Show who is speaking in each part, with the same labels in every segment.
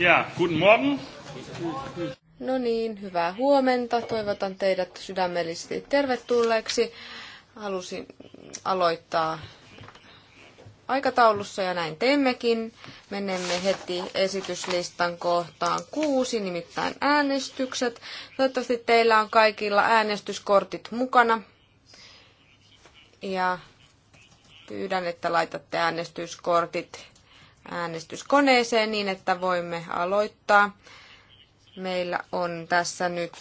Speaker 1: Ja, guten Morgen.
Speaker 2: No niin, hyvää huomenta. Toivotan teidät sydämellisesti tervetulleeksi. Halusin aloittaa aikataulussa ja näin teemmekin. Menemme heti esityslistan kohtaan kuusi, nimittäin äänestykset. Toivottavasti teillä on kaikilla äänestyskortit mukana. Ja pyydän, että laitatte äänestyskortit äänestyskoneeseen niin, että voimme aloittaa. Meillä on tässä nyt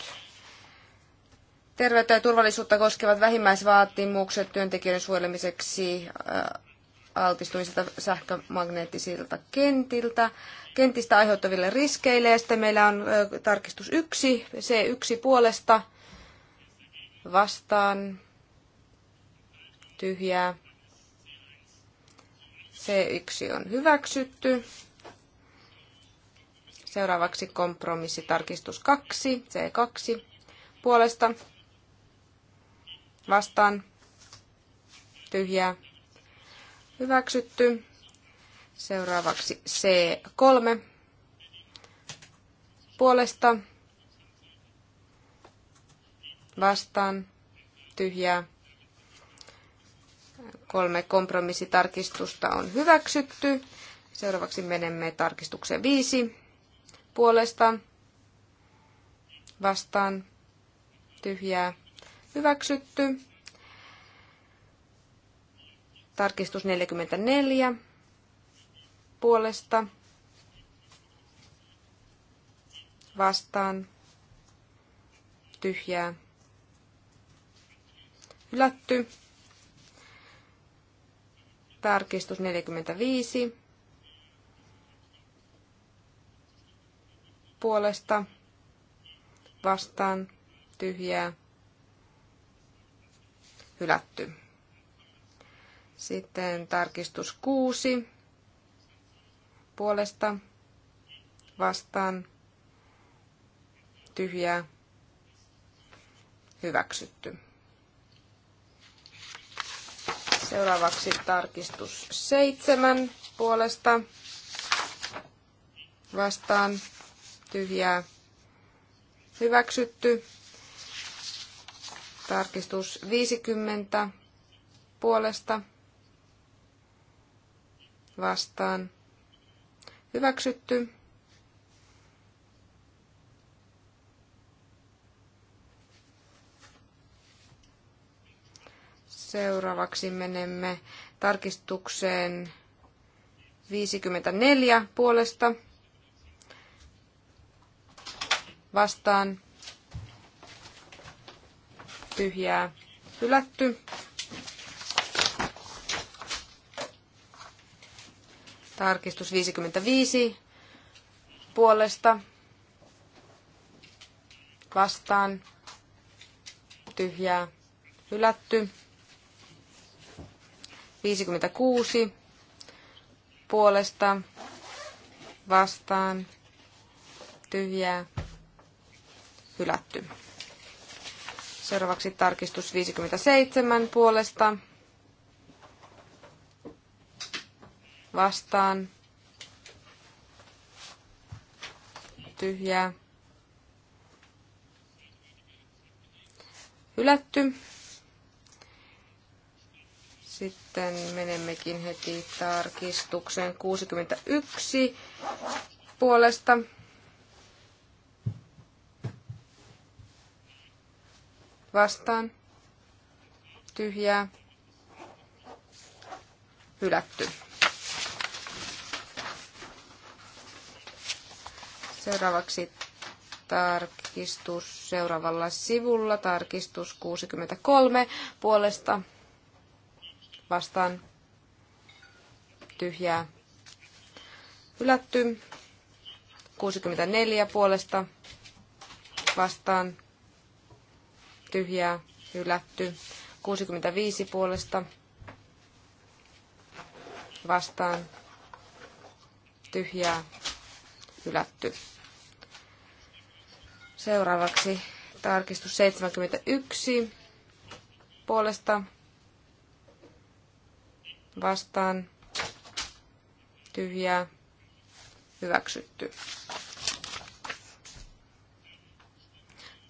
Speaker 2: terveyttä ja turvallisuutta koskevat vähimmäisvaatimukset työntekijöiden suojelemiseksi äh, altistumiselta sähkömagneettisilta kentiltä, kentistä aiheuttaville riskeille. Ja sitten meillä on äh, tarkistus 1, C1 puolesta vastaan tyhjää C1 on hyväksytty. Seuraavaksi kompromissitarkistus 2, C2 puolesta. Vastaan. Tyhjää. Hyväksytty. Seuraavaksi C3 puolesta. Vastaan. Tyhjää Kolme kompromissitarkistusta on hyväksytty. Seuraavaksi menemme tarkistukseen viisi puolesta vastaan tyhjää hyväksytty. Tarkistus 44 puolesta vastaan tyhjää hylätty. Tarkistus 45. Puolesta vastaan tyhjää hylätty. Sitten tarkistus 6 puolesta vastaan tyhjää hyväksytty. Seuraavaksi tarkistus seitsemän puolesta vastaan tyhjää hyväksytty. Tarkistus 50 puolesta vastaan hyväksytty. Seuraavaksi menemme tarkistukseen 54 puolesta vastaan tyhjää hylätty. Tarkistus 55 puolesta vastaan tyhjää hylätty. 56 puolesta vastaan tyhjää hylätty. Seuraavaksi tarkistus 57 puolesta vastaan tyhjää hylätty. Sitten menemmekin heti tarkistukseen 61 puolesta. Vastaan. Tyhjää. Hylätty. Seuraavaksi tarkistus seuraavalla sivulla, tarkistus 63 puolesta vastaan tyhjää hylätty. 64 puolesta vastaan tyhjää hylätty. 65 puolesta vastaan tyhjää hylätty. Seuraavaksi tarkistus 71 puolesta vastaan tyhjää hyväksytty.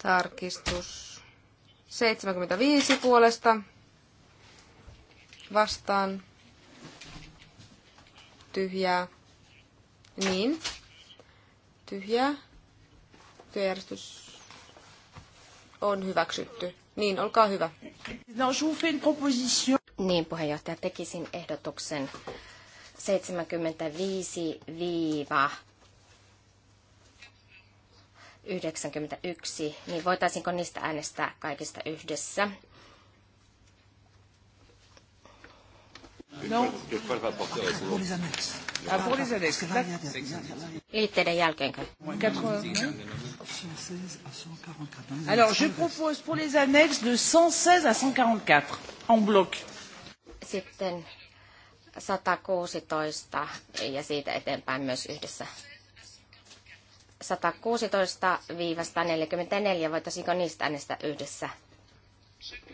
Speaker 2: Tarkistus 75 puolesta vastaan tyhjää. Niin. Tyhjää.
Speaker 3: Työjärjestys on hyväksytty. Niin, olkaa hyvä. Niin, puheenjohtaja, tekisin ehdotuksen 75- 91, niin voitaisiinko niistä äänestää kaikista yhdessä? No. Liitteiden jälkeen. Alors, je
Speaker 4: propose pour les annexes de 116 à
Speaker 3: 144 en bloc. Sitten 116 ja siitä eteenpäin myös yhdessä. 116-144, voitaisiinko niistä äänestää yhdessä?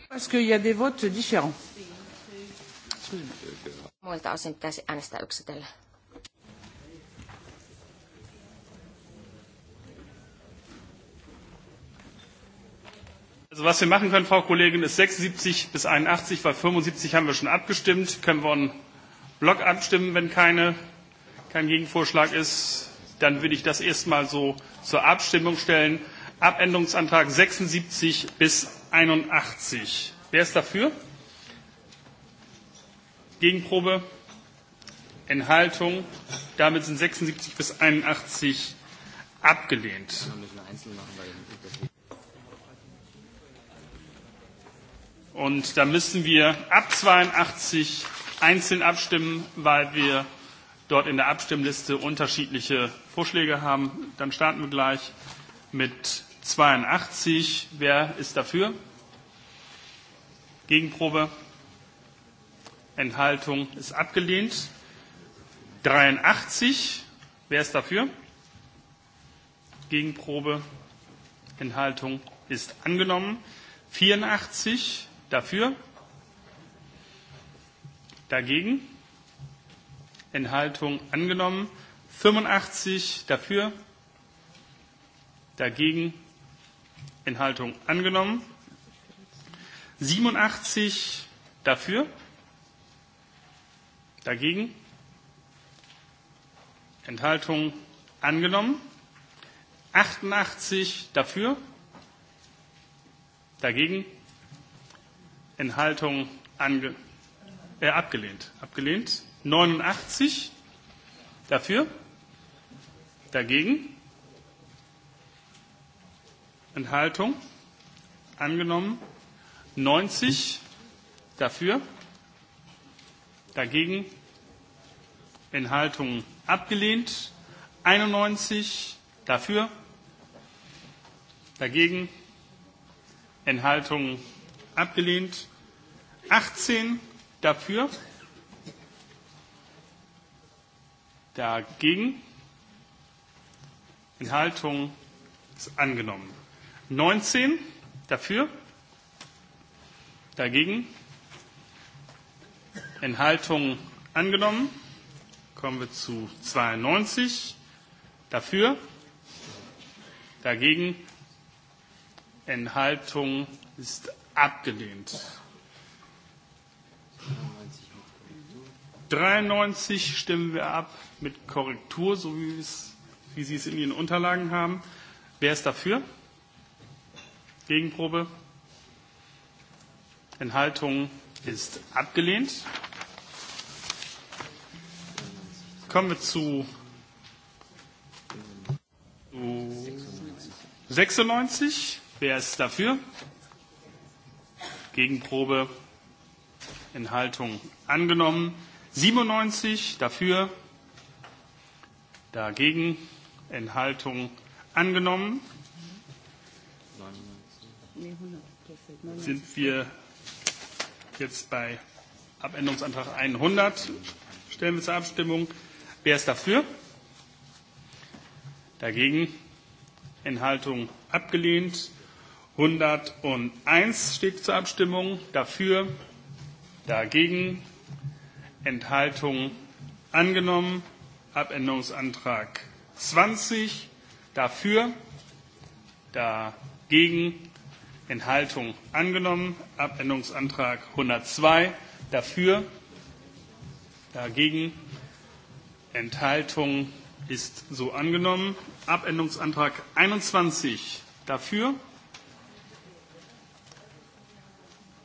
Speaker 3: Parce qu'il y a des votes différents. Muilta osin pitäisi äänestää yksitellen.
Speaker 1: Also was wir machen können, Frau Kollegin, ist 76 bis 81, weil 75 haben wir schon abgestimmt. Können wir einen Block abstimmen, wenn keine, kein Gegenvorschlag ist? Dann würde ich das erstmal so zur Abstimmung stellen. Abänderungsantrag 76 bis 81. Wer ist dafür? Gegenprobe? Enthaltung? Damit sind 76 bis 81 abgelehnt. Und da müssen wir ab 82 einzeln abstimmen, weil wir dort in der Abstimmliste unterschiedliche Vorschläge haben. Dann starten wir gleich mit 82. Wer ist dafür? Gegenprobe? Enthaltung ist abgelehnt. 83. Wer ist dafür? Gegenprobe? Enthaltung ist angenommen. 84. Dafür? Dagegen? Enthaltung angenommen. 85 dafür. Dagegen? Enthaltung angenommen. 87 dafür. Dagegen? Enthaltung angenommen. 88 dafür. Dagegen? Enthaltung ange, äh, abgelehnt. Abgelehnt. 89 dafür, dagegen, Enthaltung angenommen. 90 dafür, dagegen, Enthaltung abgelehnt. 91 dafür, dagegen, Enthaltung abgelehnt abgelehnt. 18 dafür, dagegen, Enthaltung ist angenommen. 19 dafür, dagegen, Enthaltung angenommen. Kommen wir zu 92 dafür, dagegen, Enthaltung ist abgelehnt. 93 stimmen wir ab mit Korrektur, so wie, es, wie Sie es in Ihren Unterlagen haben. Wer ist dafür? Gegenprobe? Enthaltung ist abgelehnt. Kommen wir zu, zu 96. Wer ist dafür? Gegenprobe, Enthaltung angenommen. 97 dafür, dagegen, Enthaltung angenommen. Sind wir jetzt bei Abänderungsantrag 100? Stellen wir zur Abstimmung. Wer ist dafür? Dagegen? Enthaltung abgelehnt. 101 steht zur Abstimmung. Dafür, dagegen, Enthaltung angenommen. Abänderungsantrag 20 dafür, dagegen, Enthaltung angenommen. Abänderungsantrag 102 dafür, dagegen, Enthaltung ist so angenommen. Abänderungsantrag 21 dafür,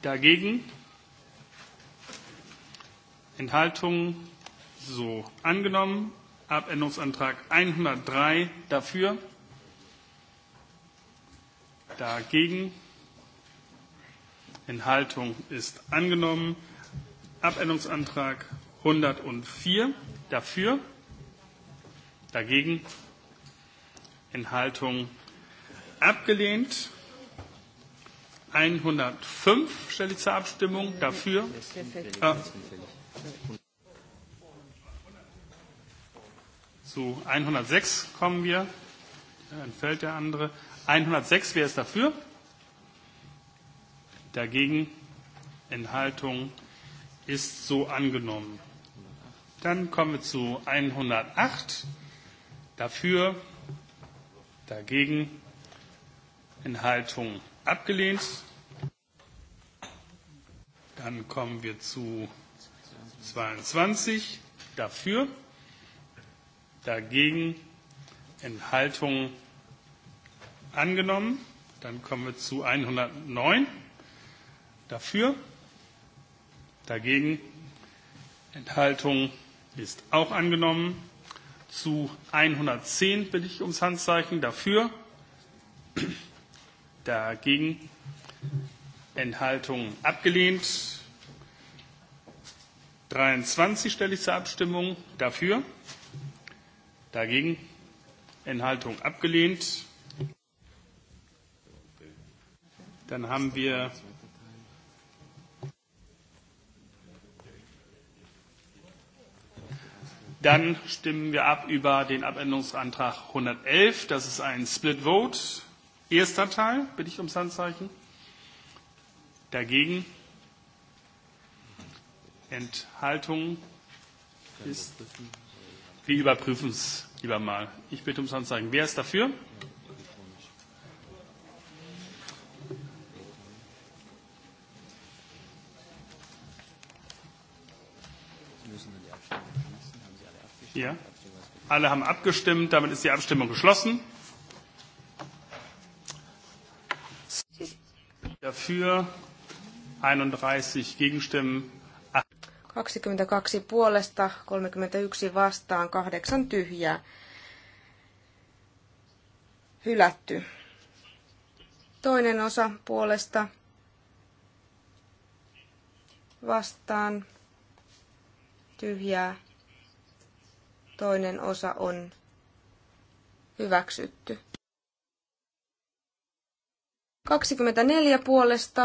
Speaker 1: Dagegen? Enthaltungen? So angenommen. Abänderungsantrag 103 dafür. Dagegen? Enthaltung ist angenommen. Abänderungsantrag 104 dafür. Dagegen? Enthaltung abgelehnt. 105 stelle ich zur Abstimmung. Dafür. Zu 106 kommen wir. Da entfällt der andere. 106, wer ist dafür? Dagegen Enthaltung ist so angenommen. Dann kommen wir zu 108. Dafür, dagegen Enthaltung Abgelehnt. Dann kommen wir zu 22. Dafür. Dagegen. Enthaltung angenommen. Dann kommen wir zu 109. Dafür. Dagegen. Enthaltung ist auch angenommen. Zu 110 bitte ich ums Handzeichen. Dafür dagegen, Enthaltungen abgelehnt. 23 stelle ich zur Abstimmung. Dafür, dagegen, Enthaltung abgelehnt. Dann haben wir Dann stimmen wir ab über den Abänderungsantrag 111. Das ist ein Split Vote. Erster Teil, bitte ich ums Handzeichen. Dagegen. Enthaltung ist. Wir überprüfen es lieber mal. Ich bitte ums Handzeichen. Wer ist dafür? Ja. Alle haben abgestimmt. Damit ist die Abstimmung geschlossen. für, 31 Gegenstimmen.
Speaker 2: 22 puolesta, 31 vastaan, 8 tyhjää. Hylätty. Toinen osa puolesta vastaan tyhjää. Toinen osa on hyväksytty. 24 puolesta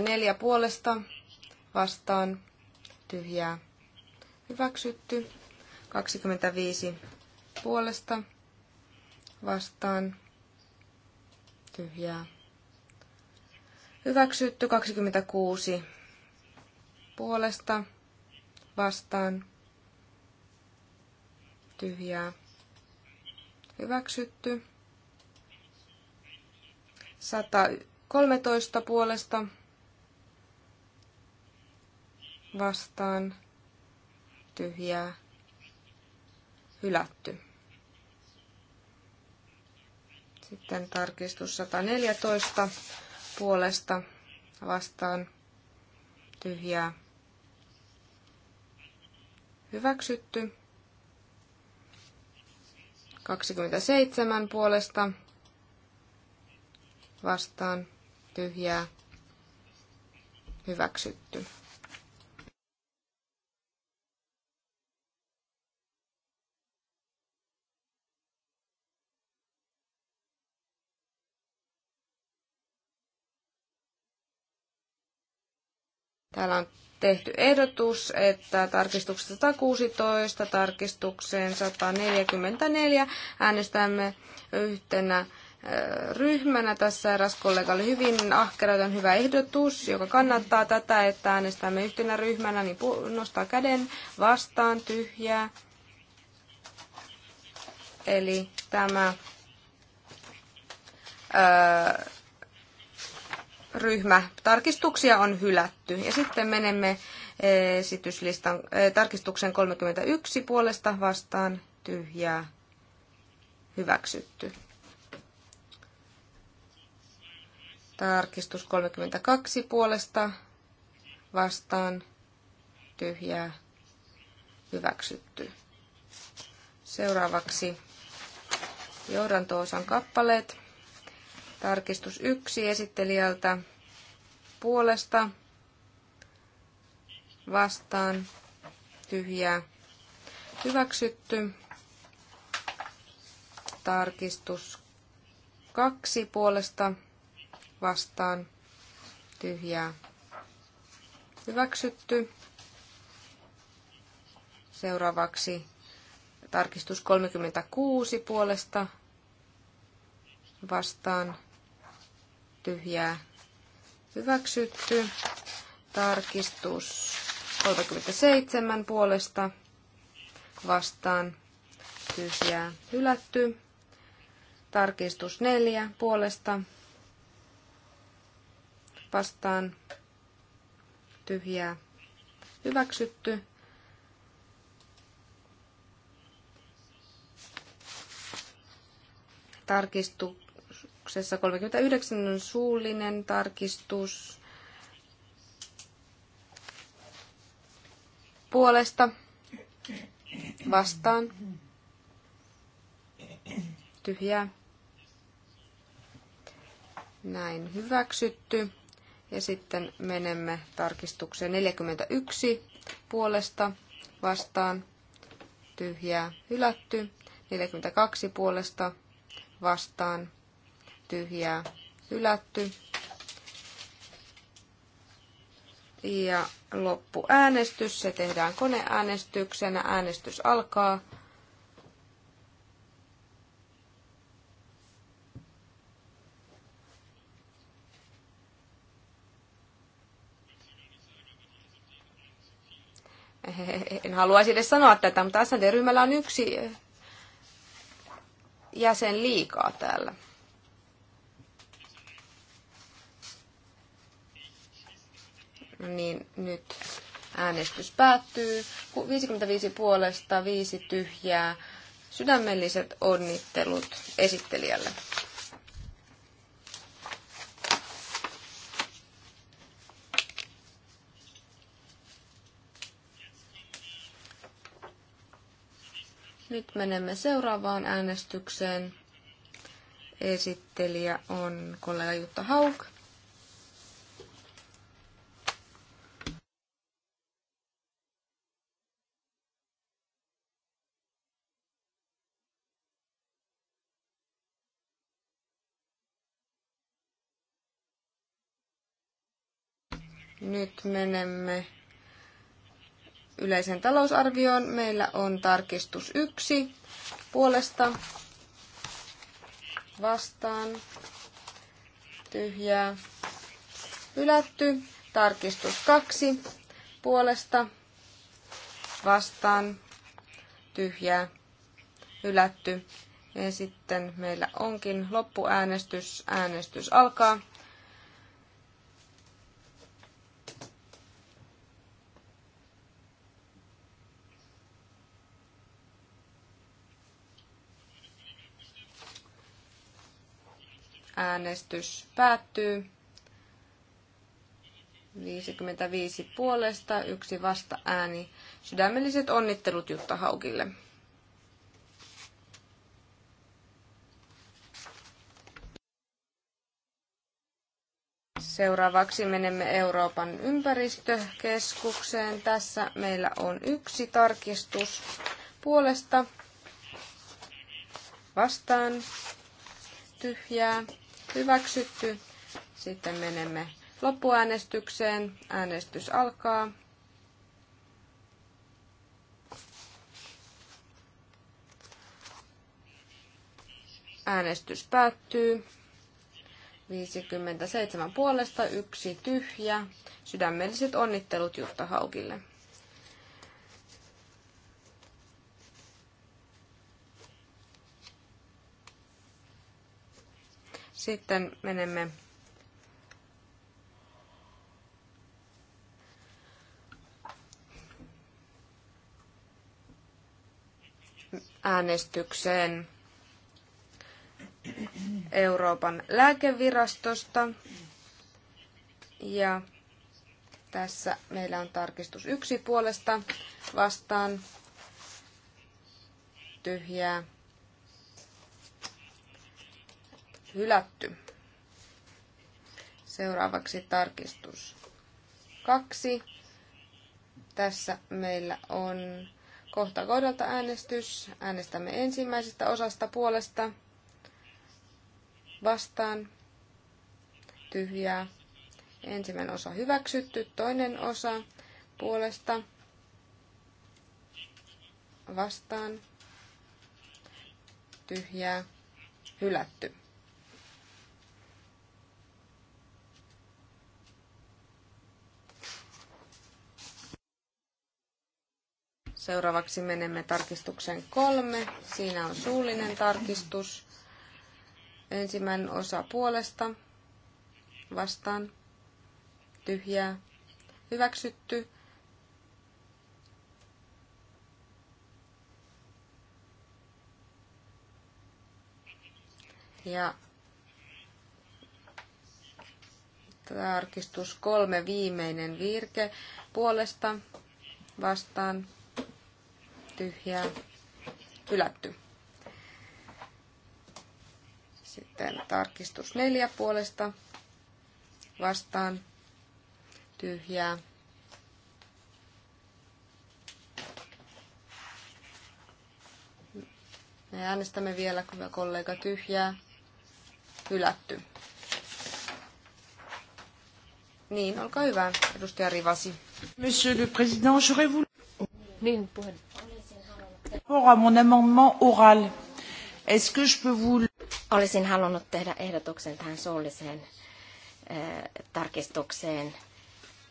Speaker 2: neljä puolesta vastaan tyhjää hyväksytty. 25 puolesta vastaan tyhjää hyväksytty. 26 puolesta vastaan tyhjää hyväksytty. 113 puolesta vastaan tyhjää hylätty. Sitten tarkistus 114 puolesta vastaan tyhjää hyväksytty. 27 puolesta vastaan tyhjää hyväksytty. Täällä on tehty ehdotus, että tarkistuksesta 116 tarkistukseen 144 äänestämme yhtenä äh, ryhmänä. Tässä eräs kollega oli hyvin ahkeroitan hyvä ehdotus, joka kannattaa tätä, että äänestämme yhtenä ryhmänä, niin nostaa käden vastaan tyhjää. Eli tämä ää, äh, ryhmä tarkistuksia on hylätty. Ja sitten menemme eh, esityslistan eh, tarkistuksen 31 puolesta vastaan tyhjää hyväksytty. Tarkistus 32 puolesta vastaan tyhjää hyväksytty. Seuraavaksi johdanto-osan kappaleet. Tarkistus yksi esittelijältä puolesta vastaan tyhjää hyväksytty. Tarkistus kaksi puolesta vastaan tyhjää hyväksytty. Seuraavaksi tarkistus 36 puolesta vastaan tyhjää hyväksytty. Tarkistus 37 puolesta vastaan tyhjää hylätty. Tarkistus 4 puolesta vastaan tyhjää hyväksytty. tarkistus tarkistuksessa. 39 on suullinen tarkistus puolesta vastaan. Tyhjää. Näin hyväksytty. Ja sitten menemme tarkistukseen 41 puolesta vastaan. Tyhjää hylätty. 42 puolesta vastaan tyhjää hylätty. Ja loppuäänestys, se tehdään koneäänestyksenä. Äänestys alkaa. en haluaisi edes sanoa tätä, mutta SND-ryhmällä on yksi jäsen liikaa täällä. niin nyt äänestys päättyy. 55 puolesta, 5 tyhjää. Sydämelliset onnittelut esittelijälle. Nyt menemme seuraavaan äänestykseen. Esittelijä on kollega Jutta Hauk. Nyt menemme yleisen talousarvioon. Meillä on tarkistus yksi puolesta vastaan tyhjää hylätty. Tarkistus kaksi puolesta vastaan tyhjää hylätty. Ja sitten meillä onkin loppuäänestys. Äänestys alkaa. Äänestys päättyy. 55 puolesta, yksi vasta ääni. Sydämelliset onnittelut Jutta Haukille. Seuraavaksi menemme Euroopan ympäristökeskukseen. Tässä meillä on yksi tarkistus puolesta vastaan tyhjää hyväksytty. Sitten menemme loppuäänestykseen. Äänestys alkaa. Äänestys päättyy. 57 puolesta, yksi tyhjä. Sydämelliset onnittelut Jutta Haukille. Sitten menemme äänestykseen Euroopan lääkevirastosta. Ja tässä meillä on tarkistus yksi puolesta vastaan tyhjää Hylätty. Seuraavaksi tarkistus kaksi. Tässä meillä on kohta kohdalta äänestys. Äänestämme ensimmäisestä osasta puolesta vastaan tyhjää. Ensimmäinen osa hyväksytty, toinen osa puolesta vastaan tyhjää hylätty. Seuraavaksi menemme tarkistukseen kolme. Siinä on suullinen tarkistus. Ensimmäinen osa puolesta. Vastaan. Tyhjää. Hyväksytty. Ja tarkistus kolme viimeinen virke puolesta vastaan tyhjää hylätty. Sitten tarkistus neljä puolesta vastaan tyhjää. Me äänestämme vielä, kun kollega tyhjää hylätty. Niin, olkaa hyvä, edustaja Rivasi.
Speaker 3: Monsieur le Président, j'aurais voulu... Niin, puheenjohtaja. Olisin halunnut tehdä ehdotuksen tähän suulliseen tarkistukseen.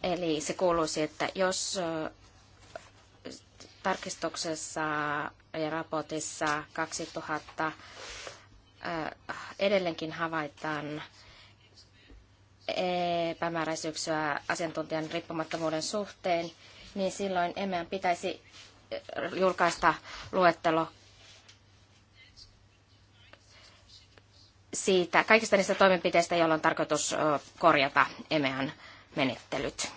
Speaker 3: Eli se kuuluisi, että jos tarkistuksessa ja raportissa 2000 edelleenkin havaitaan epämääräisyyksiä asiantuntijan riippumattomuuden suhteen, niin silloin EMEAN pitäisi julkaista luettelo siitä, kaikista niistä toimenpiteistä, joilla on tarkoitus korjata EMEAn menettelyt.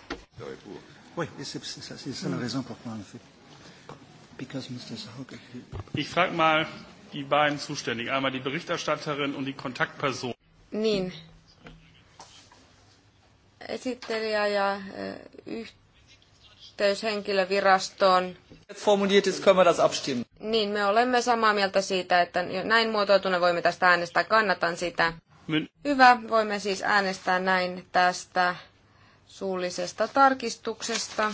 Speaker 1: Ich frage mal die beiden Zuständigen, einmal die Berichterstatterin und die Kontaktperson.
Speaker 4: Niin.
Speaker 2: Esittelijä ja yht yhteys henkilövirastoon. Niin, me olemme samaa mieltä siitä, että näin muotoiltuna voimme tästä äänestää. Kannatan sitä. Hyvä, voimme siis äänestää näin tästä suullisesta tarkistuksesta.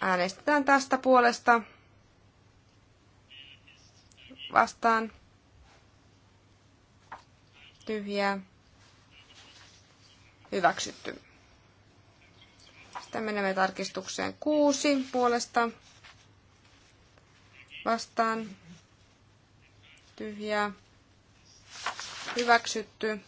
Speaker 2: Äänestetään tästä puolesta vastaan tyhjää hyväksytty. Sitten menemme tarkistukseen kuusi puolesta vastaan tyhjä hyväksytty.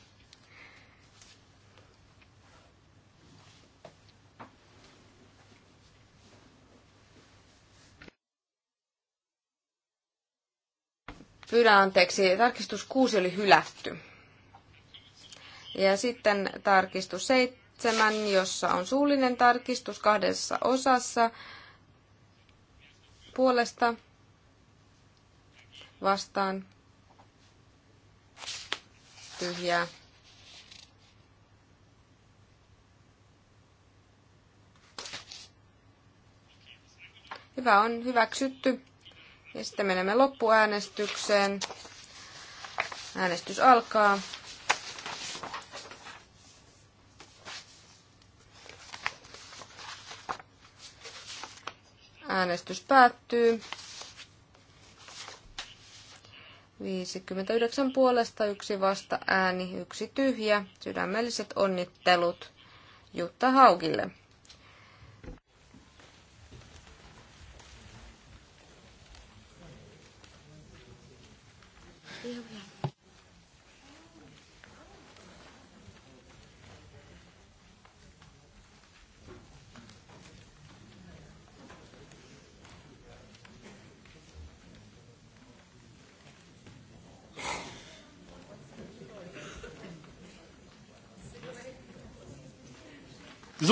Speaker 2: Pyydän anteeksi, tarkistus 6 oli hylätty. Ja sitten tarkistus 7, jossa on suullinen tarkistus kahdessa osassa puolesta vastaan tyhjää. Hyvä on hyväksytty. Ja sitten menemme loppuäänestykseen. Äänestys alkaa. Äänestys päättyy. 59 puolesta, yksi vasta ääni, yksi tyhjä. Sydämelliset onnittelut Jutta Haukille.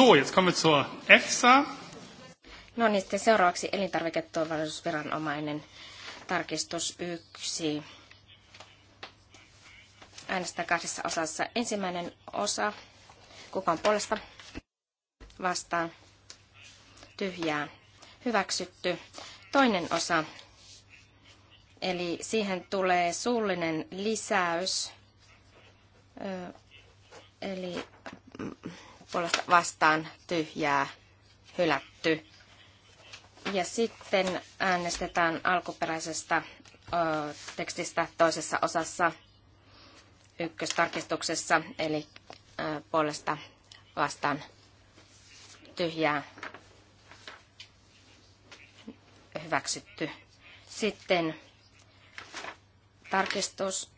Speaker 1: So, jetzt kommen wir zur EFSA.
Speaker 3: No niin, sitten seuraavaksi elintarviketurvallisuusviranomainen tarkistus yksi. Äänestää kahdessa osassa. Ensimmäinen osa. Kuka on puolesta? Vastaan. Tyhjää. Hyväksytty. Toinen osa. Eli siihen tulee suullinen lisäys. Eli mm, puolesta vastaan tyhjää hylätty. Ja sitten äänestetään alkuperäisestä ö, tekstistä toisessa osassa ykköstarkistuksessa, eli ö, puolesta vastaan tyhjää hyväksytty. Sitten tarkistus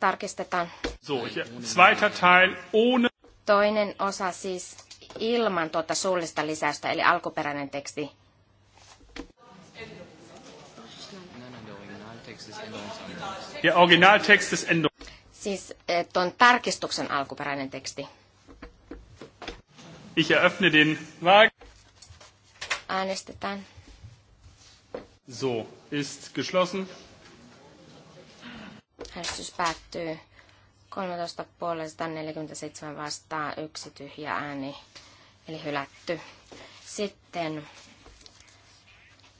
Speaker 3: tarkistetaan.
Speaker 1: So, zweiter Teil
Speaker 3: ohne Toinen osa siis ilman tuota suullista lisäystä, eli alkuperäinen teksti. Ja is endo. Siis eh, tuon tarkistuksen alkuperäinen teksti.
Speaker 1: Ich eröffne den Wagen.
Speaker 3: Äänestetään.
Speaker 1: So, ist geschlossen.
Speaker 3: Äänestys päättyy. 13 puolesta 47 vastaa yksi tyhjä ääni, eli hylätty. Sitten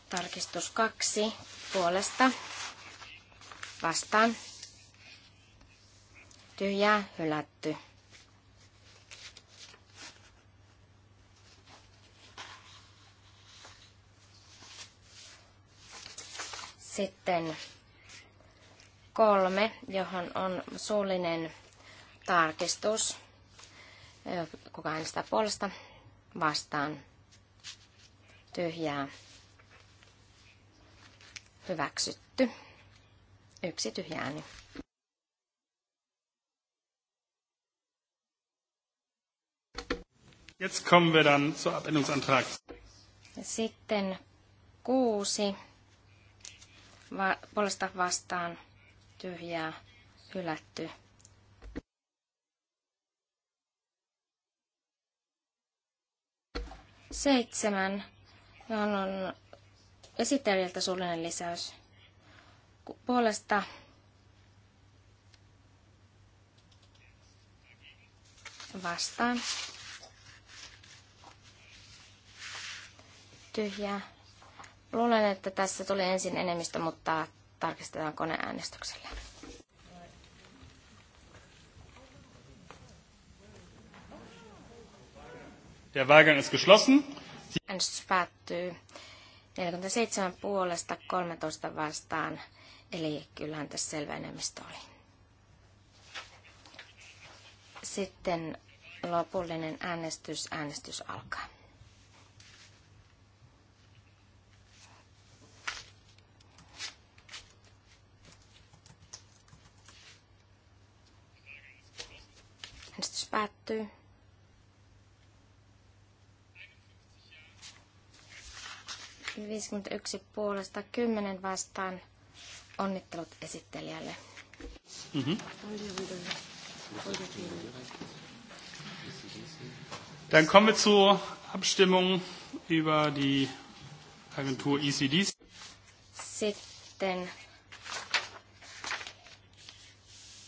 Speaker 3: tarkistus 2 puolesta vastaan tyhjää hylätty. Sitten kolme, johon on suullinen tarkistus. Kuka äänestää puolesta? Vastaan. Tyhjää. Hyväksytty. Yksi tyhjä ääni.
Speaker 1: Jetzt kommen wir dann zur Abänderungsantrag.
Speaker 3: Sitten kuusi. Va- puolesta vastaan tyhjää, hylätty. Seitsemän, johon on esittelijältä suullinen lisäys. Puolesta vastaan. Tyhjää. Luulen, että tässä tuli ensin enemmistö, mutta tarkistetaan koneäänestyksellä.
Speaker 1: Der Wahlgang ist geschlossen.
Speaker 3: Äänestys päättyy 47 puolesta 13 vastaan, eli kyllähän tässä selvä enemmistö oli. Sitten lopullinen äänestys. Äänestys alkaa. päättyy. yksi puolesta kymmenen vastaan. Onnittelut esittelijälle.
Speaker 1: Mhm. Dann kommen wir zur Abstimmung über die Agentur ECDs.
Speaker 3: Sitten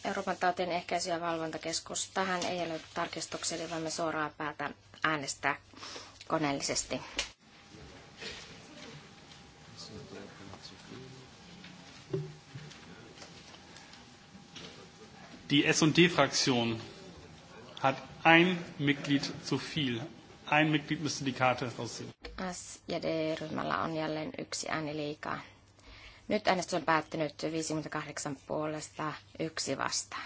Speaker 3: Euroopan tautien ehkäisy- ja valvontakeskus. Tähän ei ole tarkistuksia, eli voimme suoraan päätä äänestää koneellisesti.
Speaker 1: Die S&D-Fraktion hat ein Mitglied zu viel. Ein Mitglied müsste die Karte rausziehen.
Speaker 3: S- ja der ryhmällä on jälleen yksi ääni liikaa. Nyt äänestys on päättynyt 58 puolesta yksi vastaan.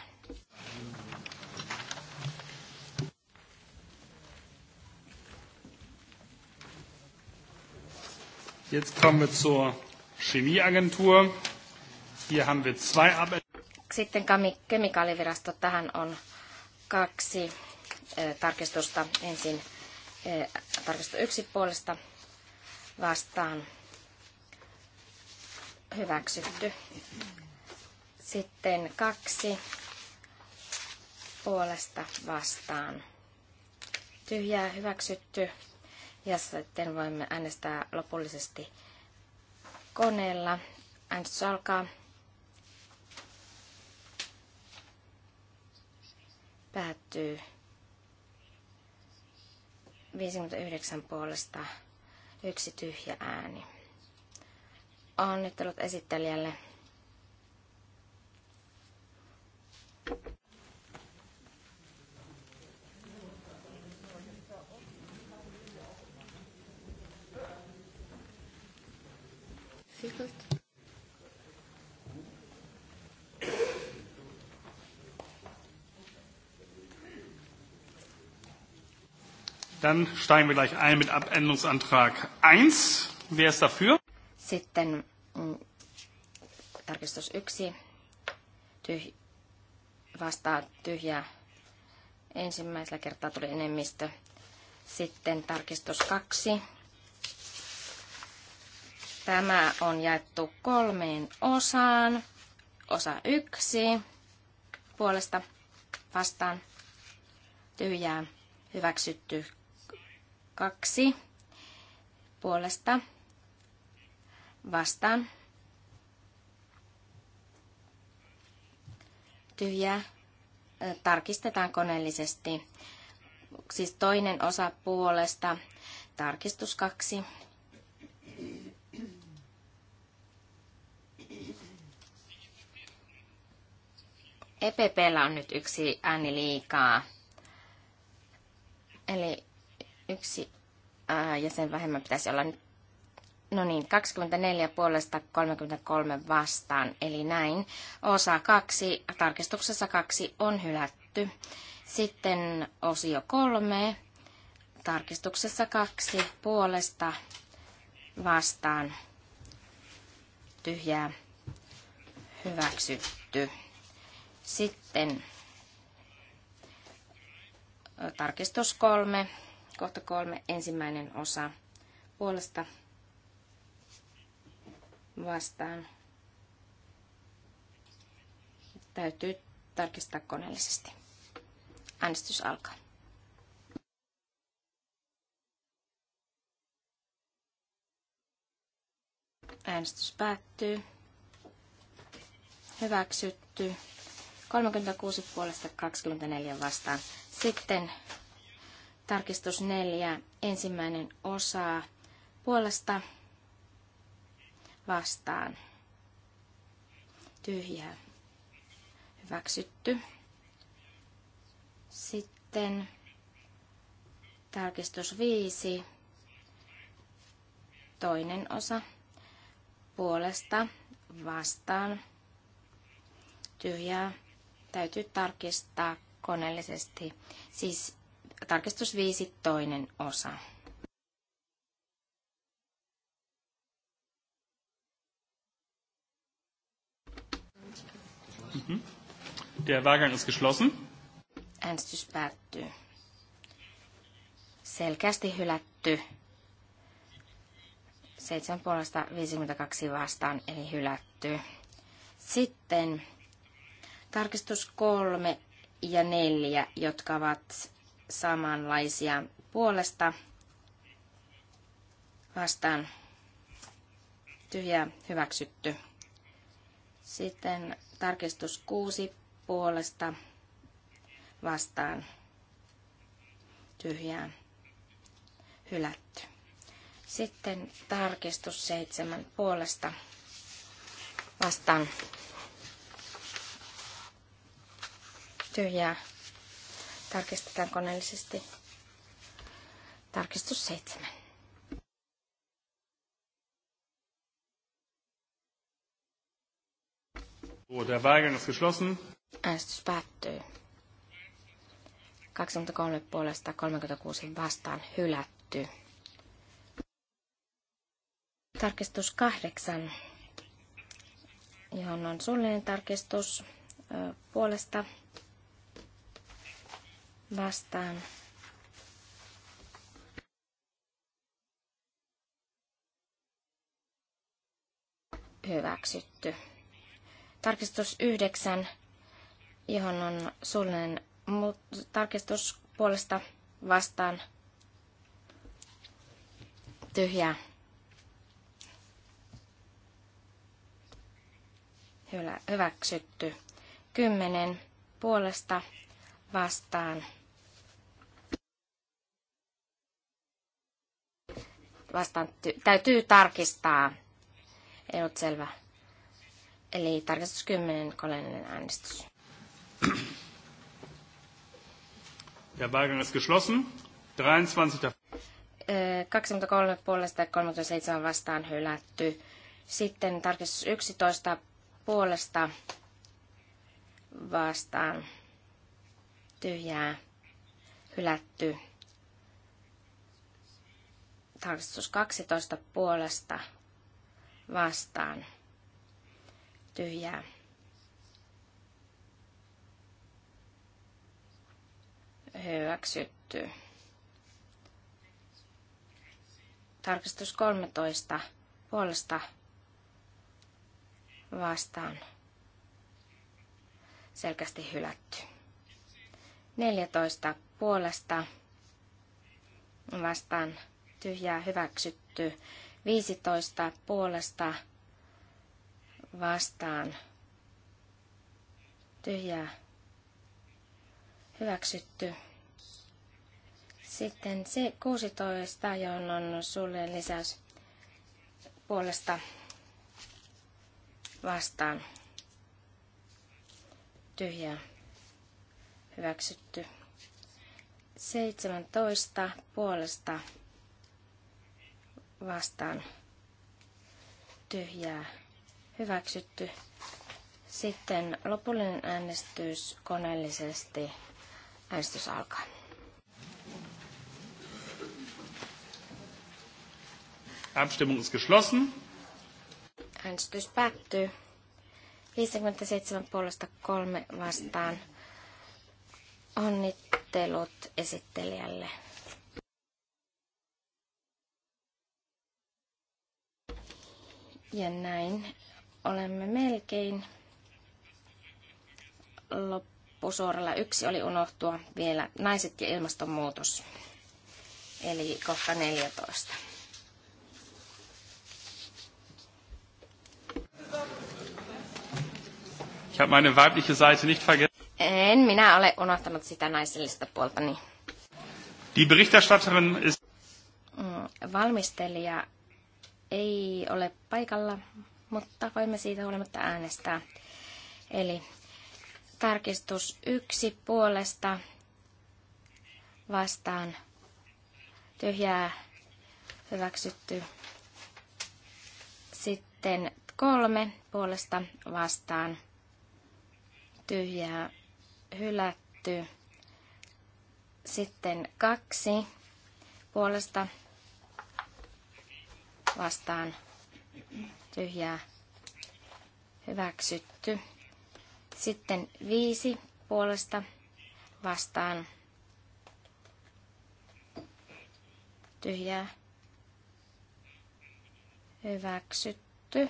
Speaker 1: Jetzt kommen wir zur Chemieagentur. Hier haben wir zwei
Speaker 3: Sitten kemikaalivirasto. Tähän on kaksi tarkistusta. Ensin tarkistus yksi puolesta vastaan hyväksytty. Sitten kaksi puolesta vastaan. Tyhjää hyväksytty. Ja sitten voimme äänestää lopullisesti koneella. Äänestys alkaa. Päättyy 59 puolesta yksi tyhjä ääni. Onnittelut esittelijälle.
Speaker 1: difficult. Dann steigen wir gleich ein mit Abänderungsantrag 1. Wer ist dafür? Sitten mm,
Speaker 3: tarkistus 1 tyhj- vastaa tyhjää. Ensimmäisellä kertaa tuli enemmistö. Sitten tarkistus 2. Tämä on jaettu kolmeen osaan. Osa 1 puolesta vastaan tyhjää hyväksytty kaksi puolesta vastaan. Tyhjää. Tarkistetaan koneellisesti. Siis toinen osa puolesta. Tarkistus kaksi. EPPllä on nyt yksi ääni liikaa. Eli yksi ää, sen vähemmän pitäisi olla nyt No niin, 24 puolesta 33 vastaan, eli näin. Osa 2, tarkistuksessa 2 on hylätty. Sitten osio 3, tarkistuksessa 2 puolesta vastaan, tyhjää, hyväksytty. Sitten tarkistus 3, kohta 3, ensimmäinen osa puolesta vastaan. Täytyy tarkistaa koneellisesti. Äänestys alkaa. Äänestys päättyy. Hyväksytty. 36 puolesta 24 vastaan. Sitten tarkistus 4. Ensimmäinen osa puolesta vastaan. Tyhjää. Hyväksytty. Sitten tarkistus 5. Toinen osa puolesta vastaan. Tyhjää täytyy tarkistaa koneellisesti. Siis tarkistus 5 toinen osa.
Speaker 1: Mhm. Der Wahlgang ist geschlossen.
Speaker 3: Äänestys päättyy. Selkeästi hylätty. Seitsemän puolesta 52 vastaan, eli hylätty. Sitten tarkistus kolme ja neljä, jotka ovat samanlaisia puolesta vastaan tyhjä hyväksytty. Sitten Tarkistus 6 puolesta vastaan tyhjään hylätty. Sitten tarkistus 7 puolesta vastaan tyhjää. Tarkistetaan koneellisesti. Tarkistus 7.
Speaker 1: Der Wahlgang ist geschlossen.
Speaker 3: Äänestys päättyy. 23 puolesta 36 vastaan hylätty. Tarkistus 8, johon on suullinen tarkistus puolesta vastaan. Hyväksytty. Tarkistus 9, johon on suullinen muut- tarkistus puolesta vastaan tyhjää. Hylä, hyväksytty. 10 puolesta vastaan. Vastaan ty- täytyy tarkistaa. Ei ollut selvä. Eli tarkastus 10, kolmannen äänestys.
Speaker 1: Der Wahlgang ist geschlossen. 23.
Speaker 3: 23 puolesta ja 37 vastaan hylätty. Sitten tarkistus 11 puolesta vastaan tyhjää hylätty. Tarkistus 12 puolesta vastaan tyhjää. Hyväksytty. Tarkastus 13 puolesta vastaan. Selkästi hylätty. 14 puolesta vastaan tyhjää hyväksytty. 15 puolesta vastaan tyhjää hyväksytty. Sitten se 16, johon on sulle lisäys puolesta vastaan tyhjää hyväksytty. 17 puolesta vastaan tyhjää Hyväksytty. Sitten lopullinen äänestys koneellisesti. Äänestys alkaa.
Speaker 1: Abstimmung ist geschlossen.
Speaker 3: Äänestys päättyy. 57 puolesta kolme vastaan. Onnittelut esittelijälle. Ja näin Olemme melkein loppusuoralla. Yksi oli unohtua vielä naiset ja ilmastonmuutos, eli kohta 14.
Speaker 1: Ich habe meine weibliche Seite nicht vergessen.
Speaker 3: En minä ole unohtanut sitä naisellista puolta, niin.
Speaker 1: Die Berichterstatterin ist...
Speaker 3: Mm, valmistelija ei ole paikalla, mutta voimme siitä huolimatta äänestää. Eli tarkistus yksi puolesta vastaan tyhjää hyväksytty. Sitten kolme puolesta vastaan tyhjää hylätty. Sitten kaksi puolesta vastaan tyhjää hyväksytty. Sitten viisi puolesta vastaan tyhjää hyväksytty.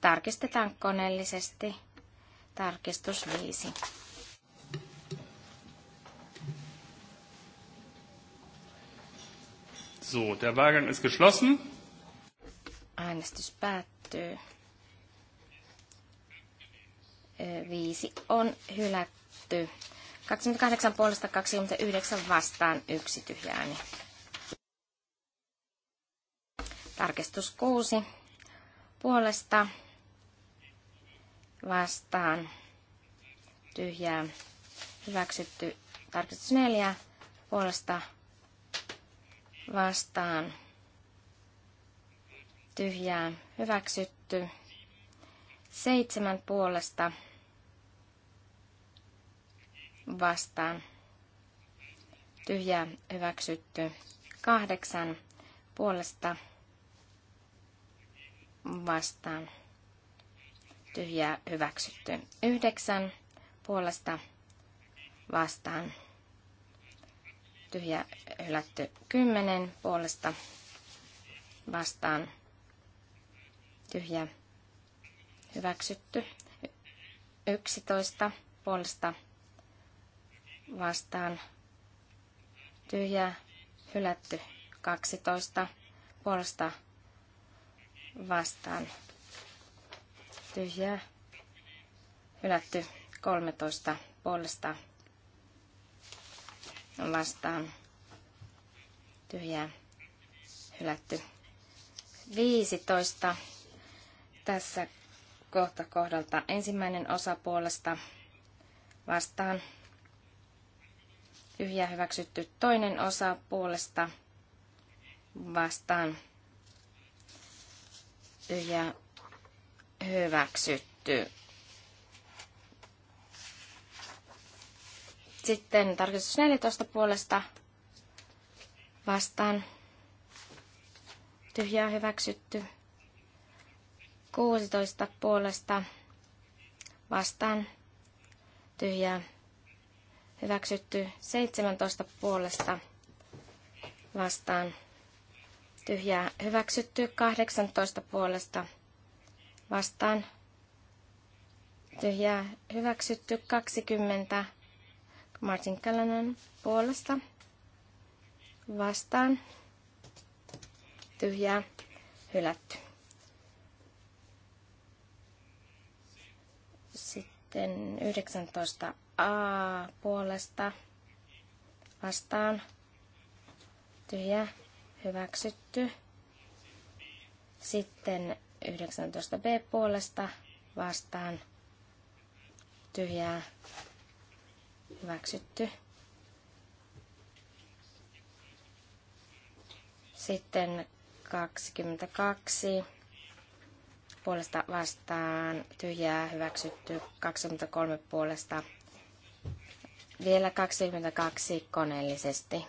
Speaker 3: Tarkistetaan koneellisesti. Tarkistus viisi.
Speaker 1: So, der Wahlgang ist geschlossen.
Speaker 3: Äänestys päättyy. Viisi on hylätty. 28 puolesta 29 vastaan yksi tyhjääni. Tarkistus 6 puolesta vastaan tyhjää hyväksytty. Tarkistus 4 puolesta vastaan tyhjää hyväksytty. Seitsemän puolesta vastaan tyhjää hyväksytty. Kahdeksan puolesta vastaan tyhjää hyväksytty. Yhdeksän puolesta vastaan tyhjä hylätty kymmenen puolesta vastaan tyhjä hyväksytty. yksitoista puolesta vastaan tyhjä hylätty. 12 puolesta vastaan tyhjä hylätty. 13 puolesta vastaan tyhjä hylätty. 15 tässä kohta kohdalta ensimmäinen osa puolesta vastaan. Tyhjä hyväksytty toinen osa puolesta vastaan. Tyhjä hyväksytty. Sitten tarkistus 14 puolesta vastaan. Tyhjää hyväksytty. 16 puolesta vastaan tyhjää. Hyväksytty 17 puolesta vastaan tyhjää. Hyväksytty 18 puolesta vastaan tyhjää. Hyväksytty 20 Martin Callanan puolesta vastaan tyhjää. Hylätty. Sitten 19a puolesta vastaan tyhjä hyväksytty. Sitten 19b puolesta vastaan tyhjää hyväksytty. Sitten 22 puolesta vastaan, tyhjää hyväksytty 23 puolesta. Vielä 22 koneellisesti.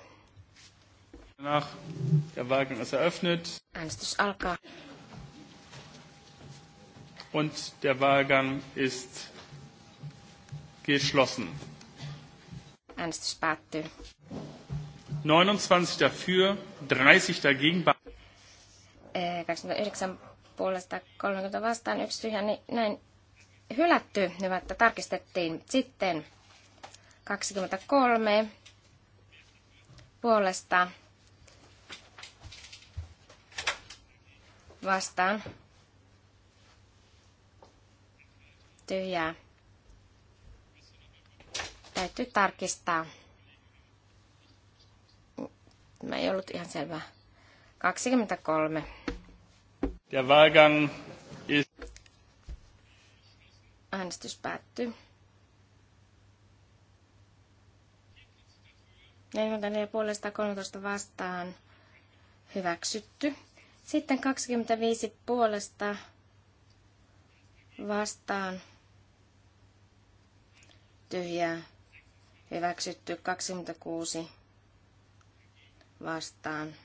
Speaker 1: Nach, der Wagen ist eröffnet.
Speaker 3: Äänestys alkaa.
Speaker 1: Und der Wahlgang ist geschlossen.
Speaker 3: Äänestys päättyy.
Speaker 1: 29 dafür, 30 dagegen.
Speaker 3: 29 äh, puolesta 30 tuota vastaan, yksi tyhjä, niin näin hylätty. Hyvä, niin että tarkistettiin. Sitten 23 puolesta vastaan tyhjää. Täytyy tarkistaa. Mä ei ollut ihan selvää. 23.
Speaker 1: Der Wahlgang ist...
Speaker 3: Äänestys päättyy. 44 puolesta 13 vastaan hyväksytty. Sitten 25 puolesta vastaan tyhjää hyväksytty 26 vastaan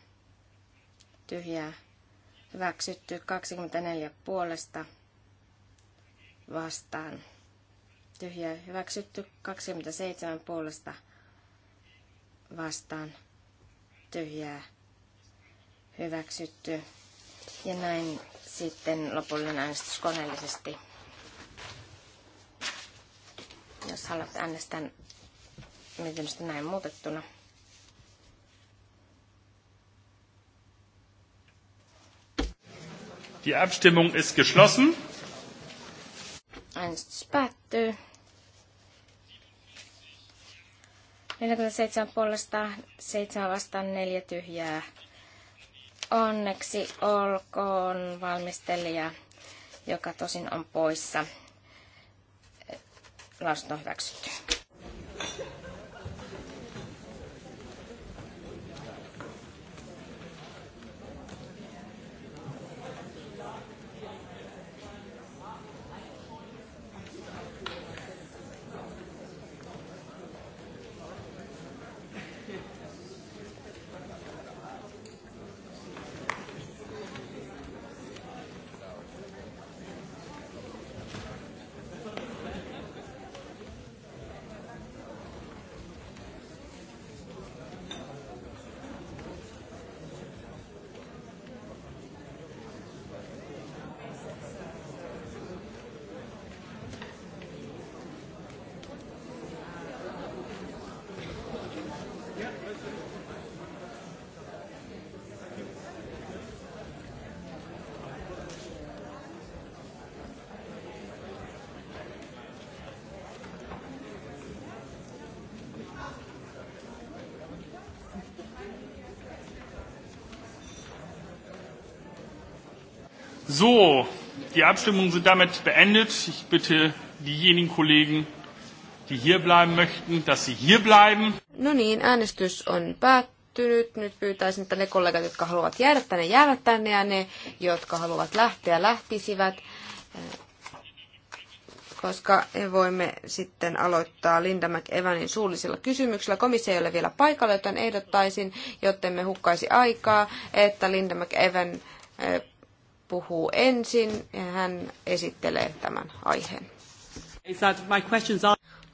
Speaker 3: tyhjää Hyväksytty 24 puolesta vastaan. Tyhjä hyväksytty 27 puolesta vastaan. Tyhjää hyväksytty. Ja näin sitten lopullinen äänestys koneellisesti. Jos haluat äänestää mietinnöstä näin muutettuna.
Speaker 1: Die Abstimmung ist geschlossen.
Speaker 3: 47 puolesta, 7 vastaan, 4 tyhjää. Onneksi olkoon valmistelija, joka tosin on poissa. Lausunto on hyväksytty.
Speaker 1: Die Abstimmungen sind damit beendet. Ich bitte diejenigen Kollegen, die hier bleiben möchten, dass sie hier bleiben.
Speaker 2: No niin, äänestys on päättynyt. Nyt pyytäisin, että ne kollegat, jotka haluavat jäädä tänne, jäävät tänne ja ne, jotka haluavat lähteä, lähtisivät äh, koska voimme sitten aloittaa Linda McEvanin suullisilla kysymyksillä. Komissio ei ole vielä paikalla, joten ehdottaisin, jotta me hukkaisi aikaa, että Linda McEvan äh, puhuu ensin ja hän esittelee tämän aiheen.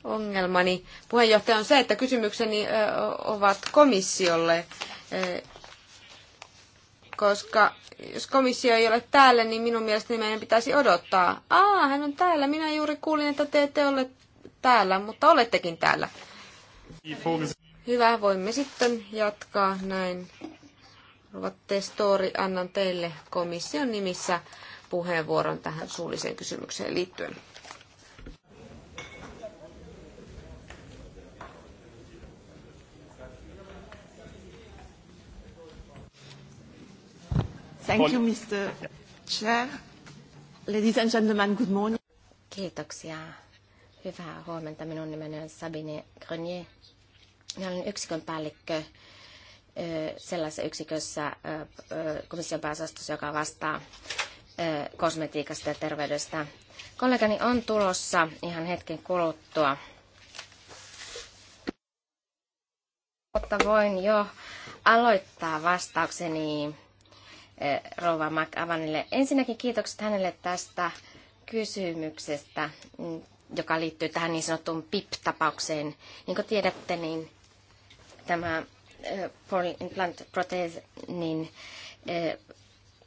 Speaker 2: Ongelmani puheenjohtaja on se, että kysymykseni ovat komissiolle, koska jos komissio ei ole täällä, niin minun mielestäni meidän pitäisi odottaa. Aa, hän on täällä. Minä juuri kuulin, että te ette ole täällä, mutta olettekin täällä. Hyvä, voimme sitten jatkaa näin. Rovat Stori annan teille komission nimissä puheenvuoron tähän suulliseen kysymykseen liittyen.
Speaker 4: Thank you, Mr. Chair. Ladies and gentlemen, good morning.
Speaker 3: Kiitoksia. Hyvää huomenta. Minun nimeni on Sabine Grenier. Minä olen yksikön päällikkö sellaisessa yksikössä komission pääsastossa, joka vastaa kosmetiikasta ja terveydestä. Kollegani on tulossa ihan hetken kuluttua. Mutta voin jo aloittaa vastaukseni Rova McAvanille. Ensinnäkin kiitokset hänelle tästä kysymyksestä, joka liittyy tähän niin sanottuun PIP-tapaukseen. Niin kuin tiedätte, niin tämä Paul Implant Protease, niin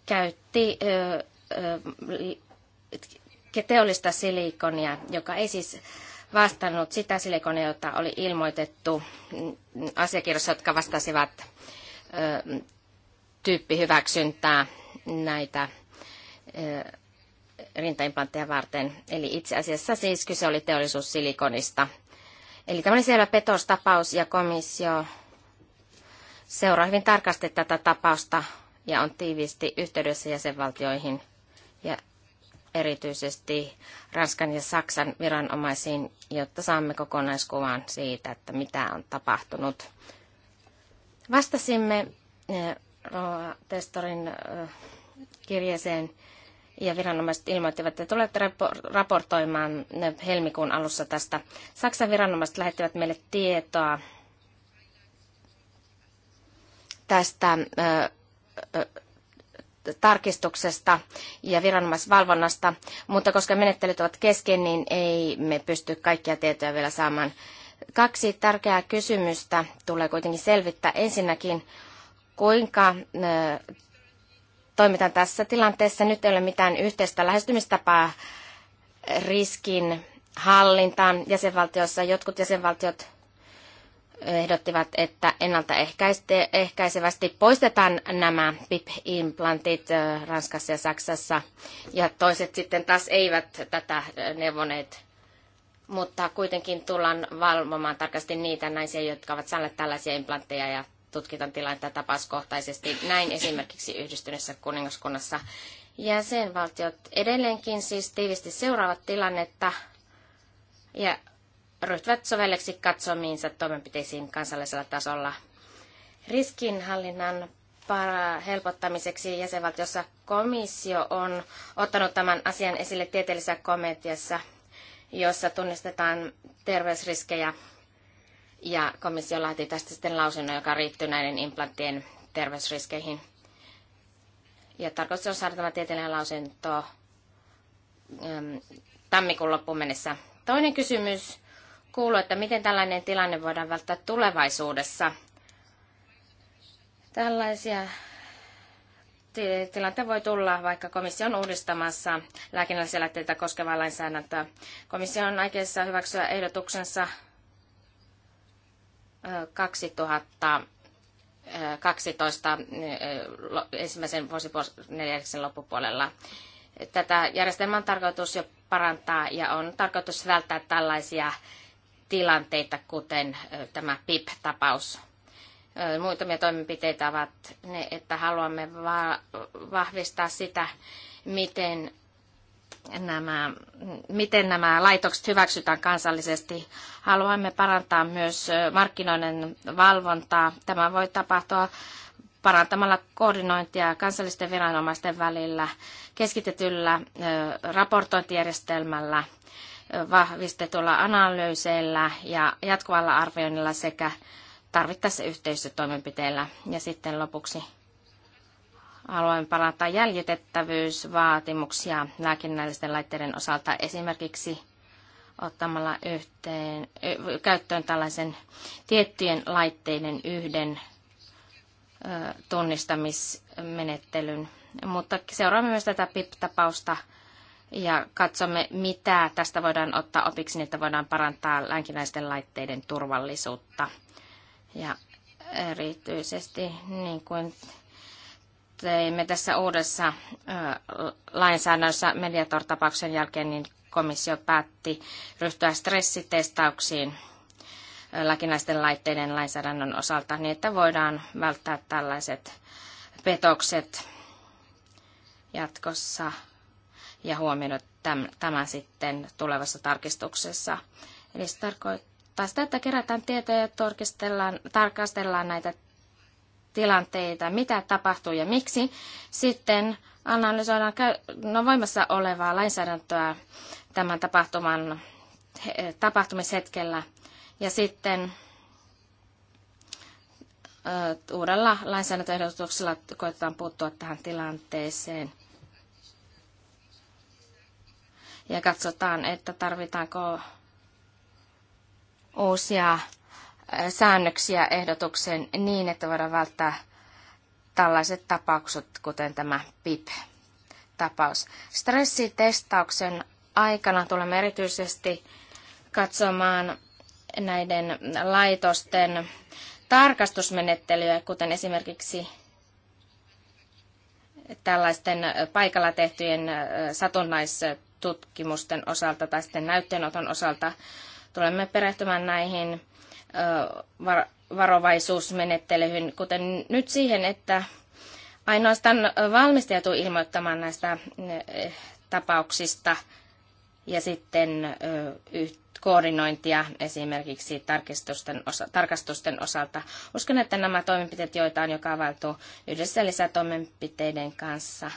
Speaker 3: käytti teollista silikonia, joka ei siis vastannut sitä silikonia, jota oli ilmoitettu asiakirjoissa, jotka vastasivat tyyppihyväksyntää näitä rintaimplantteja varten. Eli itse asiassa siis kyse oli teollisuussilikonista. Eli tämä oli selvä petostapaus ja komissio seuraa hyvin tarkasti tätä tapausta ja on tiiviisti yhteydessä jäsenvaltioihin ja erityisesti Ranskan ja Saksan viranomaisiin, jotta saamme kokonaiskuvan siitä, että mitä on tapahtunut. Vastasimme eh, Roa Testorin eh, kirjeeseen ja viranomaiset ilmoittivat, että tulette raportoimaan helmikuun alussa tästä. Saksan viranomaiset lähettivät meille tietoa tästä tarkistuksesta ja viranomaisvalvonnasta, mutta koska menettelyt ovat kesken, niin ei me pysty kaikkia tietoja vielä saamaan. Kaksi tärkeää kysymystä tulee kuitenkin selvittää. Ensinnäkin, kuinka toimitaan tässä tilanteessa. Nyt ei ole mitään yhteistä lähestymistapaa riskin hallintaan jäsenvaltiossa. Jotkut jäsenvaltiot ehdottivat, että ennaltaehkäisevästi poistetaan nämä PIP-implantit äh, Ranskassa ja Saksassa, ja toiset sitten taas eivät tätä äh, neuvoneet. Mutta kuitenkin tullaan valvomaan tarkasti niitä naisia, jotka ovat saaneet tällaisia implantteja ja tutkitaan tilannetta tapauskohtaisesti. Näin esimerkiksi yhdistyneessä kuningaskunnassa jäsenvaltiot edelleenkin siis tiivisti seuraavat tilannetta ja ryhtyvät sovelleksi katsomiinsa toimenpiteisiin kansallisella tasolla. Riskinhallinnan helpottamiseksi jäsenvaltiossa komissio on ottanut tämän asian esille tieteellisessä komentiassa, jossa tunnistetaan terveysriskejä ja komissio laati tästä sitten lausunnon, joka riittyy näiden implanttien terveysriskeihin. Ja tarkoitus on saada tämä tieteellinen lausunto tammikuun loppuun mennessä. Toinen kysymys kuuluu, että miten tällainen tilanne voidaan välttää tulevaisuudessa. Tällaisia tilanteita voi tulla, vaikka komissio on uudistamassa lääkinnällisiä lähteitä koskevaa lainsäädäntöä. Komissio on aikeissa hyväksyä ehdotuksensa 12 ensimmäisen vuosipuolisen loppupuolella. Tätä järjestelmää on tarkoitus jo parantaa ja on tarkoitus välttää tällaisia tilanteita, kuten tämä PIP-tapaus. Muutamia toimenpiteitä ovat ne, että haluamme vahvistaa sitä, miten nämä, miten nämä laitokset hyväksytään kansallisesti. Haluamme parantaa myös markkinoiden valvontaa. Tämä voi tapahtua parantamalla koordinointia kansallisten viranomaisten välillä, keskitetyllä raportointijärjestelmällä vahvistetulla analyyseillä ja jatkuvalla arvioinnilla sekä tarvittaessa yhteistyötoimenpiteillä. Ja sitten lopuksi haluan palata jäljitettävyysvaatimuksia lääkinnällisten laitteiden osalta esimerkiksi ottamalla yhteen, käyttöön tällaisen tiettyjen laitteiden yhden tunnistamismenettelyn. Mutta seuraamme myös tätä PIP-tapausta ja katsomme, mitä tästä voidaan ottaa opiksi, niin että voidaan parantaa länkinäisten laitteiden turvallisuutta. Ja erityisesti niin kuin teimme tässä uudessa lainsäädännössä Mediator-tapauksen jälkeen, niin komissio päätti ryhtyä stressitestauksiin lääkinnäisten laitteiden lainsäädännön osalta, niin että voidaan välttää tällaiset petokset jatkossa ja huomioida tämän, tämän sitten tulevassa tarkistuksessa. Eli se tarkoittaa sitä, että kerätään tietoja ja tarkastellaan näitä tilanteita, mitä tapahtuu ja miksi. Sitten analysoidaan no, voimassa olevaa lainsäädäntöä tämän tapahtuman tapahtumishetkellä ja sitten uudella lainsäädäntöehdotuksella koetetaan puuttua tähän tilanteeseen – ja katsotaan, että tarvitaanko uusia säännöksiä ehdotuksen niin, että voidaan välttää tällaiset tapaukset, kuten tämä PIP-tapaus. Stressitestauksen aikana tulemme erityisesti katsomaan näiden laitosten tarkastusmenettelyjä, kuten esimerkiksi tällaisten paikalla tehtyjen satunnais tutkimusten osalta tai sitten näytteenoton osalta. Tulemme perehtymään näihin varovaisuusmenettelyihin, kuten nyt siihen, että ainoastaan valmistajat ilmoittamaan näistä tapauksista ja sitten koordinointia esimerkiksi tarkistusten osa, tarkastusten osalta. Uskon, että nämä toimenpiteet, joita on jo kaavailtu yhdessä lisätoimenpiteiden kanssa,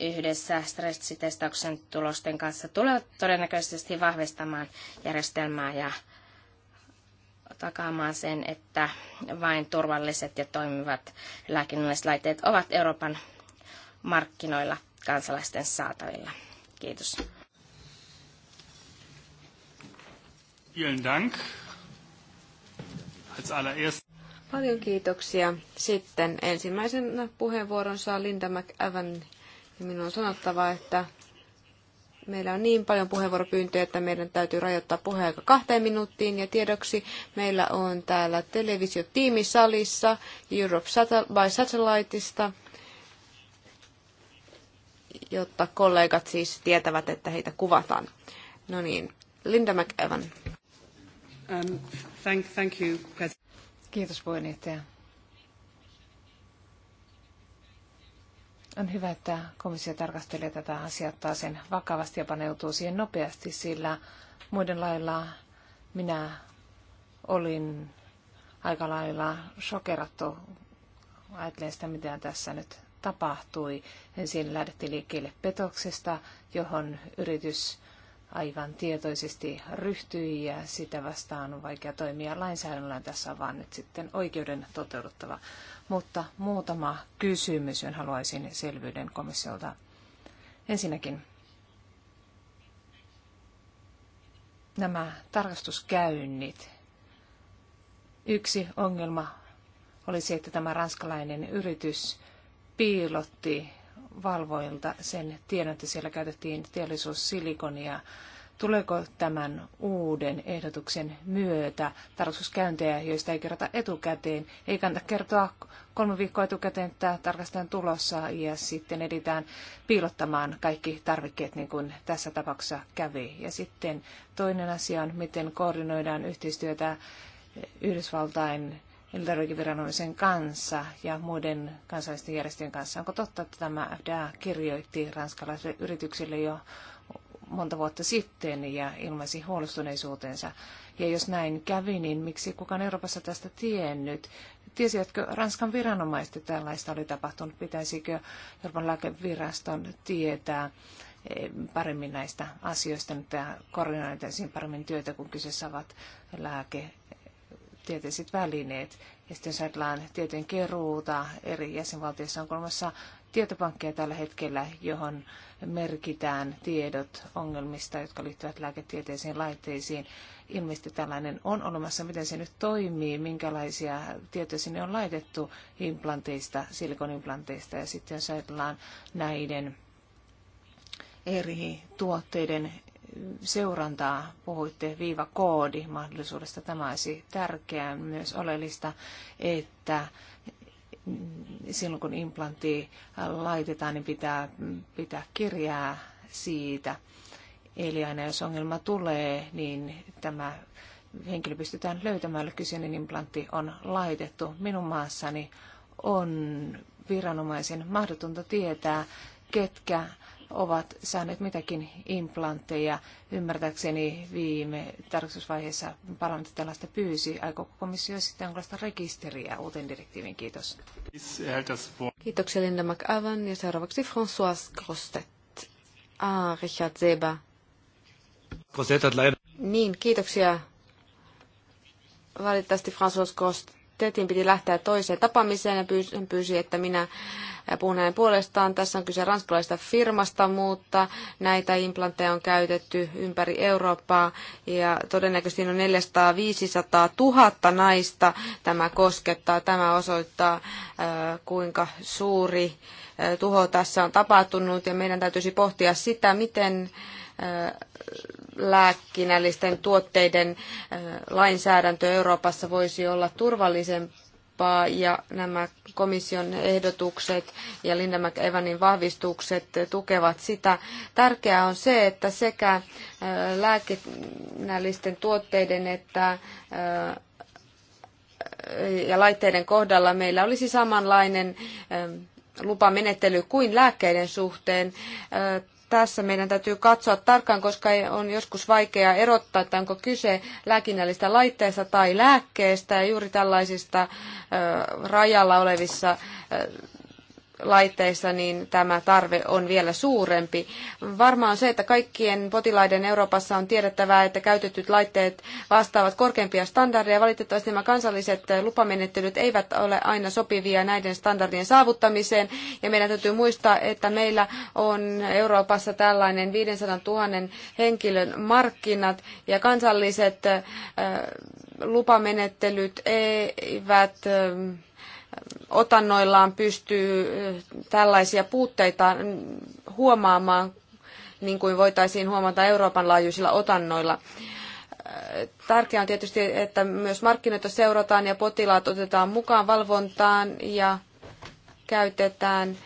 Speaker 3: yhdessä stressitestauksen tulosten kanssa tulevat todennäköisesti vahvistamaan järjestelmää ja takaamaan sen, että vain turvalliset ja toimivat lääkinnälliset laitteet ovat Euroopan markkinoilla kansalaisten saatavilla.
Speaker 1: Kiitos. Vielen Dank. Als allererst
Speaker 2: Paljon kiitoksia. Sitten ensimmäisen puheenvuoron saa Linda McAvan. Ja minun on sanottava, että meillä on niin paljon puheenvuoropyyntöjä, että meidän täytyy rajoittaa puheaika kahteen minuuttiin. Ja tiedoksi meillä on täällä televisiotiimisalissa Europe by Satelliteista, jotta kollegat siis tietävät, että heitä kuvataan. No niin, Linda McEvan.
Speaker 4: Um, thank, thank you, Kiitos puheenjohtaja. On hyvä, että komissio tarkastelee tätä asiaa, taas sen vakavasti ja paneutuu siihen nopeasti, sillä muiden lailla minä olin aika lailla shokerattu ajattelen sitä, mitä tässä nyt tapahtui. Ensin lähdettiin liikkeelle petoksesta, johon yritys aivan tietoisesti ryhtyi ja sitä vastaan on vaikea toimia lainsäädännöllä tässä, vaan nyt sitten oikeuden toteuduttava. Mutta muutama kysymys, johon haluaisin selvyyden komissiolta. Ensinnäkin nämä tarkastuskäynnit. Yksi ongelma oli se, että tämä ranskalainen yritys piilotti valvoilta sen tiedon, että siellä käytettiin teollisuussilikonia. Tuleeko tämän uuden ehdotuksen myötä tarkastuskäyntejä, joista ei kerrota etukäteen? Ei kannata kertoa kolme viikkoa etukäteen, että tarkastetaan tulossa ja sitten editään piilottamaan kaikki tarvikkeet, niin kuin tässä tapauksessa kävi. Ja sitten toinen asia on, miten koordinoidaan yhteistyötä Yhdysvaltain elintarvikeviranomaisen kanssa ja muiden kansallisten järjestöjen kanssa. Onko totta, että tämä FDA kirjoitti ranskalaisille yrityksille jo monta vuotta sitten ja ilmaisi huolestuneisuutensa? Ja jos näin kävi, niin miksi kukaan Euroopassa tästä tiennyt? Tiesivätkö Ranskan viranomaiset, että tällaista oli tapahtunut? Pitäisikö Euroopan lääkeviraston tietää? Eh, paremmin näistä asioista, että koordinoitaisiin paremmin työtä, kun kyseessä ovat lääke, tieteelliset välineet. Ja sitten jos ajatellaan tieteen keruuta, eri jäsenvaltioissa on kolmessa tietopankkeja tällä hetkellä, johon merkitään tiedot ongelmista, jotka liittyvät lääketieteisiin laitteisiin. Ilmeisesti tällainen on olemassa, miten se nyt toimii, minkälaisia tietoja sinne on laitettu implanteista, silikonimplanteista ja sitten jos ajatellaan näiden eri tuotteiden seurantaa. Puhuitte viiva koodi mahdollisuudesta. Tämä olisi tärkeää myös oleellista, että silloin kun implantti laitetaan, niin pitää pitää kirjaa siitä. Eli aina jos ongelma tulee, niin tämä henkilö pystytään löytämään, kyseinen implantti on laitettu. Minun maassani on viranomaisen mahdotonta tietää, ketkä ovat saaneet mitäkin implantteja. Ymmärtääkseni viime tarkastusvaiheessa parlamentti tällaista pyysi. Aikooko komissio sitten jonkinlaista rekisteriä uuteen direktiiviin? Kiitos. Kiitoksia Linda McAvan ja seuraavaksi François Grostet.
Speaker 2: Ah, Richard Zeba. Niin, kiitoksia. Valitettavasti François Grostetin piti lähteä toiseen tapaamiseen ja pyysi, että minä puhun hänen puolestaan. Tässä on kyse ranskalaisesta firmasta, mutta näitä implantteja on käytetty ympäri Eurooppaa ja todennäköisesti on 400 500 000 naista tämä koskettaa. Tämä osoittaa, kuinka suuri tuho tässä on tapahtunut ja meidän täytyisi pohtia sitä, miten lääkinnällisten tuotteiden lainsäädäntö Euroopassa voisi olla turvallisempi Eurooppaa ja nämä komission ehdotukset ja Linda McEvanin vahvistukset tukevat sitä. Tärkeää on se, että sekä äh, lääkinnällisten tuotteiden että äh, ja laitteiden kohdalla meillä olisi samanlainen äh, lupamenettely kuin lääkkeiden suhteen tässä meidän täytyy katsoa tarkkaan, koska on joskus vaikea erottaa, että onko kyse lääkinnällistä laitteesta tai lääkkeestä. Ja juuri tällaisista rajalla olevissa laitteissa, niin tämä tarve on vielä suurempi. Varmaan on se, että kaikkien potilaiden Euroopassa on tiedettävää, että käytetyt laitteet vastaavat korkeimpia standardeja. Valitettavasti nämä kansalliset lupamenettelyt eivät ole aina sopivia näiden standardien saavuttamiseen. Ja meidän täytyy muistaa, että meillä on Euroopassa tällainen 500 000 henkilön markkinat ja kansalliset äh, lupamenettelyt eivät ähm, otannoillaan pystyy tällaisia puutteita huomaamaan, niin kuin voitaisiin huomata Euroopan laajuisilla otannoilla. Tärkeää on tietysti, että myös markkinoita seurataan ja potilaat otetaan mukaan valvontaan ja käytetään,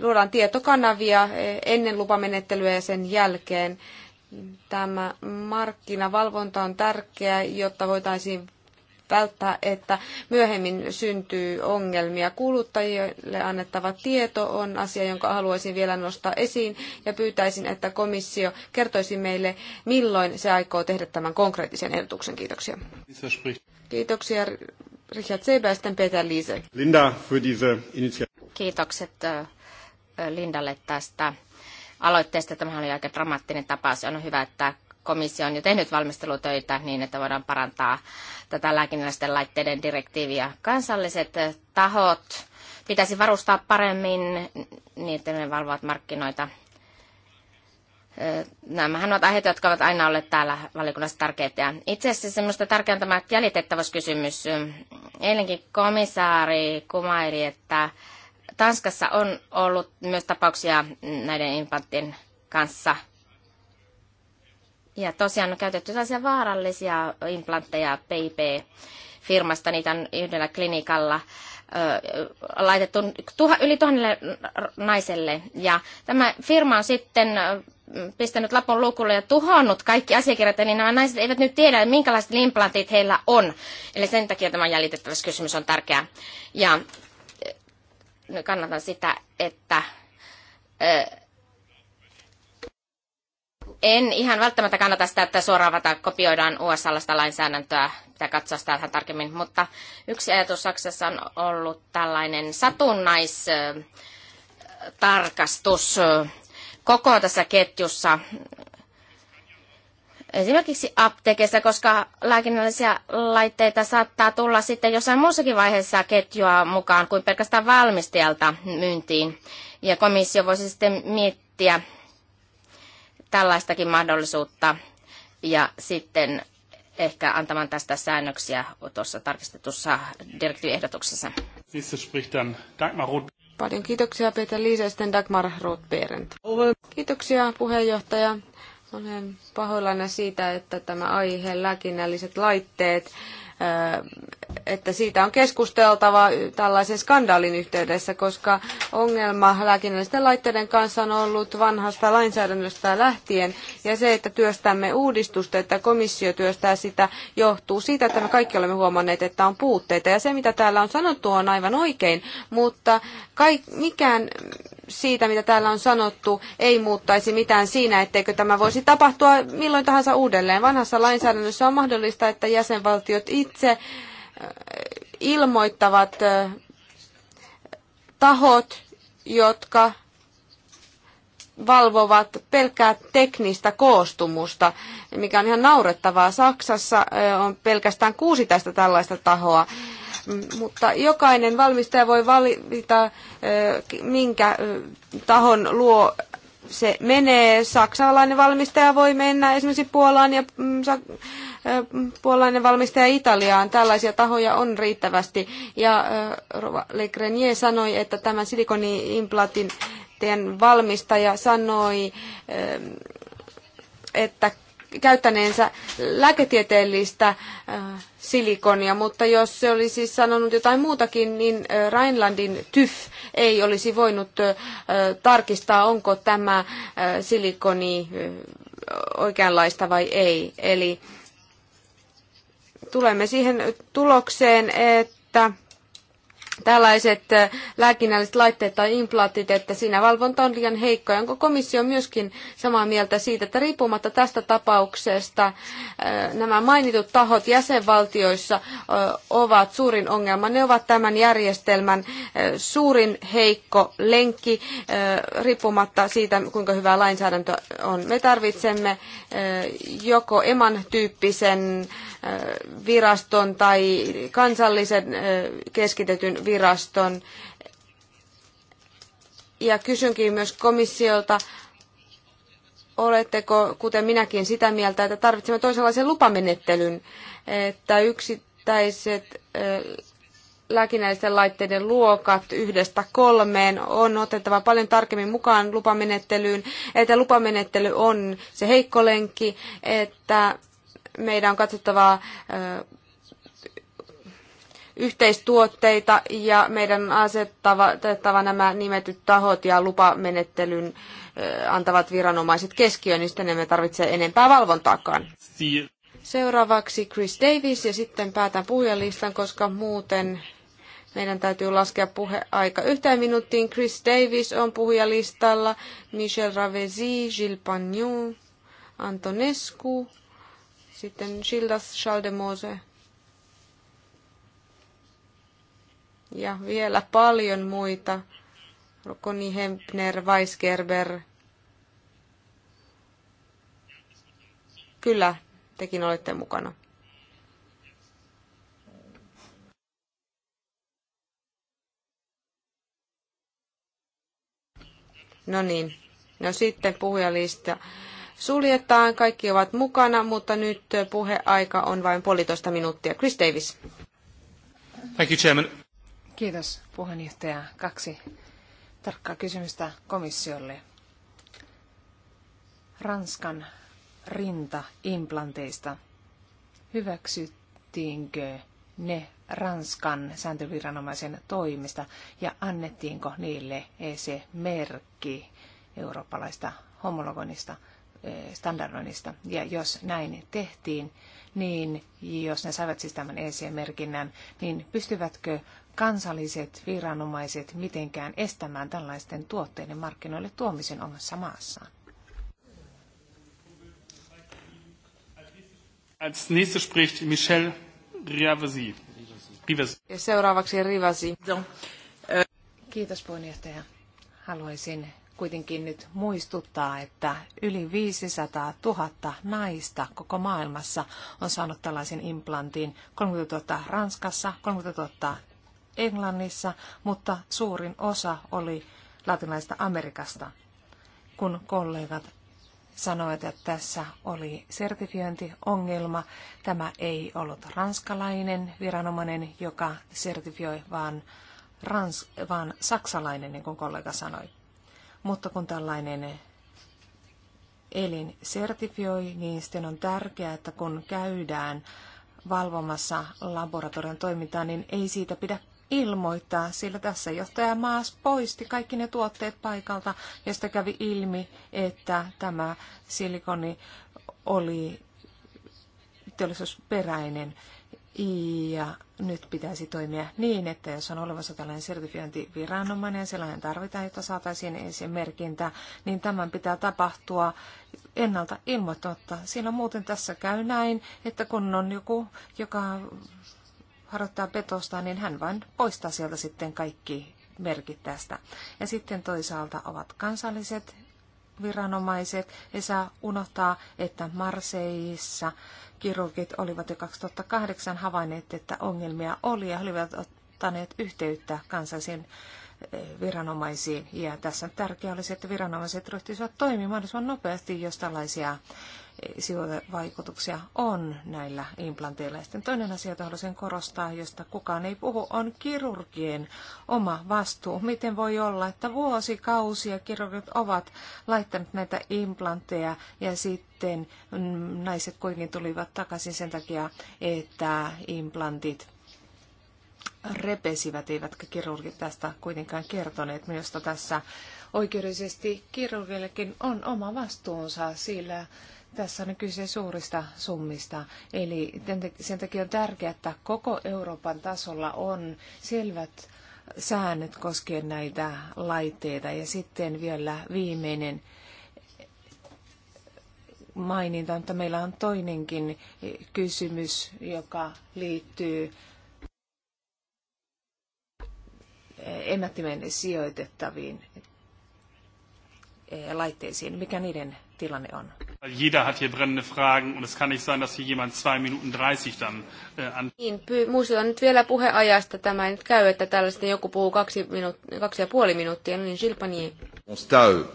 Speaker 2: luodaan tietokanavia ennen lupamenettelyä ja sen jälkeen. Tämä markkinavalvonta on tärkeää, jotta voitaisiin välttää, että myöhemmin syntyy ongelmia. Kuluttajille annettava tieto on asia, jonka haluaisin vielä nostaa esiin ja pyytäisin, että komissio kertoisi meille, milloin se aikoo tehdä tämän konkreettisen ehdotuksen. Kiitoksia. Kiitoksia Richard Sebastian, Peter
Speaker 3: Liese.
Speaker 1: Linda, für diese
Speaker 3: Kiitokset Lindalle tästä aloitteesta. Tämä oli aika dramaattinen tapaus. On hyvä, että komissio on jo tehnyt valmistelutöitä niin, että voidaan parantaa tätä lääkinnällisten laitteiden direktiiviä. Kansalliset tahot pitäisi varustaa paremmin niin, että ne valvovat markkinoita. Nämähän ovat aiheita, jotka ovat aina olleet täällä valiokunnassa tärkeitä. Itse asiassa semmoista tärkeää on tämä jäljitettävyyskysymys. Eilenkin komissaari kumaili, että Tanskassa on ollut myös tapauksia näiden infanttien kanssa – ja tosiaan on käytetty tällaisia vaarallisia implantteja PIP-firmasta, niitä on yhdellä klinikalla laitettu tuha, yli tuhannelle naiselle. Ja tämä firma on sitten pistänyt lapun lukulle ja tuhonnut kaikki asiakirjat, niin nämä naiset eivät nyt tiedä, minkälaiset implantit heillä on. Eli sen takia tämä kysymys on tärkeä. Ja kannatan sitä, että en ihan välttämättä kannata sitä, että suoraan kopioidaan USAlaista lainsäädäntöä, pitää katsoa sitä vähän tarkemmin, mutta yksi ajatus Saksassa on ollut tällainen satunnaistarkastus koko tässä ketjussa, esimerkiksi apteekissa, koska lääkinnällisiä laitteita saattaa tulla sitten jossain muussakin vaiheessa ketjua mukaan kuin pelkästään valmistajalta myyntiin. Ja komissio voisi sitten miettiä, tällaistakin mahdollisuutta ja sitten ehkä antamaan tästä säännöksiä tuossa tarkistetussa direktiiviehdotuksessa.
Speaker 2: Paljon kiitoksia Peter Liise Dagmar Rothberent. Kiitoksia puheenjohtaja. Olen pahoillani siitä, että tämä aihe lääkinnälliset laitteet että siitä on keskusteltava tällaisen skandaalin yhteydessä, koska ongelma lääkinnällisten laitteiden kanssa on ollut vanhasta lainsäädännöstä lähtien, ja se, että työstämme uudistusta, että komissio työstää sitä, johtuu siitä, että me kaikki olemme huomanneet, että on puutteita, ja se, mitä täällä on sanottu, on aivan oikein, mutta kaik- mikään siitä, mitä täällä on sanottu, ei muuttaisi mitään siinä, etteikö tämä voisi tapahtua milloin tahansa uudelleen. Vanhassa lainsäädännössä on mahdollista, että jäsenvaltiot itse ilmoittavat tahot, jotka valvovat pelkkää teknistä koostumusta, mikä on ihan naurettavaa. Saksassa on pelkästään kuusi tästä tällaista tahoa. Mutta jokainen valmistaja voi valita, minkä tahon luo se menee. Saksalainen valmistaja voi mennä esimerkiksi Puolaan ja mm, puolainen valmistaja Italiaan. Tällaisia tahoja on riittävästi. Ja Le Grenier sanoi, että tämän silikoniimplantin valmistaja sanoi, että käyttäneensä lääketieteellistä äh, silikonia, mutta jos se olisi sanonut jotain muutakin, niin äh, Rheinlandin TYF ei olisi voinut äh, tarkistaa, onko tämä silikoni oikeanlaista vai ei. Eli tulemme siihen tulokseen, että tällaiset äh, lääkinnälliset laitteet tai implantit, että siinä valvonta on liian heikko, Onko komissio myöskin samaa mieltä siitä, että riippumatta tästä tapauksesta äh, nämä mainitut tahot jäsenvaltioissa äh, ovat suurin ongelma. Ne ovat tämän järjestelmän suurin heikko lenkki, riippumatta siitä, kuinka hyvää lainsäädäntö on. Me tarvitsemme joko eman tyyppisen viraston tai kansallisen keskitetyn viraston Ja kysynkin myös komissiolta, oletteko, kuten minäkin, sitä mieltä, että tarvitsemme toisenlaisen lupamenettelyn, että yksittäiset lääkinnällisten laitteiden luokat yhdestä kolmeen on otettava paljon tarkemmin mukaan lupamenettelyyn, että lupamenettely on se heikko lenkki, että meidän on katsottava yhteistuotteita ja meidän asettava nämä nimetyt tahot ja lupamenettelyn antavat viranomaiset keskiöön, niin sitten emme tarvitse enempää valvontaakaan. Seuraavaksi Chris Davis ja sitten päätän puhujalistan, koska muuten meidän täytyy laskea puheaika yhteen minuuttiin. Chris Davis on puhujalistalla, Michel Ravesi, Gilles Pagnon, Antonescu, sitten Gildas Chaldemose. ja vielä paljon muita. Rokoni Hempner, Weisgerber. Kyllä, tekin olette mukana. No niin, no sitten puhujalista suljetaan. Kaikki ovat mukana, mutta nyt
Speaker 4: puheaika on vain puolitoista minuuttia. Chris Davis.
Speaker 1: Thank you, Chairman.
Speaker 4: Kiitos puheenjohtaja. Kaksi tarkkaa kysymystä komissiolle. Ranskan rintaimplanteista. Hyväksyttiinkö ne Ranskan sääntöviranomaisen toimista ja annettiinko niille EC-merkki eurooppalaista homologoinnista, e, standardoinnista. Ja jos näin tehtiin, niin jos ne saivat siis tämän EC-merkinnän, niin pystyvätkö kansalliset viranomaiset mitenkään estämään tällaisten tuotteiden markkinoille tuomisen omassa maassaan.
Speaker 1: Als spricht Michel Rivasi.
Speaker 4: Ja seuraavaksi Rivasi. Kiitos puheenjohtaja. Haluaisin kuitenkin nyt muistuttaa, että yli 500 000 naista koko maailmassa on saanut tällaisen implantin. 30 000 Ranskassa, 30 000 Englannissa, mutta suurin osa oli latinalaisesta Amerikasta, kun kollegat sanoivat, että tässä oli sertifiointiongelma. Tämä ei ollut ranskalainen viranomainen, joka sertifioi, vaan, rans, vaan saksalainen, niin kuin kollega sanoi. Mutta kun tällainen elin sertifioi, niin sitten on tärkeää, että kun käydään valvomassa laboratorion toimintaa, niin ei siitä pidä ilmoittaa, sillä tässä johtaja Maas poisti kaikki ne tuotteet paikalta, josta kävi ilmi, että tämä silikoni oli teollisuusperäinen. Ja nyt pitäisi toimia niin, että jos on olemassa tällainen sertifiointiviranomainen, sellainen tarvitaan, jotta saataisiin ensin merkintä, niin tämän pitää tapahtua ennalta ilmoittamatta. Sillä muuten tässä käy näin, että kun on joku, joka harjoittaa petosta, niin hän vain poistaa sieltä sitten kaikki merkit tästä. Ja sitten toisaalta ovat kansalliset viranomaiset. Ei saa unohtaa, että Marseissa kirurgit olivat jo 2008 havainneet, että ongelmia oli ja olivat ottaneet yhteyttä kansallisiin eh, viranomaisiin. Ja tässä tärkeää olisi, että viranomaiset ryhtyisivät toimimaan mahdollisimman nopeasti, jos tällaisia sivuvaikutuksia on näillä implanteilla. Sitten toinen asia, jota haluaisin korostaa, josta kukaan ei puhu, on kirurgien oma vastuu. Miten voi olla, että vuosikausia kirurgit ovat laittaneet näitä implantteja ja sitten naiset kuitenkin tulivat takaisin sen takia, että implantit repesivät, eivätkä kirurgit tästä kuitenkaan kertoneet. Minusta tässä oikeudellisesti kirurgillekin on oma vastuunsa, sillä tässä on kyse suurista summista, eli sen takia on tärkeää, että koko Euroopan tasolla on selvät säännöt koskien näitä laitteita. Ja sitten vielä viimeinen maininta, mutta meillä on toinenkin kysymys, joka liittyy emättimen sijoitettaviin laitteisiin, mikä niiden tilanne on.
Speaker 1: Jeder hat hier brennende Fragen und es kann nicht sein, dass hier jemand 2 Minuten 30 dann äh, an...
Speaker 2: Niin, py- muistutan nyt vielä puheajasta. Tämä ei nyt käy, että täällä
Speaker 3: sitten joku puhuu kaksi, minuut- kaksi ja puoli minuuttia, no niin silpa niin. Euh,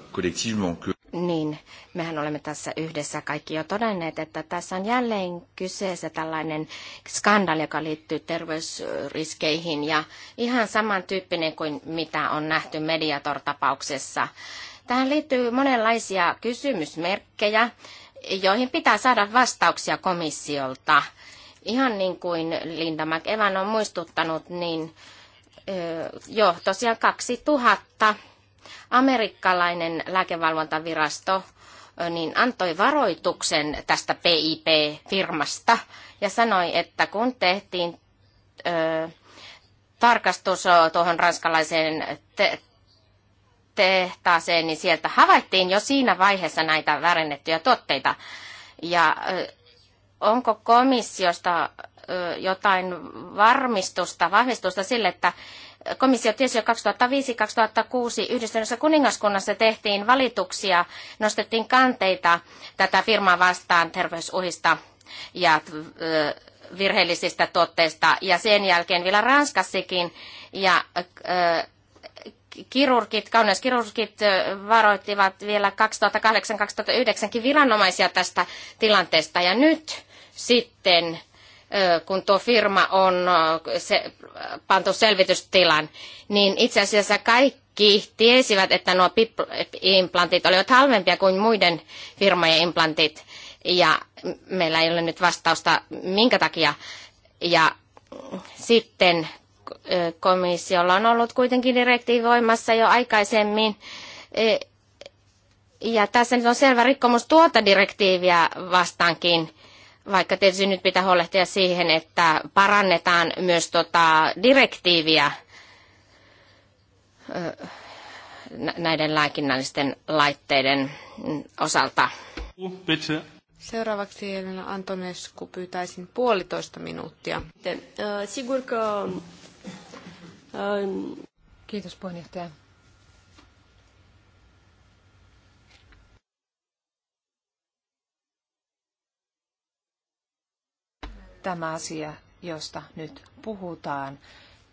Speaker 3: niin, mehän olemme tässä yhdessä kaikki jo todenneet, että tässä on jälleen kyseessä tällainen skandaali, joka liittyy terveysriskeihin ja ihan samantyyppinen kuin mitä on nähty Mediator-tapauksessa. Tähän liittyy monenlaisia kysymysmerkkejä, joihin pitää saada vastauksia komissiolta. Ihan niin kuin Linda McEvan on muistuttanut, niin jo tosiaan 2000 amerikkalainen lääkevalvontavirasto niin antoi varoituksen tästä PIP-firmasta ja sanoi, että kun tehtiin ö, tarkastus tuohon ranskalaiseen te- tehtaaseen, niin sieltä havaittiin jo siinä vaiheessa näitä värennettyjä tuotteita. Ja onko komissiosta jotain varmistusta, vahvistusta sille, että komissio tiesi jo 2005-2006 yhdistyneessä kuningaskunnassa tehtiin valituksia, nostettiin kanteita tätä firmaa vastaan terveysuhista ja virheellisistä tuotteista ja sen jälkeen vielä Ranskassakin ja kirurgit, kauneuskirurgit varoittivat vielä 2008-2009 viranomaisia tästä tilanteesta. Ja nyt sitten, kun tuo firma on se, pantu selvitystilan, niin itse asiassa kaikki tiesivät, että nuo implantit olivat halvempia kuin muiden firmojen implantit. Ja meillä ei ole nyt vastausta, minkä takia. Ja sitten komissiolla on ollut kuitenkin direktiivi voimassa jo aikaisemmin. E, ja tässä nyt on selvä rikkomus tuota direktiiviä vastaankin, vaikka tietysti nyt pitää huolehtia siihen, että parannetaan myös tuota direktiiviä näiden lääkinnällisten laitteiden osalta.
Speaker 2: Seuraavaksi Elena Antonescu pyytäisin puolitoista minuuttia. Sigur că
Speaker 4: Ähm, Kiitos puheenjohtaja. Tämä asia, josta nyt puhutaan,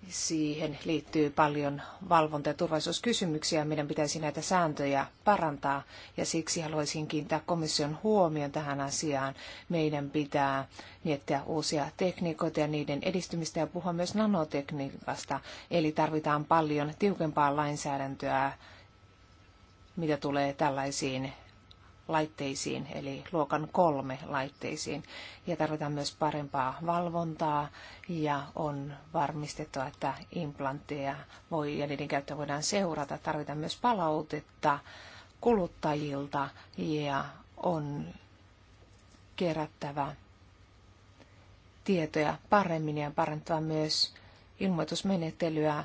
Speaker 4: siihen liittyy paljon valvonta- ja turvallisuuskysymyksiä. Meidän pitäisi näitä sääntöjä parantaa ja siksi haluaisin kiinnittää komission huomion tähän asiaan. Meidän pitää miettiä uusia tekniikoita ja niiden edistymistä ja puhua myös nanotekniikasta. Eli tarvitaan paljon tiukempaa lainsäädäntöä, mitä tulee tällaisiin laitteisiin, eli luokan kolme laitteisiin. Ja tarvitaan myös parempaa valvontaa ja on varmistettava, että implantteja voi ja niiden käyttöä voidaan seurata. Tarvitaan myös palautetta kuluttajilta ja on kerättävä tietoja paremmin ja parantaa myös ilmoitusmenettelyä.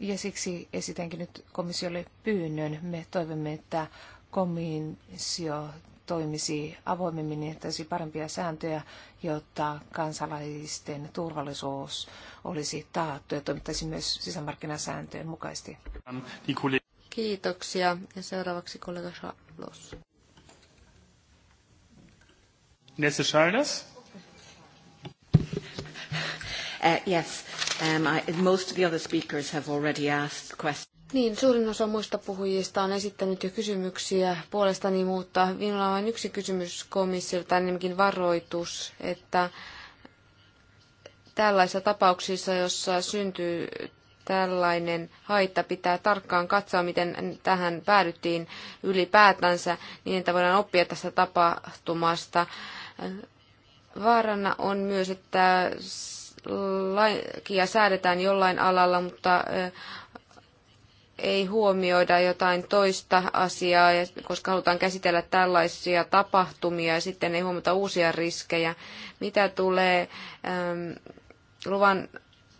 Speaker 4: Ja siksi esitänkin nyt komissiolle pyynnön. Me toivomme, että komissio toimisi avoimemmin ja tehtäisi parempia sääntöjä, jotta kansalaisten turvallisuus olisi taattu ja toimittaisi myös sisämarkkinasääntöjen mukaisesti. Kiitoksia. Ja seuraavaksi kollega Charles.
Speaker 1: Nessa Charles? Uh, yes, um, I, most of the
Speaker 3: other speakers have already asked questions.
Speaker 2: Niin, suurin osa muista puhujista on esittänyt jo kysymyksiä puolestani, mutta minulla on vain yksi kysymys komissiolta, ennemminkin varoitus, että tällaisissa tapauksissa, jossa syntyy tällainen haitta, pitää tarkkaan katsoa, miten tähän päädyttiin ylipäätänsä, niin että voidaan oppia tästä tapahtumasta. Vaarana on myös, että lakia säädetään jollain alalla, mutta ei huomioida jotain toista asiaa, koska halutaan käsitellä tällaisia tapahtumia ja sitten ei huomata uusia riskejä. Mitä tulee luvan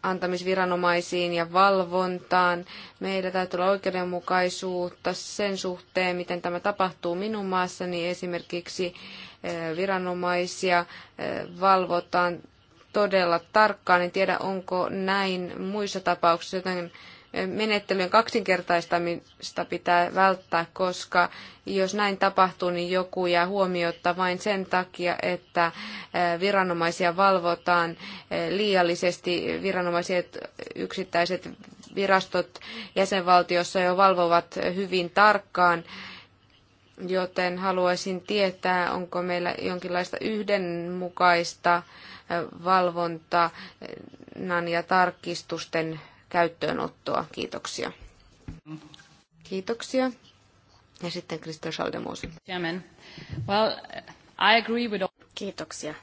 Speaker 2: antamisviranomaisiin ja valvontaan. Meillä täytyy olla oikeudenmukaisuutta sen suhteen, miten tämä tapahtuu minun maassani. Esimerkiksi viranomaisia valvotaan todella tarkkaan. En tiedä, onko näin muissa tapauksissa, joten menettelyjen kaksinkertaistamista pitää välttää, koska jos näin tapahtuu, niin joku jää huomiotta vain sen takia, että viranomaisia valvotaan liiallisesti. Viranomaiset yksittäiset virastot jäsenvaltiossa jo valvovat hyvin tarkkaan joten haluaisin tietää, onko meillä jonkinlaista yhdenmukaista valvontaa ja tarkistusten käyttöönottoa. Kiitoksia. Kiitoksia. Ja sitten Kristel Schaldemus.
Speaker 3: Well, I agree with all... Kiitoksia.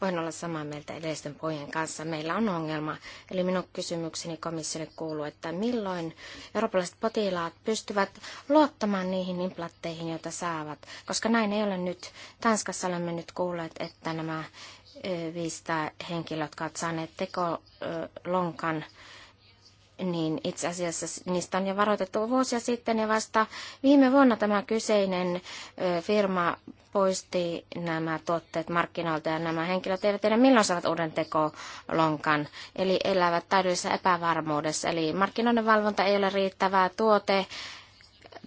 Speaker 3: Voin olla samaa mieltä edellisten pojen kanssa. Meillä on ongelma. Eli minun kysymykseni komissiolle kuuluu, että milloin eurooppalaiset potilaat pystyvät luottamaan niihin implantteihin, joita saavat. Koska näin ei ole nyt. Tanskassa olemme nyt kuulleet, että nämä 500 henkilöä, jotka ovat saaneet tekolonkan, niin itse asiassa niistä on jo varoitettu vuosia sitten ja vasta viime vuonna tämä kyseinen firma poisti nämä tuotteet markkinoilta ja nämä henkilöt eivät tiedä milloin saavat uuden tekolonkan, eli elävät täydellisessä epävarmuudessa. Eli markkinoiden valvonta ei ole riittävää, tuote,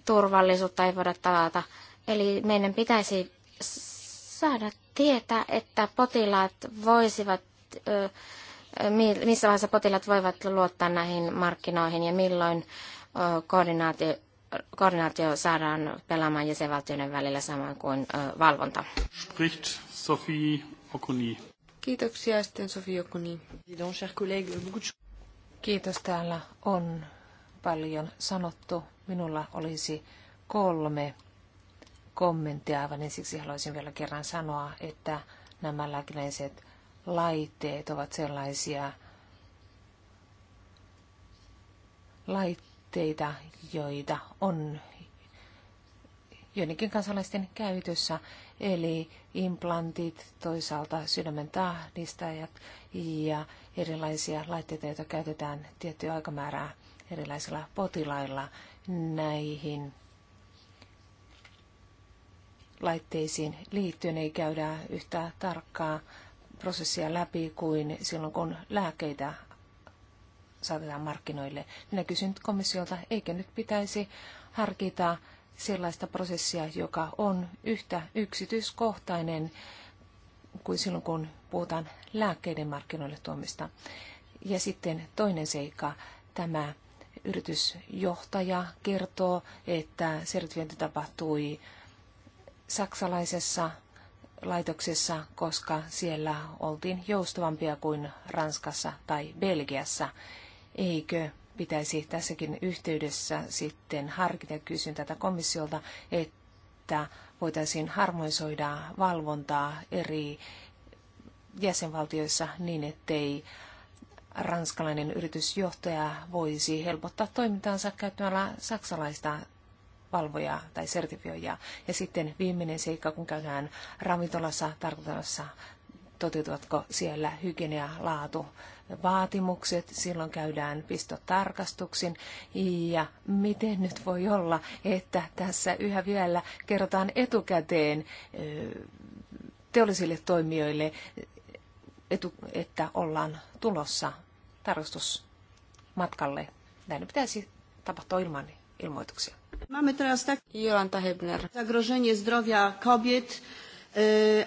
Speaker 3: turvallisuutta ei voida tavata. Eli meidän pitäisi saada tietää, että potilaat voisivat ö, missä vaiheessa potilaat voivat luottaa näihin markkinoihin ja milloin koordinaatio, koordinaatio saadaan pelaamaan jäsenvaltioiden välillä samoin kuin valvonta.
Speaker 1: Spricht Sophie Okuni.
Speaker 4: Kiitoksia sitten Sophie Okuni. Kiitos, täällä on paljon sanottu. Minulla olisi kolme kommenttia, aivan ensiksi haluaisin vielä kerran sanoa, että nämä lääkinäiset laitteet ovat sellaisia laitteita, joita on joidenkin kansalaisten käytössä, eli implantit, toisaalta sydämen tahdistajat ja erilaisia laitteita, joita käytetään tiettyä aikamäärää erilaisilla potilailla näihin laitteisiin liittyen ei käydä yhtä tarkkaa prosessia läpi kuin silloin, kun lääkkeitä saatetaan markkinoille. Minä kysyn nyt komissiolta, eikö nyt pitäisi harkita sellaista prosessia, joka on yhtä yksityiskohtainen kuin silloin, kun puhutaan lääkkeiden markkinoille tuomista. Ja sitten toinen seikka, tämä yritysjohtaja kertoo, että sertifiointi tapahtui saksalaisessa laitoksessa, koska siellä oltiin joustavampia kuin Ranskassa tai Belgiassa. Eikö pitäisi tässäkin yhteydessä sitten harkita, kysyn tätä komissiolta, että voitaisiin harmonisoida valvontaa eri jäsenvaltioissa niin, ettei ranskalainen yritysjohtaja voisi helpottaa toimintaansa käyttämällä saksalaista valvojaa tai sertifioija. Ja sitten viimeinen seikka, kun käydään ravintolassa tarkoittamassa, toteutuvatko siellä hygienia, laatu, vaatimukset, silloin käydään pistotarkastuksin ja miten nyt voi olla, että tässä yhä vielä kerrotaan etukäteen teollisille toimijoille, että ollaan tulossa tarkastusmatkalle. Näin pitäisi tapahtua ilman ilmoituksia.
Speaker 2: Mamy teraz tak... Jolanta Hebner. Zagrożenie zdrowia kobiet,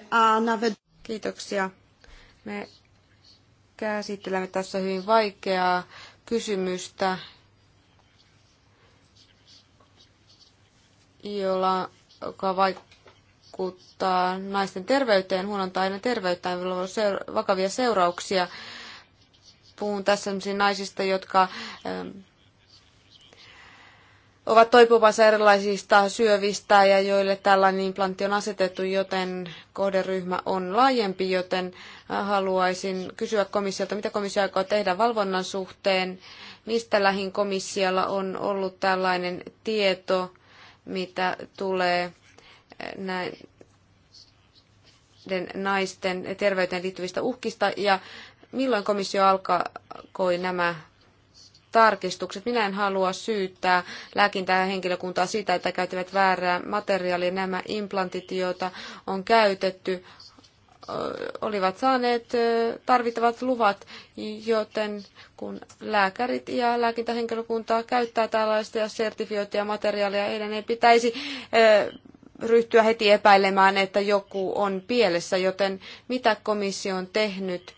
Speaker 2: a nawet... Kiitoksia. Me käsittelemme tässä hyvin vaikeaa kysymystä, jolla, joka vaikuttaa naisten terveyteen, huonontaa aina terveyttä, jolla on vakavia seurauksia. Puhun tässä naisista, jotka ovat toipuvassa erilaisista syövistä ja joille tällainen implantti on asetettu, joten kohderyhmä on laajempi, joten äh, haluaisin kysyä komissiolta, mitä komissio aikoo tehdä valvonnan suhteen, mistä lähin komissiolla on ollut tällainen tieto, mitä tulee äh, näiden naisten terveyteen liittyvistä uhkista ja milloin komissio alkoi nämä tarkistukset. Minä en halua syyttää lääkintää ja henkilökuntaa siitä, että käytivät väärää materiaalia. Nämä implantit, joita on käytetty, olivat saaneet tarvittavat luvat, joten kun lääkärit ja lääkintähenkilökuntaa käyttää tällaista sertifioituja materiaalia, heidän ei pitäisi ryhtyä heti epäilemään, että joku on pielessä, joten mitä komissio on tehnyt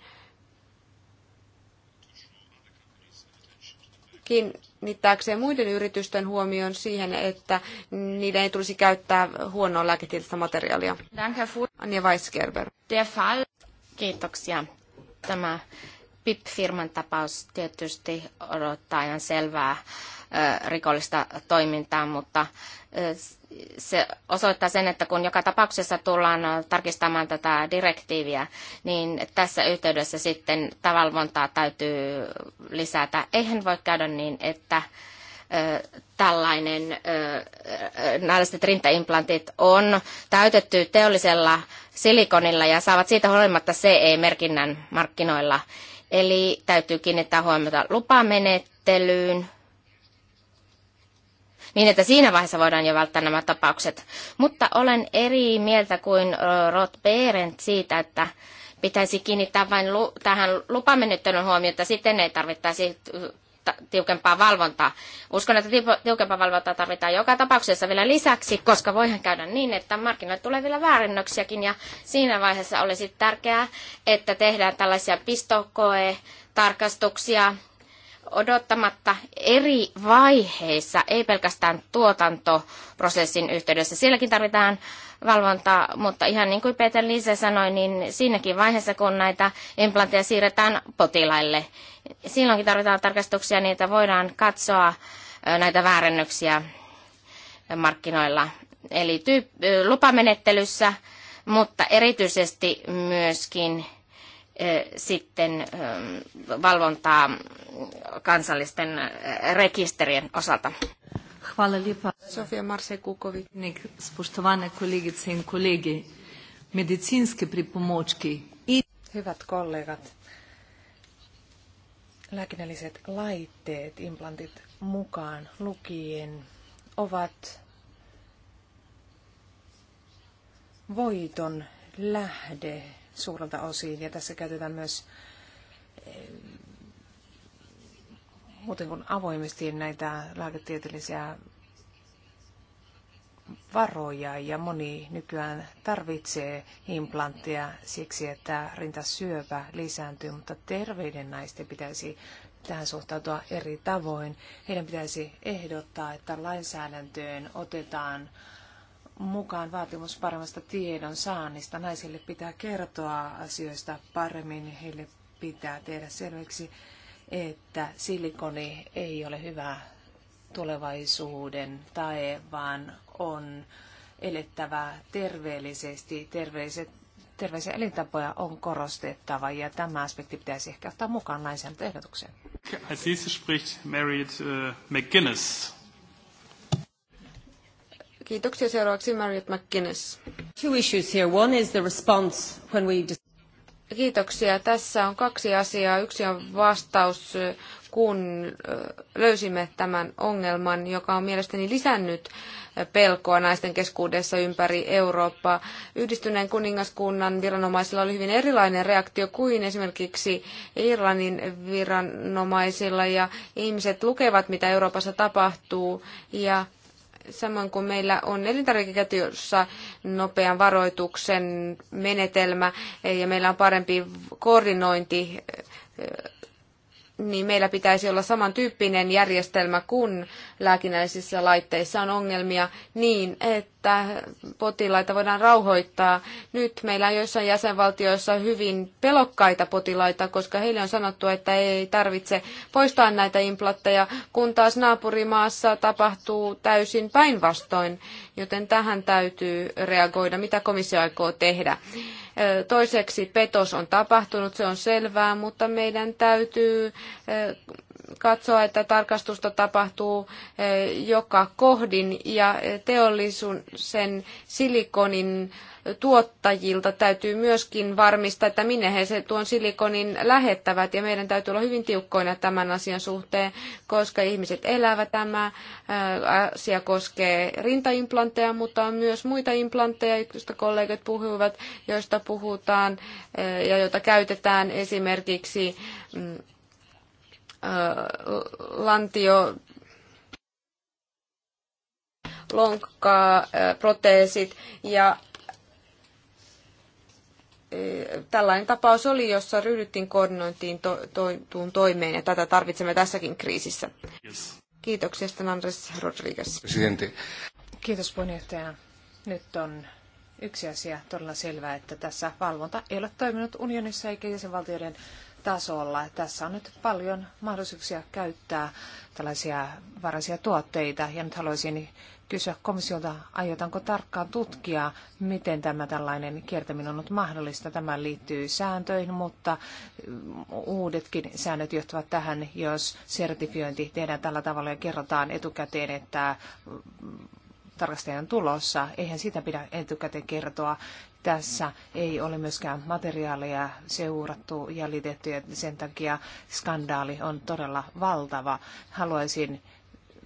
Speaker 2: kiinnittääkseen muiden yritysten huomioon siihen, että niiden ei tulisi käyttää huonoa lääketieteellistä materiaalia. Anja Weisgerber.
Speaker 3: Kiitoksia. Tämä PIP-firman tapaus tietysti odottaa ihan selvää rikollista toimintaa, mutta se osoittaa sen, että kun joka tapauksessa tullaan tarkistamaan tätä direktiiviä, niin tässä yhteydessä sitten tavalvontaa täytyy lisätä. Eihän voi käydä niin, että tällainen, näilliset rintaimplantit on täytetty teollisella silikonilla ja saavat siitä huolimatta CE-merkinnän markkinoilla. Eli täytyy kiinnittää huomiota lupamenettelyyn, niin että siinä vaiheessa voidaan jo välttää nämä tapaukset. Mutta olen eri mieltä kuin Rod Berend siitä, että pitäisi kiinnittää vain lu- tähän lupamenettelyn huomiota, sitten ei tarvittaisi tiukempaa valvontaa. Uskon, että tiukempaa valvontaa tarvitaan joka tapauksessa vielä lisäksi, koska voihan käydä niin, että markkinoille tulee vielä väärinnöksiäkin ja siinä vaiheessa olisi tärkeää, että tehdään tällaisia pistokoe tarkastuksia odottamatta eri vaiheissa, ei pelkästään tuotantoprosessin yhteydessä. Sielläkin tarvitaan valvontaa, mutta ihan niin kuin Peter Liise sanoi, niin siinäkin vaiheessa, kun näitä implantteja siirretään potilaille, silloinkin tarvitaan tarkastuksia, niitä voidaan katsoa näitä väärennöksiä markkinoilla. Eli tyyp- lupamenettelyssä, mutta erityisesti myöskin sitten valvontaa kansallisten rekisterien osalta.
Speaker 2: Hvala lepa. Sofija Marse Kukovic. Nek,
Speaker 4: spoštovane kolegice in kolegi, medicinske pripomočki. Hyvät kollegat, lääkinnälliset laitteet, implantit mukaan lukien, ovat voiton lähde suurelta osin. Ja tässä käytetään myös eh, muuten kuin avoimesti näitä lääketieteellisiä varoja ja moni nykyään tarvitsee implantteja siksi, että rintasyöpä lisääntyy, mutta terveiden naisten pitäisi tähän suhtautua eri tavoin. Heidän pitäisi ehdottaa, että lainsäädäntöön otetaan mukaan vaatimus paremmasta tiedon saannista. Naisille pitää kertoa asioista paremmin, heille pitää tehdä selväksi, että silikoni ei ole hyvä tulevaisuuden tae, vaan on elettävä terveellisesti. Terveelliset, terveellisiä elintapoja on korostettava ja tämä aspekti pitäisi ehkä ottaa mukaan naisen ehdotukseen.
Speaker 1: Als spricht Merit uh, McGuinness.
Speaker 4: Kiitoksia seuraavaksi
Speaker 2: Marriott McGuinness. Two issues here. One is the response when we... Kiitoksia. Tässä on kaksi asiaa. Yksi on vastaus, kun löysimme tämän ongelman, joka on mielestäni lisännyt pelkoa naisten keskuudessa ympäri Eurooppaa. Yhdistyneen kuningaskunnan viranomaisilla oli hyvin erilainen reaktio kuin esimerkiksi Irlannin viranomaisilla ja ihmiset lukevat, mitä Euroopassa tapahtuu ja samoin kuin meillä on elintarvikeketjussa nopean varoituksen menetelmä ja meillä on parempi koordinointi niin meillä pitäisi olla samantyyppinen järjestelmä, kun lääkinnällisissä laitteissa on ongelmia niin, että potilaita voidaan rauhoittaa. Nyt meillä on joissain jäsenvaltioissa hyvin pelokkaita potilaita, koska heille on sanottu, että ei tarvitse poistaa näitä implantteja, kun taas naapurimaassa tapahtuu täysin päinvastoin, joten tähän täytyy reagoida, mitä komissio aikoo tehdä. Toiseksi petos on tapahtunut, se on selvää, mutta meidän täytyy katsoa, että tarkastusta tapahtuu eh, joka kohdin ja teollisuuden silikonin tuottajilta täytyy myöskin varmistaa, että minne he se tuon silikonin lähettävät. Ja meidän täytyy olla hyvin tiukkoina tämän asian suhteen, koska ihmiset elävät tämä. Eh, asia koskee rintaimplantteja, mutta on myös muita implantteja, joista kollegat puhuivat, joista puhutaan eh, ja joita käytetään esimerkiksi mm, lantio, lonkkaa, proteesit ja tällainen tapaus oli, jossa ryhdyttiin koordinointiin to, to, toimeen ja tätä tarvitsemme tässäkin kriisissä.
Speaker 1: Yes.
Speaker 4: Kiitoksia, sitten Andres Rodriguez. Presidentti. Kiitos puheenjohtaja. Nyt on yksi asia todella selvää, että tässä valvonta ei ole toiminut unionissa eikä jäsenvaltioiden tasolla. Tässä on nyt paljon mahdollisuuksia käyttää tällaisia varaisia tuotteita. Ja nyt haluaisin kysyä komissiolta, aiotaanko tarkkaan tutkia, miten tämä tällainen kiertäminen on ollut mahdollista. Tämä liittyy sääntöihin, mutta mm, uudetkin säännöt johtavat tähän, jos sertifiointi tehdään tällä tavalla ja kerrotaan etukäteen, että mm, tarkastajan tulossa. Eihän sitä pidä etukäteen kertoa tässä ei ole myöskään materiaalia seurattu, jäljitetty ja sen takia skandaali on todella valtava. Haluaisin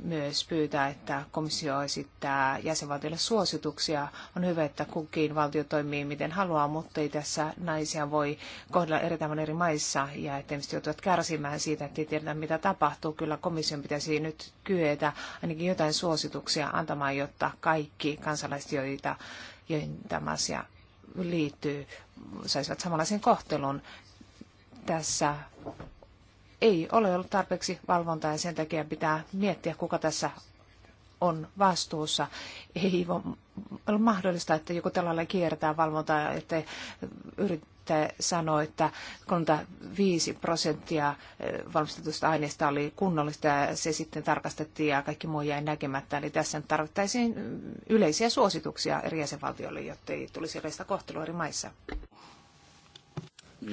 Speaker 4: myös pyytää, että komissio esittää jäsenvaltioille suosituksia. On hyvä, että kukin valtio toimii miten haluaa, mutta ei tässä naisia voi kohdella eri tavoin eri maissa ja että ihmiset joutuvat kärsimään siitä, että ei tiedetä mitä tapahtuu. Kyllä komission pitäisi nyt kyetä ainakin jotain suosituksia antamaan, jotta kaikki kansalaiset, joita joihin tämä asia liittyy, saisivat samanlaisen kohtelun. Tässä ei ole ollut tarpeeksi valvontaa ja sen takia pitää miettiä, kuka tässä on vastuussa. Ei ole mahdollista, että joku tällainen kiertää valvontaa, että sanoi, että 35 prosenttia eh, valmistetusta aineesta oli kunnollista ja se sitten tarkastettiin ja kaikki muu jäi näkemättä. Eli tässä tarvittaisiin mm, yleisiä suosituksia eri jäsenvaltioille, jotta ei tulisi erilaista kohtelua eri maissa.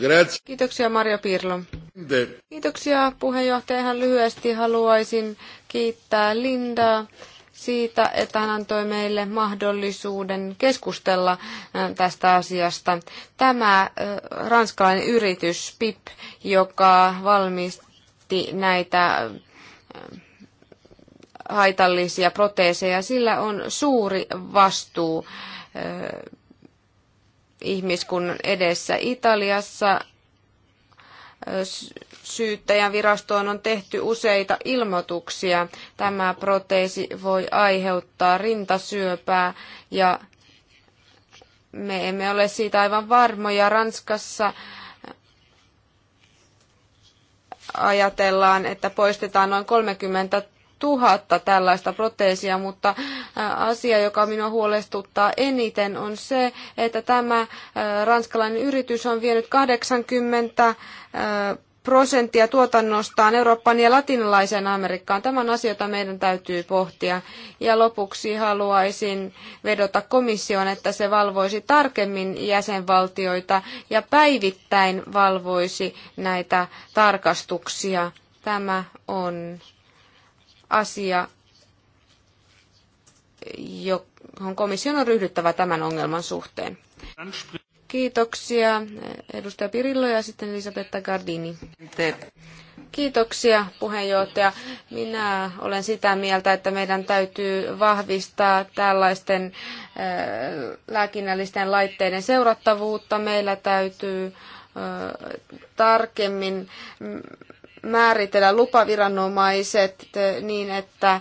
Speaker 2: Grazie. Kiitoksia Mario Pirlo. De. Kiitoksia puheenjohtaja. Ihan lyhyesti haluaisin kiittää Lindaa siitä, että hän antoi meille mahdollisuuden keskustella tästä asiasta. Tämä ranskalainen yritys PIP, joka valmisti näitä haitallisia proteeseja, sillä on suuri vastuu ihmiskunnan edessä. Italiassa syyttäjän virastoon on tehty useita ilmoituksia. Tämä proteesi voi aiheuttaa rintasyöpää ja me emme ole siitä aivan varmoja. Ranskassa ajatellaan, että poistetaan noin 30 tuhatta tällaista proteesia, mutta äh, asia, joka minua huolestuttaa eniten, on se, että tämä äh, ranskalainen yritys on vienyt 80 äh, prosenttia tuotannostaan Eurooppaan ja latinalaiseen Amerikkaan. Tämän asioita meidän täytyy pohtia. Ja lopuksi haluaisin vedota komission, että se valvoisi tarkemmin jäsenvaltioita ja päivittäin valvoisi näitä tarkastuksia. Tämä on asia, johon komission on ryhdyttävä tämän ongelman suhteen. Kiitoksia edustaja Pirillo ja sitten Elisabetta Gardini. Kiitoksia puheenjohtaja. Minä olen sitä mieltä, että meidän täytyy vahvistaa tällaisten eh, lääkinnällisten laitteiden seurattavuutta. Meillä täytyy eh, tarkemmin mm, määritellä lupaviranomaiset eh, niin, että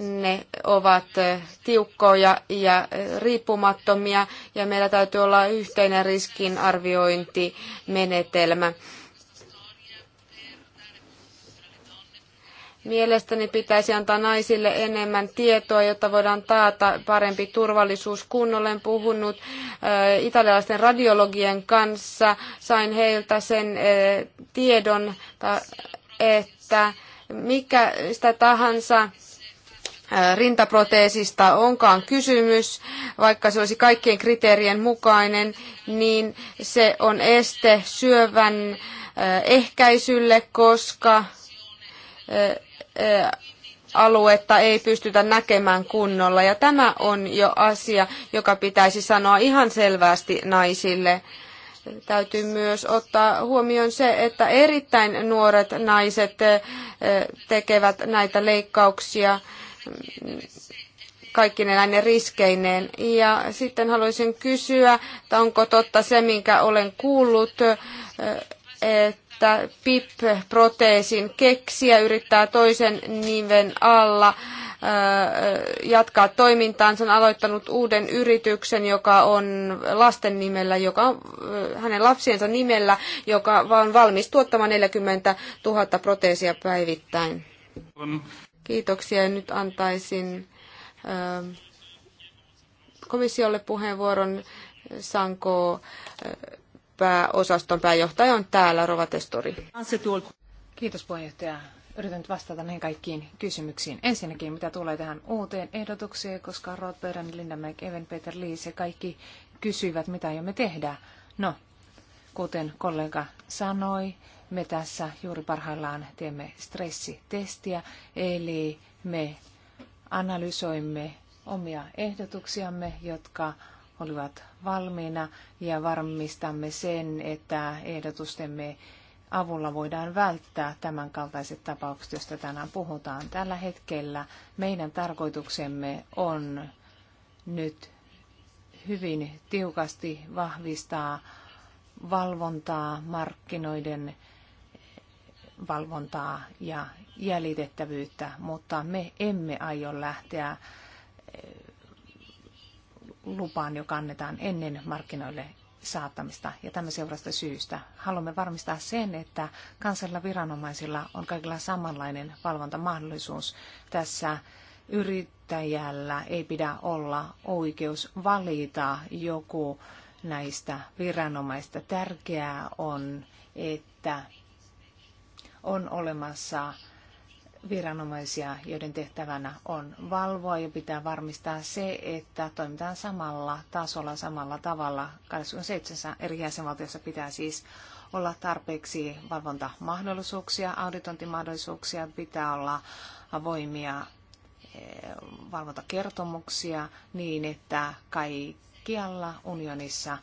Speaker 2: ne ovat eh, tiukkoja ja eh, riippumattomia ja meillä täytyy olla yhteinen riskinarviointimenetelmä. Mielestäni pitäisi antaa naisille enemmän tietoa, jotta voidaan taata parempi turvallisuus. Kun olen puhunut äh, italialaisten radiologien kanssa, sain heiltä sen äh, tiedon, että mikä sitä tahansa äh, rintaproteesista onkaan kysymys, vaikka se olisi kaikkien kriteerien mukainen, niin se on este syövän ehkäisylle, koska aluetta ei pystytä näkemään kunnolla. Ja tämä on jo asia, joka pitäisi sanoa ihan selvästi naisille. Täytyy myös ottaa huomioon se, että erittäin nuoret naiset tekevät näitä leikkauksia kaikki näiden riskeineen. Ja sitten haluaisin kysyä, että onko totta se, minkä olen kuullut, että että PIP-proteesin keksiä yrittää toisen nimen alla jatkaa toimintaansa. on aloittanut uuden yrityksen, joka on lasten nimellä, joka on hänen lapsiensa nimellä, joka on valmis tuottamaan 40 000 proteesia päivittäin. Kiitoksia. Nyt antaisin komissiolle puheenvuoron. Sanko pääosaston pääjohtaja on täällä, Rova Testori.
Speaker 4: Kiitos puheenjohtaja. Yritän nyt vastata näihin kaikkiin kysymyksiin. Ensinnäkin, mitä tulee tähän uuteen ehdotukseen, koska Rod Linda Lindamäki, Even Peter Lee, se kaikki kysyivät, mitä me tehdä. No, kuten kollega sanoi, me tässä juuri parhaillaan teemme stressitestiä, eli me analysoimme omia ehdotuksiamme, jotka olivat valmiina ja varmistamme sen, että ehdotustemme avulla voidaan välttää tämänkaltaiset tapaukset, joista tänään puhutaan. Tällä hetkellä meidän tarkoituksemme on nyt hyvin tiukasti vahvistaa valvontaa, markkinoiden valvontaa ja jäljitettävyyttä, mutta me emme aio lähteä lupaan, joka annetaan ennen markkinoille saattamista. Ja tämä seurasta syystä haluamme varmistaa sen, että kansallisilla viranomaisilla on kaikilla samanlainen valvontamahdollisuus. Tässä yrittäjällä ei pidä olla oikeus valita joku näistä viranomaista. Tärkeää on, että on olemassa viranomaisia, joiden tehtävänä on valvoa ja pitää varmistaa se, että toimitaan samalla tasolla, samalla tavalla. 27 eri jäsenvaltiossa pitää siis olla tarpeeksi valvontamahdollisuuksia, auditointimahdollisuuksia, pitää olla avoimia eh, valvontakertomuksia niin, että kaikkialla unionissa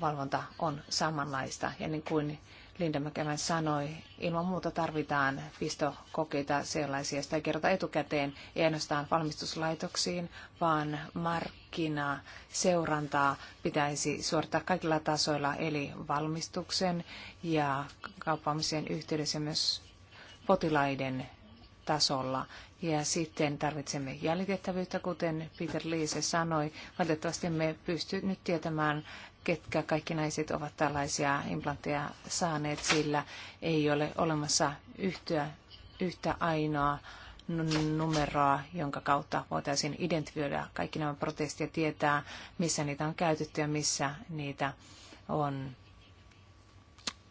Speaker 4: valvonta on samanlaista. Ja niin kuin Linda Mäkävän sanoi, ilman muuta tarvitaan pistokokeita sellaisia, sitä ei kerrota etukäteen, ei ainoastaan valmistuslaitoksiin, vaan markkina seurantaa pitäisi suorittaa kaikilla tasoilla, eli valmistuksen ja kauppaamisen yhteydessä myös potilaiden tasolla ja sitten tarvitsemme jäljitettävyyttä, kuten Peter Liise sanoi. Valitettavasti me pysty nyt tietämään, ketkä kaikki naiset ovat tällaisia implantteja saaneet, sillä ei ole olemassa yhtä, yhtä ainoa numeroa, jonka kautta voitaisiin identifioida kaikki nämä protestit ja tietää, missä niitä on käytetty ja missä niitä on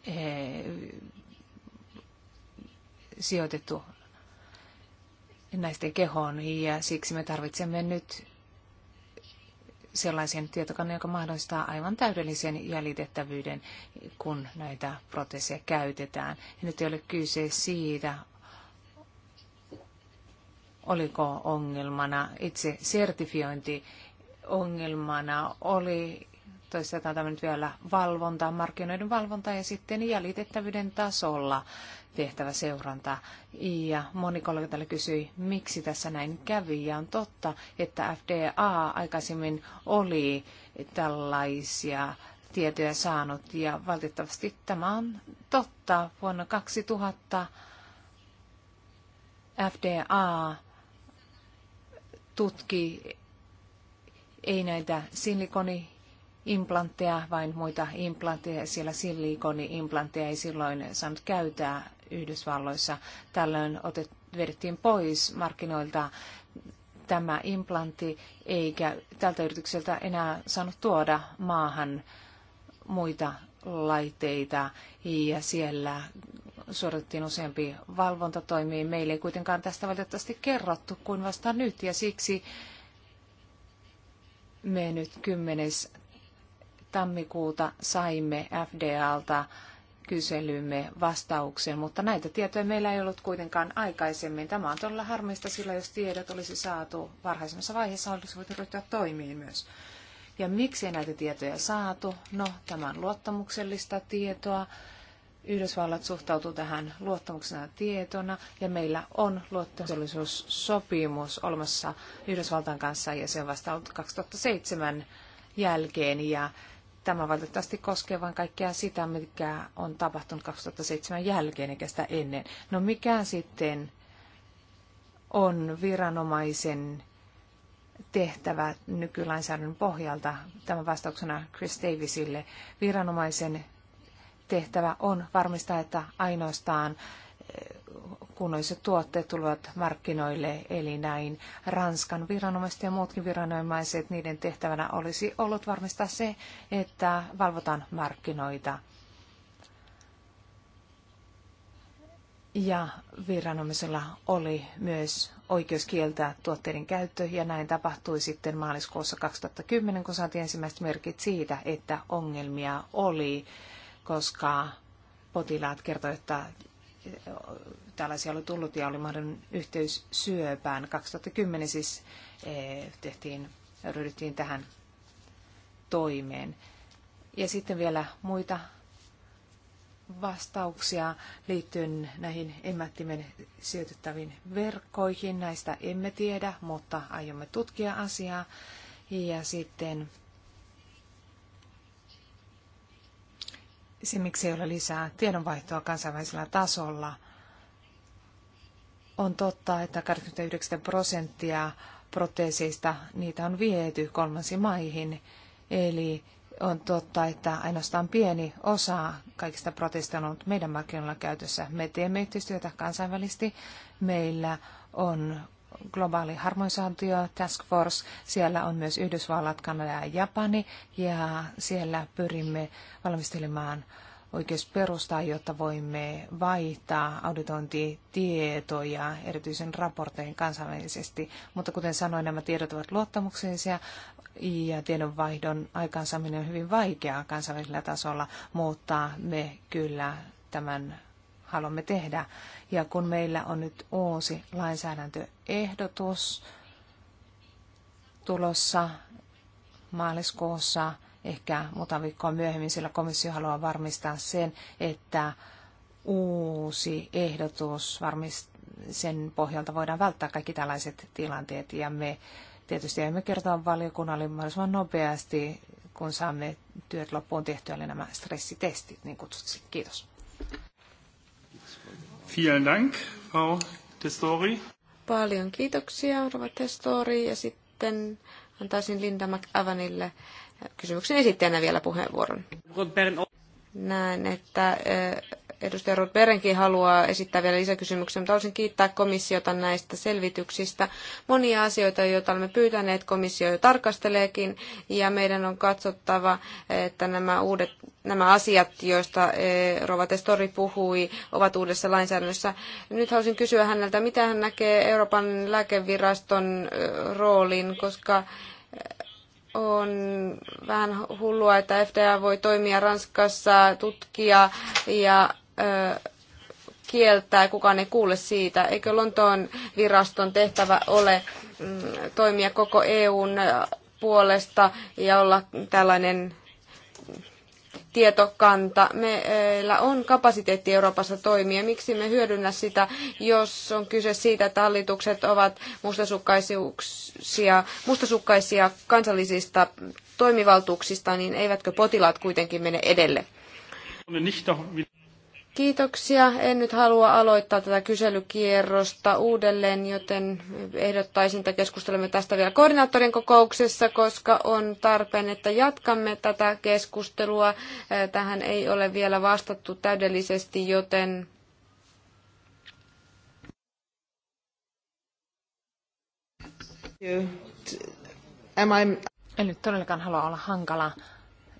Speaker 4: eh, sijoitettu naisten kehoon ja siksi me tarvitsemme nyt sellaisen tietokannan, joka mahdollistaa aivan täydellisen jäljitettävyyden, kun näitä proteeseja käytetään. Ja nyt ei ole kyse siitä, oliko ongelmana itse sertifiointi ongelmana oli toistetaan tämä nyt vielä valvontaa, markkinoiden valvontaa ja sitten jäljitettävyyden tasolla tehtävä seuranta. Ja moni kollega täällä kysyi, miksi tässä näin kävi. Ja on totta, että FDA aikaisemmin oli tällaisia tietoja saanut ja valitettavasti tämä on totta. Vuonna 2000 FDA tutki ei näitä silikoni implantteja, vain muita implantteja. Siellä silikoni-implantteja ei silloin saanut käytää Yhdysvalloissa. Tällöin otet, vedettiin pois markkinoilta tämä implantti, eikä tältä yritykseltä enää saanut tuoda maahan muita laitteita ja siellä suoritettiin useampi valvontatoimi. Meille ei kuitenkaan tästä valitettavasti kerrottu kuin vasta nyt ja siksi me nyt 10 tammikuuta saimme FDAlta kyselymme vastauksen, mutta näitä tietoja meillä ei ollut kuitenkaan aikaisemmin. Tämä on todella harmista, sillä jos tiedot olisi saatu varhaisemmassa vaiheessa, olisi voitu ryhtyä toimiin myös. Ja miksi ei näitä tietoja saatu? No, tämä on luottamuksellista tietoa. Yhdysvallat suhtautuu tähän luottamuksena tietona ja meillä on luottamuksellisuussopimus olemassa Yhdysvaltain kanssa ja se on vasta ollut 2007 jälkeen ja Tämä valitettavasti koskee vain kaikkea sitä, mikä on tapahtunut 2007 jälkeen eikä sitä ennen. No mikä sitten on viranomaisen tehtävä nykylainsäädännön pohjalta? Tämä vastauksena Chris Davisille. Viranomaisen tehtävä on varmistaa, että ainoastaan kunnolliset tuotteet tulevat markkinoille, eli näin Ranskan viranomaiset ja muutkin viranomaiset, niiden tehtävänä olisi ollut varmistaa se, että valvotaan markkinoita. Ja viranomaisella oli myös oikeus kieltää tuotteiden käyttö, ja näin tapahtui sitten maaliskuussa 2010, kun saatiin ensimmäiset merkit siitä, että ongelmia oli, koska potilaat kertoivat, että tällaisia oli tullut ja oli mahdollinen yhteys syöpään. 2010 siis e, tehtiin, ryhdyttiin tähän toimeen. Ja sitten vielä muita vastauksia liittyen näihin emmättimen sijoitettaviin verkkoihin. Näistä emme tiedä, mutta aiomme tutkia asiaa. Ja sitten se, miksi ei ole lisää tiedonvaihtoa kansainvälisellä tasolla. On totta, että 89 prosenttia proteeseista niitä on viety kolmansi maihin. Eli on totta, että ainoastaan pieni osa kaikista proteista on ollut meidän markkinoilla käytössä. Me teemme yhteistyötä kansainvälisesti. Meillä on globaali harmonisaatio task force. Siellä on myös Yhdysvallat, Kanada ja Japani ja siellä pyrimme valmistelemaan oikeusperustaa, jotta voimme vaihtaa auditointitietoja erityisen raportein kansainvälisesti. Mutta kuten sanoin, nämä tiedot ovat luottamuksellisia ja tiedonvaihdon aikaansaaminen on hyvin vaikeaa kansainvälisellä tasolla, mutta me kyllä tämän haluamme tehdä. Ja kun meillä on nyt uusi lainsäädäntöehdotus tulossa maaliskuussa, ehkä muutama viikkoa myöhemmin, sillä komissio haluaa varmistaa sen, että uusi ehdotus varmistaa sen pohjalta voidaan välttää kaikki tällaiset tilanteet ja me tietysti emme kertoa valiokunnalle mahdollisimman nopeasti, kun saamme työt loppuun tehtyä, eli nämä stressitestit, niin kutsutut. Kiitos.
Speaker 1: Vielen Dank, Frau Testori.
Speaker 2: Paljon kiitoksia, Rova Testori. Ja sitten antaisin Linda McAvanille kysymyksen esittäjänä vielä puheenvuoron. Näen, että Edustaja Ruth Berenkin haluaa esittää vielä lisäkysymyksen, mutta haluaisin kiittää komissiota näistä selvityksistä. Monia asioita, joita olemme pyytäneet, komissio jo tarkasteleekin, ja meidän on katsottava, että nämä, uudet, nämä asiat, joista eh, Rova Testori puhui, ovat uudessa lainsäädännössä. Nyt haluaisin kysyä häneltä, mitä hän näkee Euroopan lääkeviraston eh, roolin, koska eh, on vähän hullua, että FDA voi toimia Ranskassa, tutkia ja kieltää kukaan ei kuule siitä. Eikö Lontoon viraston tehtävä ole mm, toimia koko EUn puolesta ja olla tällainen tietokanta. Meillä on kapasiteetti Euroopassa toimia. Miksi me hyödynnä sitä, jos on kyse siitä, että hallitukset ovat mustasukkaisia, mustasukkaisia kansallisista toimivaltuuksista, niin eivätkö potilaat kuitenkin mene edelle?
Speaker 1: Niin, niin, niin.
Speaker 2: Kiitoksia. En nyt halua aloittaa tätä kyselykierrosta uudelleen, joten ehdottaisin, että keskustelemme tästä vielä koordinaattorin kokouksessa, koska on tarpeen, että jatkamme tätä keskustelua. Tähän ei ole vielä vastattu täydellisesti, joten
Speaker 4: En nyt todellakaan halua olla hankala.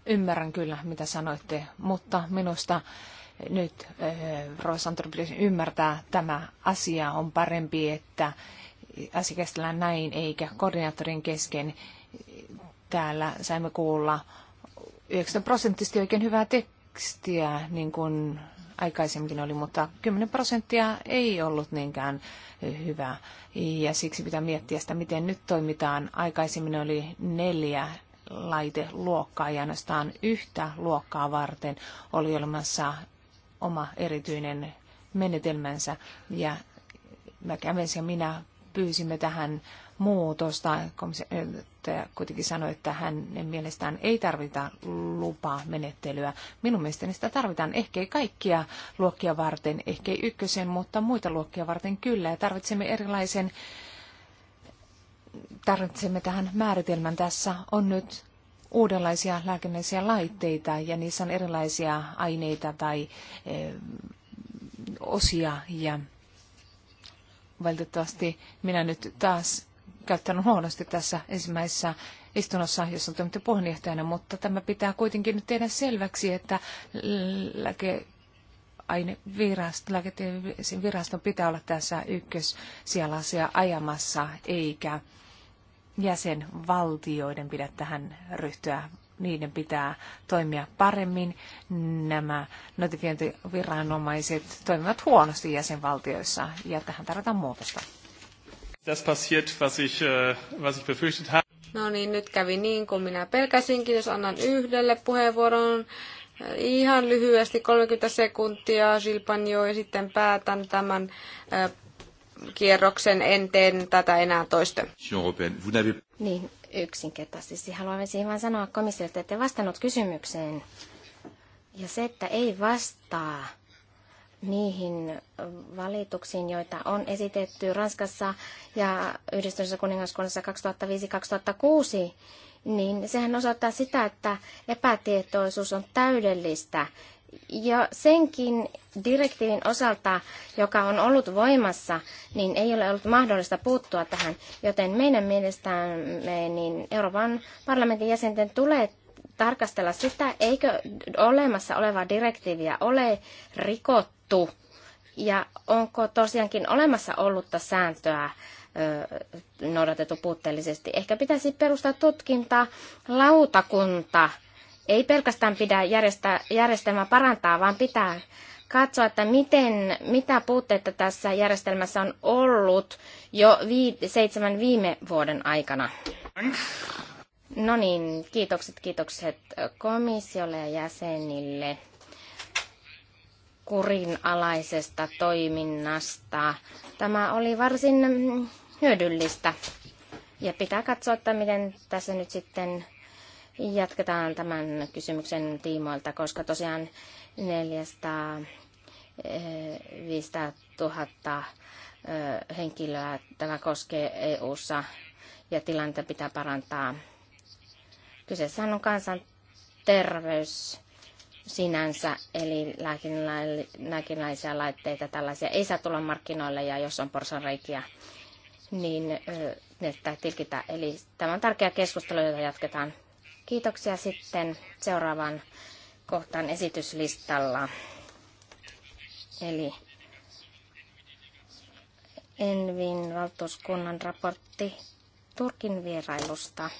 Speaker 4: Ymmärrän kyllä, mitä sanoitte, mutta minusta nyt eh, Rosa ymmärtää tämä asia. On parempi, että asia käsitellään näin eikä koordinaattorin kesken. Täällä saimme kuulla 9 prosenttisesti oikein hyvää tekstiä, niin kuin aikaisemminkin oli, mutta 10 prosenttia ei ollut niinkään hyvä. Ja siksi pitää miettiä sitä, miten nyt toimitaan. Aikaisemmin oli neljä laiteluokkaa ja ainoastaan yhtä luokkaa varten oli olemassa oma erityinen menetelmänsä. Ja kävin ja minä pyysimme tähän muutosta. Komissaari kuitenkin sanoi, että hänen mielestään ei tarvita lupaa menettelyä. Minun mielestäni sitä tarvitaan ehkä ei kaikkia luokkia varten, ehkä ei ykkösen, mutta muita luokkia varten kyllä. Ja tarvitsemme erilaisen, tarvitsemme tähän määritelmän. Tässä on nyt uudenlaisia lääkinnällisiä laitteita ja niissä on erilaisia aineita tai eh, osia ja valitettavasti minä nyt taas käyttänyt huonosti tässä ensimmäisessä istunnossa, jossa toimittu puheenjohtajana, mutta tämä pitää kuitenkin nyt tehdä selväksi, että lääke aineviraston, lääketieteellisen viraston pitää olla tässä asia ajamassa, eikä jäsenvaltioiden pidä tähän ryhtyä. Niiden pitää toimia paremmin. Nämä notifiointiviranomaiset toimivat huonosti jäsenvaltioissa ja tähän tarvitaan muutosta.
Speaker 1: Das passiert, was ich, äh, was ich befürchtet habe.
Speaker 4: No niin, nyt kävi niin kuin minä
Speaker 2: pelkäsinkin, jos annan yhdelle puheenvuoron. Äh, ihan lyhyesti 30 sekuntia Silpanjo ja sitten päätän tämän äh, kierroksen, en
Speaker 3: tee tätä enää toista. Niin, yksinkertaisesti haluaisin siihen vain sanoa komissiolle, että ette vastannut kysymykseen. Ja se, että ei vastaa niihin valituksiin, joita on esitetty Ranskassa ja yhdistyneessä kuningaskunnassa 2005-2006, niin sehän osoittaa sitä, että epätietoisuus on täydellistä ja senkin direktiivin osalta, joka on ollut voimassa, niin ei ole ollut mahdollista puuttua tähän, joten meidän mielestämme niin Euroopan parlamentin jäsenten tulee tarkastella sitä, eikö olemassa olevaa direktiiviä ole rikottu ja onko tosiaankin olemassa ollutta sääntöä noudatettu puutteellisesti. Ehkä pitäisi perustaa tutkinta lautakunta ei pelkästään pidä järjestää, järjestelmää parantaa, vaan pitää katsoa, että miten, mitä puutteita tässä järjestelmässä on ollut jo vii, seitsemän viime vuoden aikana. No niin, kiitokset, kiitokset komissiolle ja jäsenille kurinalaisesta toiminnasta. Tämä oli varsin hyödyllistä. Ja pitää katsoa, että miten tässä nyt sitten jatketaan tämän kysymyksen tiimoilta, koska tosiaan 400 000 eh, eh, henkilöä tämä koskee EU-ssa ja tilannetta pitää parantaa. Kyseessä on kansan terveys sinänsä, eli lääkinnällisiä laitteita tällaisia ei saa tulla markkinoille ja jos on porsanreikiä, niin eh, ne tilkitään. Eli tämä on tärkeä keskustelu, jota jatketaan. Kiitoksia sitten seuraavaan kohtaan esityslistalla. Eli Envin valtuuskunnan raportti Turkin vierailusta.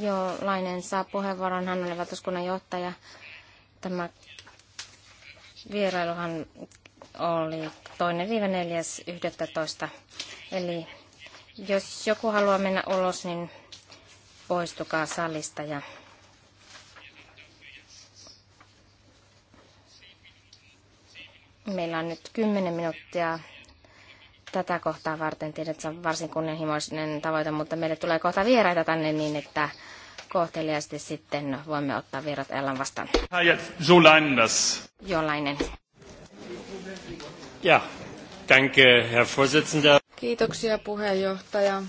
Speaker 3: Jo Lainen saa puheenvuoron. Hän oli valtuuskunnan johtaja. Tämä vierailuhan oli 2-4.11. Eli jos joku haluaa mennä ulos, niin poistukaa salista ja Meillä on nyt 10 minuuttia tätä kohtaa varten. Tiedät, että se on varsin kunnianhimoinen tavoite, mutta meille tulee kohta vieraita tänne niin, että kohteliaasti sitten voimme ottaa vierat Ellan vastaan. Jollainen.
Speaker 1: Ja, danke, Herr Vorsitzender.
Speaker 3: Kiitoksia puheenjohtaja.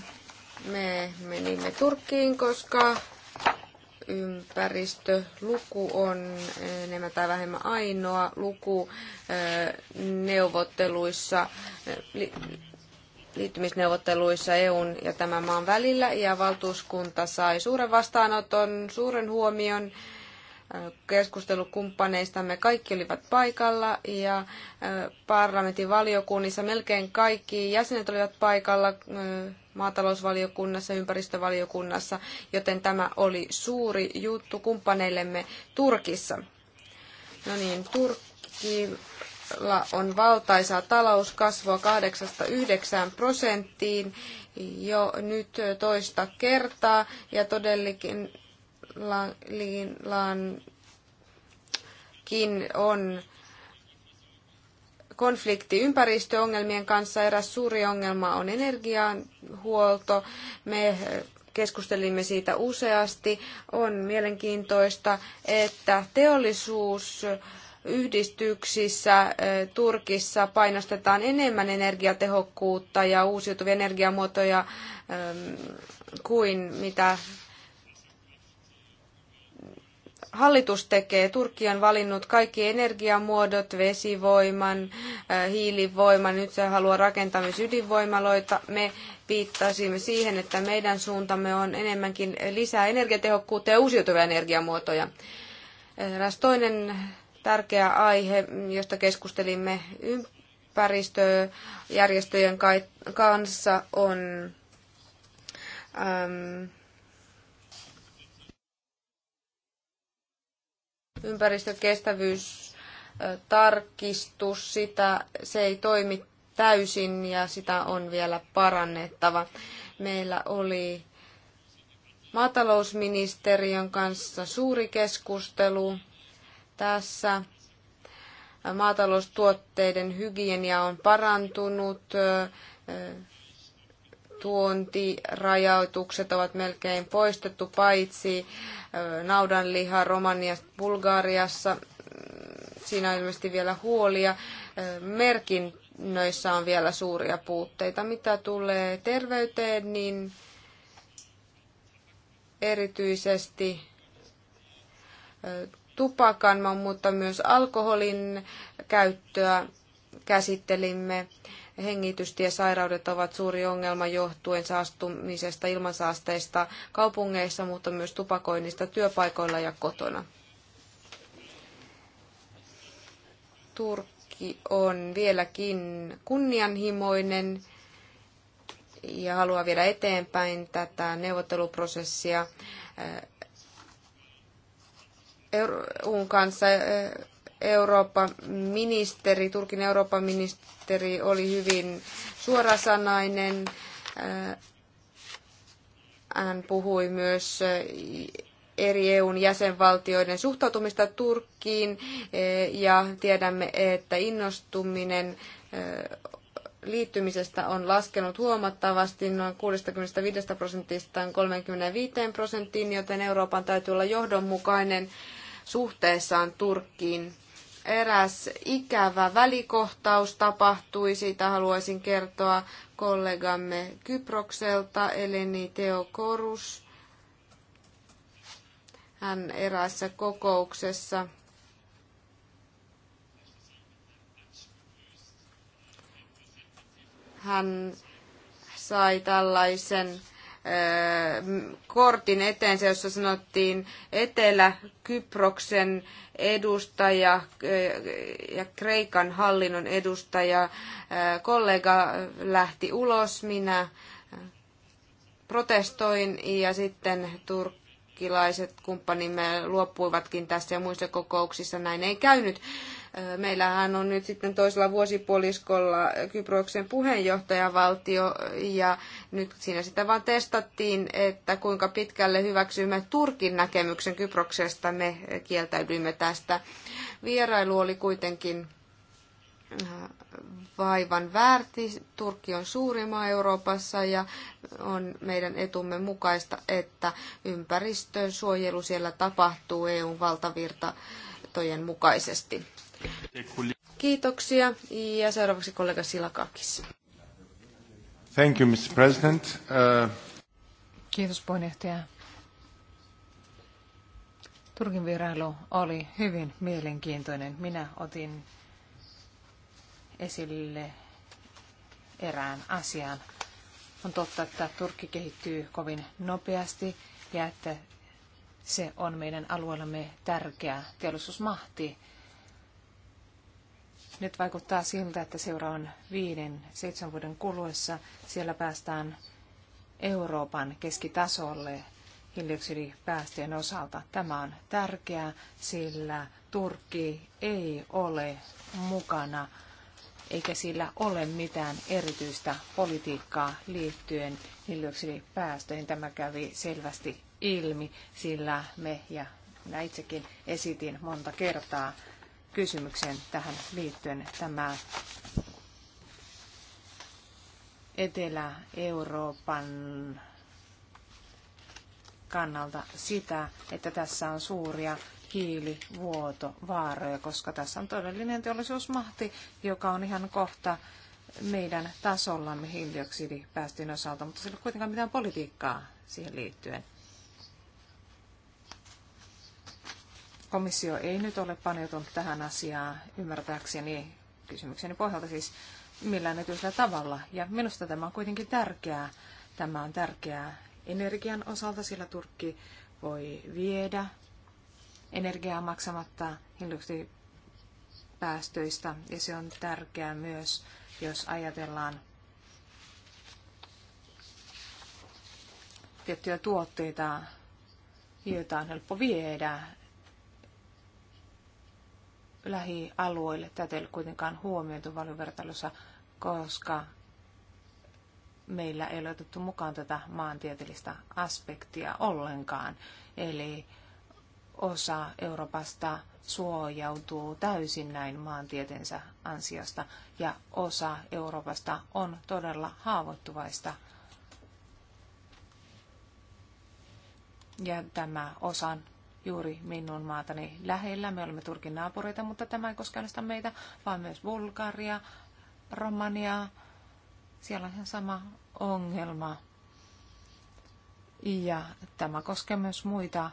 Speaker 2: Me menimme Turkkiin, koska ympäristöluku on enemmän tai vähemmän ainoa luku neuvotteluissa, liittymisneuvotteluissa EUn ja tämän maan välillä. Ja valtuuskunta sai suuren vastaanoton, suuren huomion keskustelukumppaneistamme kaikki olivat paikalla ja parlamentin valiokunnissa melkein kaikki jäsenet olivat paikalla maatalousvaliokunnassa, ympäristövaliokunnassa, joten tämä oli suuri juttu kumppaneillemme Turkissa. No niin, Turkilla on valtaisaa talouskasvua 8-9 prosenttiin jo nyt toista kertaa ja todellakin Irlannillaankin on konflikti ympäristöongelmien kanssa. Eräs suuri ongelma on energianhuolto. Me keskustelimme siitä useasti. On mielenkiintoista, että teollisuus yhdistyksissä eh, Turkissa painostetaan enemmän energiatehokkuutta ja uusiutuvia energiamuotoja eh, kuin mitä hallitus tekee. Turkki on valinnut kaikki energiamuodot, vesivoiman, äh, hiilivoiman, nyt se haluaa rakentaa myös ydinvoimaloita. Me viittasimme siihen, että meidän suuntamme on enemmänkin lisää energiatehokkuutta ja uusiutuvia energiamuotoja. Eräs toinen tärkeä aihe, josta keskustelimme ympäristöjärjestöjen kanssa, on ympäristökestävyys tarkistus, sitä, se ei toimi täysin ja sitä on vielä parannettava. Meillä oli maatalousministeriön kanssa suuri keskustelu tässä. Maataloustuotteiden hygienia on parantunut, tuontirajoitukset ovat melkein poistettu, paitsi naudanliha Romaniasta Bulgariassa. Mm, siinä on ilmeisesti vielä huolia. Merkinnöissä on vielä suuria puutteita. Mitä tulee terveyteen, niin erityisesti tupakan, mutta myös alkoholin käyttöä käsittelimme hengitystiesairaudet ovat suuri ongelma johtuen saastumisesta, ilmansaasteista kaupungeissa, mutta myös tupakoinnista työpaikoilla ja kotona. Turkki on vieläkin kunnianhimoinen ja haluaa viedä eteenpäin tätä neuvotteluprosessia EUn eh, kanssa eh, Eurooppa-ministeri, Turkin Eurooppa-ministeri oli hyvin suorasanainen. Äh, hän puhui myös äh, eri EUn jäsenvaltioiden suhtautumista Turkkiin äh, ja tiedämme, että innostuminen liittymisestä on laskenut huomattavasti noin 65 prosentista 35 prosenttiin, joten Euroopan täytyy olla johdonmukainen suhteessaan Turkkiin eräs ikävä välikohtaus tapahtui. Siitä haluaisin kertoa kollegamme Kyprokselta, Eleni Teokorus. Hän eräässä kokouksessa hän sai tällaisen kortin eteensä, jossa sanottiin Etelä-Kyproksen edustaja ja Kreikan hallinnon edustaja. Kollega lähti ulos, minä protestoin ja sitten Turkki turkkilaiset kumppanimme luopuivatkin tässä ja muissa kokouksissa näin ei käynyt. Meillähän on nyt sitten toisella vuosipuoliskolla Kyproksen puheenjohtajavaltio ja nyt siinä sitä vaan testattiin, että kuinka pitkälle hyväksymme Turkin näkemyksen Kyproksesta. Me kieltäydyimme tästä. Vierailu oli kuitenkin äh, vaivan väärti. Turkki on suuri maa Euroopassa ja on meidän etumme mukaista, että ympäristön suojelu siellä tapahtuu EUn valtavirtojen mukaisesti. Kiitoksia. Ja seuraavaksi
Speaker 4: kollega Silakakis.
Speaker 1: Thank you, Mr. President. Uh...
Speaker 4: Kiitos puheenjohtaja. Turkin vierailu oli hyvin mielenkiintoinen. Minä otin esille erään asian. On totta, että Turkki kehittyy kovin nopeasti ja että se on meidän alueellamme tärkeä teollisuusmahti. Nyt vaikuttaa siltä, että seuraavan viiden, seitsemän vuoden kuluessa siellä päästään Euroopan keskitasolle hiilidioksidipäästöjen osalta. Tämä on tärkeää, sillä Turkki ei ole mukana eikä sillä ole mitään erityistä politiikkaa liittyen hiilidioksidipäästöihin. Tämä kävi selvästi ilmi, sillä me ja minä itsekin esitin monta kertaa kysymyksen tähän liittyen. Tämä Etelä-Euroopan kannalta sitä, että tässä on suuria hiilivuotovaaroja, koska tässä on todellinen teollisuusmahti, joka on ihan kohta meidän tasollamme hiilidioksidipäästöjen osalta, mutta sillä ei ole kuitenkaan mitään politiikkaa siihen liittyen. komissio ei nyt ole paneutunut tähän asiaan ymmärtääkseni kysymykseni pohjalta siis millään erityisellä tavalla. Ja minusta tämä on kuitenkin tärkeää. Tämä on tärkeää energian osalta, sillä Turkki voi viedä energiaa maksamatta päästöistä Ja se on tärkeää myös, jos ajatellaan tiettyjä tuotteita, joita on helppo viedä lähialueille. Tätä ei ole kuitenkaan huomioitu valiovertailussa, koska meillä ei ole otettu mukaan tätä maantieteellistä aspektia ollenkaan. Eli osa Euroopasta suojautuu täysin näin maantieteensä ansiosta ja osa Euroopasta on todella haavoittuvaista. Ja tämä osan juuri minun maatani lähellä. Me olemme Turkin naapureita, mutta tämä ei koskaan sitä meitä, vaan myös Bulgaria, Romania. Siellä on ihan sama ongelma. Ja tämä koskee myös muita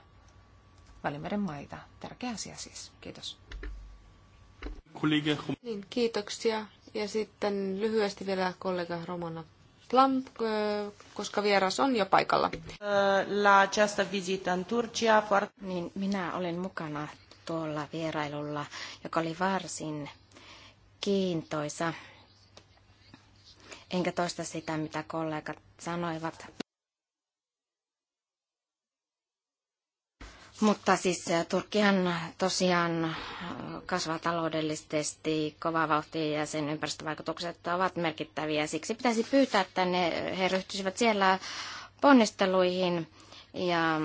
Speaker 4: Välimeren maita. Tärkeä asia siis. Kiitos. Niin, kiitoksia. Ja
Speaker 2: sitten lyhyesti vielä kollega Romana Plan, koska vieras on jo paikalla.
Speaker 3: La această vizită în Niin minä olen mukana tuolla vierailulla, joka oli varsin kiintoisa. Enkä toista sitä, mitä kollegat sanoivat. Mutta siis äh, Turkkihan tosiaan äh, kasvaa taloudellisesti kovaa vauhtia ja sen ympäristövaikutukset ovat merkittäviä. Siksi pitäisi pyytää, että ne, he ryhtyisivät siellä ponnisteluihin ja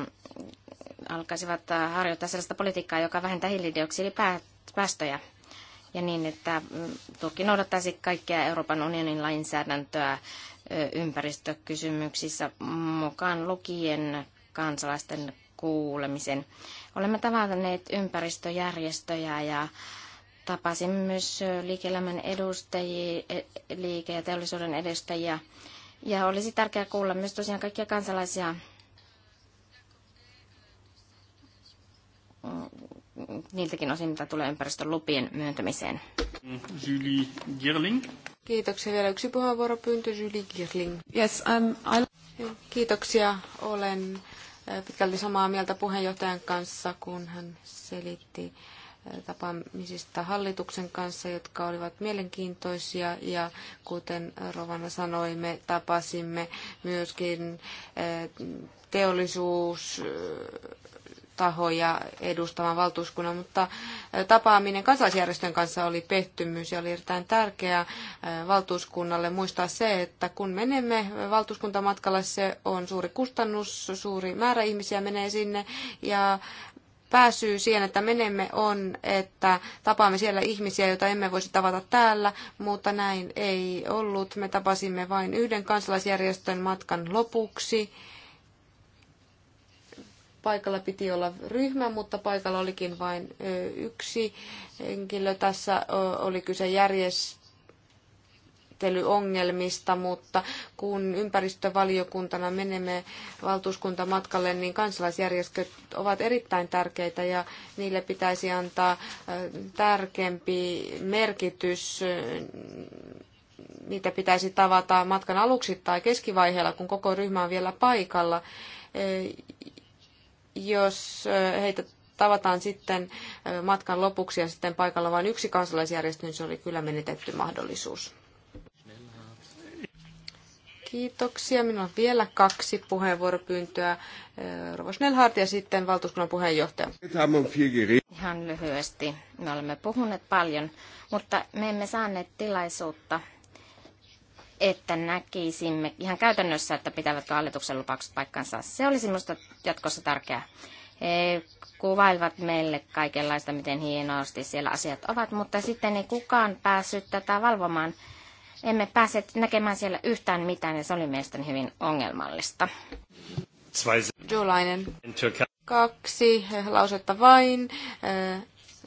Speaker 3: alkaisivat äh, harjoittaa sellaista politiikkaa, joka vähentää hiilidioksidipäästöjä ja niin, että mm, Turkki noudattaisi kaikkea Euroopan unionin lainsäädäntöä ympäristökysymyksissä mukaan lukien kansalaisten kuulemisen. Olemme tavanneet ympäristöjärjestöjä ja tapasimme myös liike-elämän edustajia, e, liike- ja teollisuuden edustajia. Ja olisi tärkeää kuulla myös tosiaan kaikkia kansalaisia mm, niiltäkin osin, mitä tulee lupien myöntämiseen.
Speaker 1: Julie Girling.
Speaker 2: Kiitoksia. Vielä yksi puheenvuoropyyntö, Julie Girling. Yes, I'm, I... Kiitoksia. Olen pitkälti samaa mieltä puheenjohtajan kanssa, kun hän selitti eh, tapaamisista hallituksen kanssa, jotka olivat mielenkiintoisia ja kuten Rovana sanoi, me tapasimme myöskin eh, teollisuus eh, tahoja edustamaan valtuuskunnan, mutta tapaaminen kansalaisjärjestön kanssa oli pettymys ja oli erittäin tärkeää valtuuskunnalle muistaa se, että kun menemme valtuuskuntamatkalle, se on suuri kustannus, suuri määrä ihmisiä menee sinne ja pääsyy siihen, että menemme on, että tapaamme siellä ihmisiä, joita emme voisi tavata täällä, mutta näin ei ollut. Me tapasimme vain yhden kansalaisjärjestön matkan lopuksi Paikalla piti olla ryhmä, mutta paikalla olikin vain yksi henkilö. Tässä oli kyse järjestelyongelmista, mutta kun ympäristövaliokuntana menemme valtuuskuntamatkalle, niin kansalaisjärjestöt ovat erittäin tärkeitä ja niille pitäisi antaa tärkeämpi merkitys. Niitä pitäisi tavata matkan aluksi tai keskivaiheella, kun koko ryhmä on vielä paikalla jos heitä tavataan sitten matkan lopuksi ja sitten paikalla vain yksi kansalaisjärjestö, niin se oli kyllä menetetty mahdollisuus. Kiitoksia. Minulla on vielä kaksi
Speaker 3: puheenvuoropyyntöä. Rova Snellhardt ja sitten valtuuskunnan puheenjohtaja. Ihan lyhyesti. Me olemme puhuneet paljon, mutta me emme saaneet tilaisuutta että näkisimme ihan käytännössä, että pitävätkö hallituksen lupaukset paikkansa. Se olisi minusta jatkossa tärkeää. He kuvailivat meille kaikenlaista, miten hienosti siellä asiat ovat, mutta sitten ei kukaan päässyt tätä valvomaan. Emme päässeet näkemään siellä yhtään mitään ja se oli mielestäni hyvin ongelmallista. Julainen. Kaksi lausetta vain.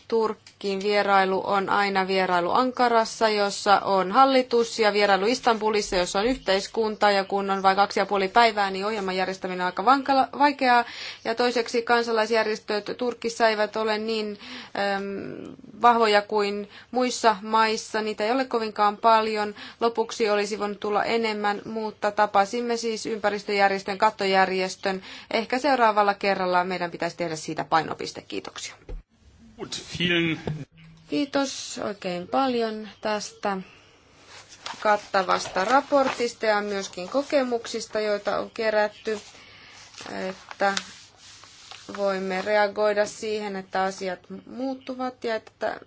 Speaker 2: Turkkiin vierailu on aina vierailu Ankarassa, jossa on hallitus, ja vierailu Istanbulissa, jossa on yhteiskunta, ja kun on vain kaksi ja puoli päivää, niin ohjelman järjestäminen on aika vankala, vaikeaa. Ja toiseksi kansalaisjärjestöt Turkissa eivät ole niin äm, vahvoja kuin muissa maissa, niitä ei ole kovinkaan paljon. Lopuksi olisi voinut tulla enemmän, mutta tapasimme siis ympäristöjärjestön, kattojärjestön. Ehkä seuraavalla kerralla meidän pitäisi tehdä siitä painopiste. Kiitoksia. Kiitos oikein paljon tästä kattavasta raportista ja myöskin kokemuksista, joita on kerätty, että voimme reagoida siihen, että asiat muuttuvat ja että,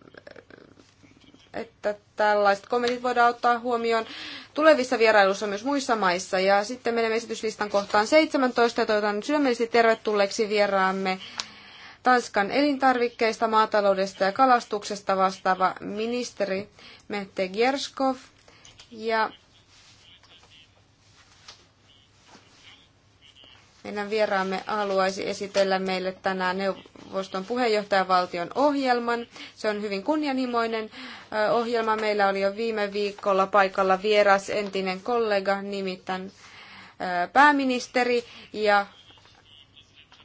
Speaker 2: että tällaiset kommentit voidaan ottaa huomioon tulevissa vierailuissa myös muissa maissa. Ja sitten menemme esityslistan kohtaan 17 ja toivotan sydämellisesti tervetulleeksi vieraamme Tanskan elintarvikkeista, maataloudesta ja kalastuksesta vastaava ministeri Mette Gierskov ja Meidän vieraamme haluaisi esitellä meille tänään neuvoston puheenjohtajavaltion ohjelman. Se on hyvin kunnianhimoinen ohjelma. Meillä oli jo viime viikolla paikalla vieras entinen kollega, nimittäin pääministeri, ja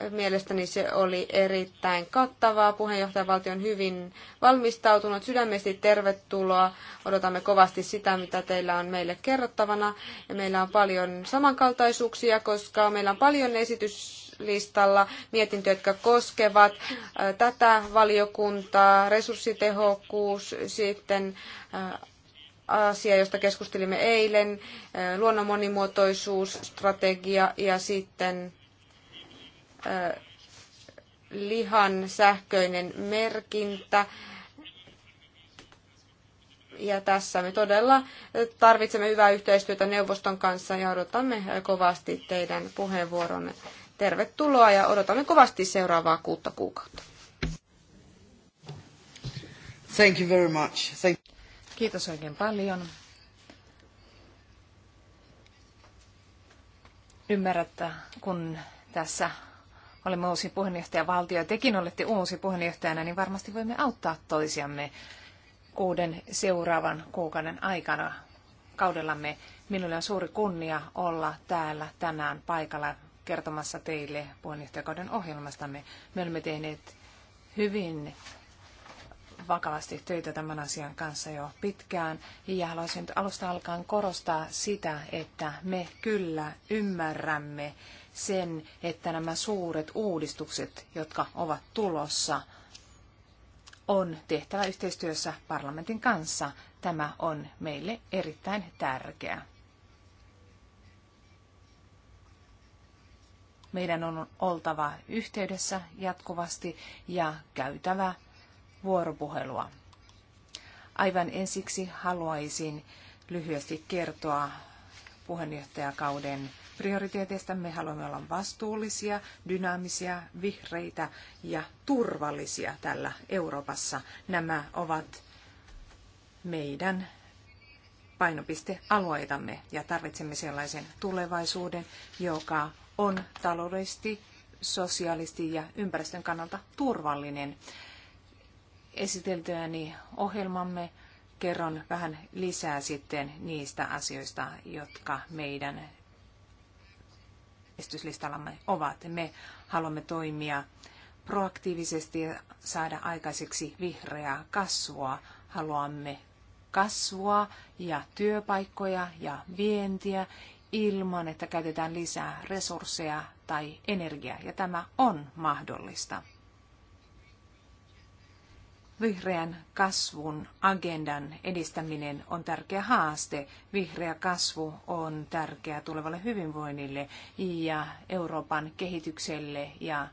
Speaker 2: Mielestäni se oli erittäin kattavaa. Puheenjohtajavaltio on hyvin valmistautunut. Sydämesti tervetuloa. Odotamme kovasti sitä, mitä teillä on meille kerrottavana. Ja meillä on paljon samankaltaisuuksia, koska meillä on paljon esityslistalla mietintöjä, jotka koskevat tätä valiokuntaa, resurssitehokkuus, sitten asia, josta keskustelimme eilen, luonnon monimuotoisuusstrategia ja sitten lihan sähköinen merkintä. Ja tässä me todella tarvitsemme hyvää yhteistyötä neuvoston kanssa ja odotamme kovasti teidän puheenvuoronne. Tervetuloa ja odotamme kovasti seuraavaa kuutta kuukautta.
Speaker 4: Thank you very much. Thank Kiitos oikein paljon. Ymmärrätte, kun tässä olemme uusi puheenjohtajavaltio ja tekin olette uusi puheenjohtajana, niin varmasti voimme auttaa toisiamme kuuden seuraavan kuukauden aikana kaudellamme. Minulle on suuri kunnia olla täällä tänään paikalla kertomassa teille puheenjohtajakauden ohjelmastamme. Me olemme tehneet hyvin vakavasti töitä tämän asian kanssa jo pitkään. Ja haluaisin alusta alkaen korostaa sitä, että me kyllä ymmärrämme sen, että nämä suuret uudistukset, jotka ovat tulossa, on tehtävä yhteistyössä parlamentin kanssa. Tämä on meille erittäin tärkeää. Meidän on oltava yhteydessä jatkuvasti ja käytävä vuoropuhelua. Aivan ensiksi haluaisin lyhyesti kertoa puheenjohtajakauden prioriteeteistamme Me haluamme olla vastuullisia, dynaamisia, vihreitä ja turvallisia tällä Euroopassa. Nämä ovat meidän painopistealueitamme ja tarvitsemme sellaisen tulevaisuuden, joka on taloudellisesti, sosiaalisesti ja ympäristön kannalta turvallinen. Esiteltyäni ohjelmamme kerron vähän lisää sitten niistä asioista, jotka meidän esityslistallamme ovat. Me haluamme toimia proaktiivisesti ja saada aikaiseksi vihreää kasvua. Haluamme kasvua ja työpaikkoja ja vientiä ilman, että käytetään lisää resursseja tai energiaa. Ja tämä on mahdollista. Vihreän kasvun agendan edistäminen on tärkeä haaste. Vihreä kasvu on tärkeä tulevalle hyvinvoinnille ja Euroopan kehitykselle ja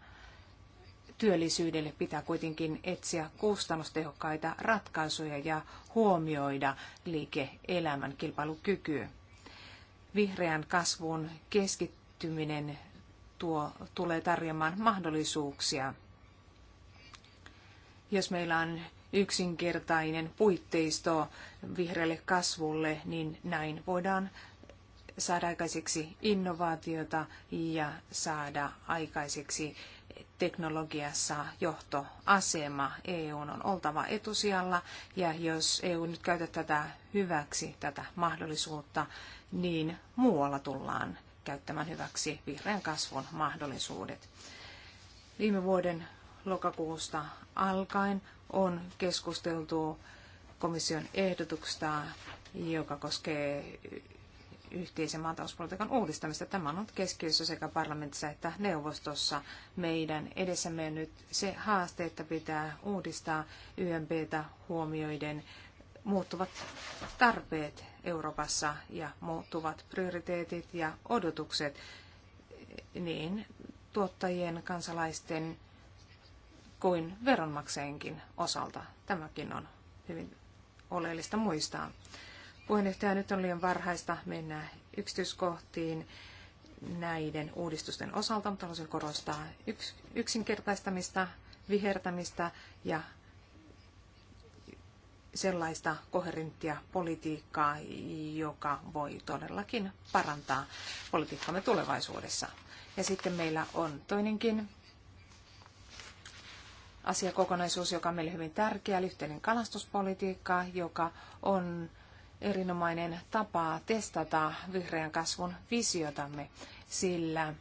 Speaker 4: työllisyydelle pitää kuitenkin etsiä kustannustehokkaita ratkaisuja ja huomioida liike-elämän kilpailukyky. Vihreän kasvun keskittyminen tuo, tulee tarjoamaan mahdollisuuksia jos meillä on yksinkertainen puitteisto vihreälle kasvulle, niin näin voidaan saada aikaiseksi innovaatiota ja saada aikaiseksi teknologiassa johtoasema. EU on oltava etusijalla ja jos EU nyt käytä tätä hyväksi, tätä mahdollisuutta, niin muualla tullaan käyttämään hyväksi vihreän kasvun mahdollisuudet. Viime vuoden lokakuusta alkaen on keskusteltu komission ehdotuksesta, joka koskee yhteisen maatalouspolitiikan uudistamista. Tämä on ollut keskiössä sekä parlamentissa että neuvostossa. Meidän edessämme on nyt se haaste, että pitää uudistaa YMPtä huomioiden muuttuvat tarpeet Euroopassa ja muuttuvat prioriteetit ja odotukset niin tuottajien, kansalaisten kuin veronmaksajienkin osalta. Tämäkin on hyvin oleellista muistaa. Puheenjohtaja, nyt on liian varhaista mennä yksityiskohtiin näiden uudistusten osalta, mutta haluaisin korostaa yks, yksinkertaistamista, vihertämistä ja sellaista koherenttia politiikkaa, joka voi todellakin parantaa politiikkamme tulevaisuudessa. Ja sitten meillä on toinenkin asiakokonaisuus, joka on meille hyvin tärkeä, eli yhteinen kalastuspolitiikka, joka on erinomainen tapa testata vihreän kasvun visiotamme, sillä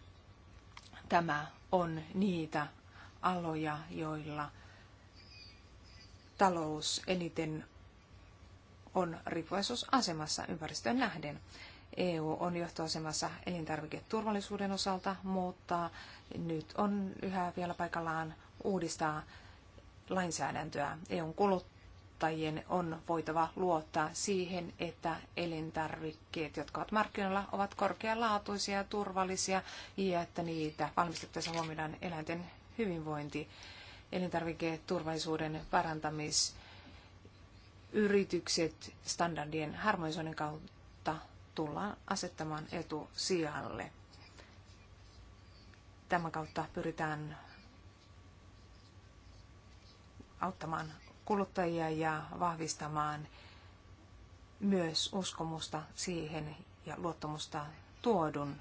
Speaker 4: tämä on niitä aloja, joilla talous eniten on riippuvaisuusasemassa ympäristöön nähden. EU on johtoasemassa elintarviketurvallisuuden osalta, mutta nyt on yhä vielä paikallaan uudistaa lainsäädäntöä. EUn kuluttajien on voitava luottaa siihen, että elintarvikkeet, jotka ovat markkinoilla, ovat korkealaatuisia ja turvallisia ja että niitä valmistettaessa huomioidaan eläinten hyvinvointi. Elintarviketurvallisuuden parantamisyritykset standardien harmonisoinnin kautta tullaan asettamaan etusijalle. Tämän kautta pyritään auttamaan kuluttajia ja vahvistamaan myös uskomusta siihen ja luottamusta tuodun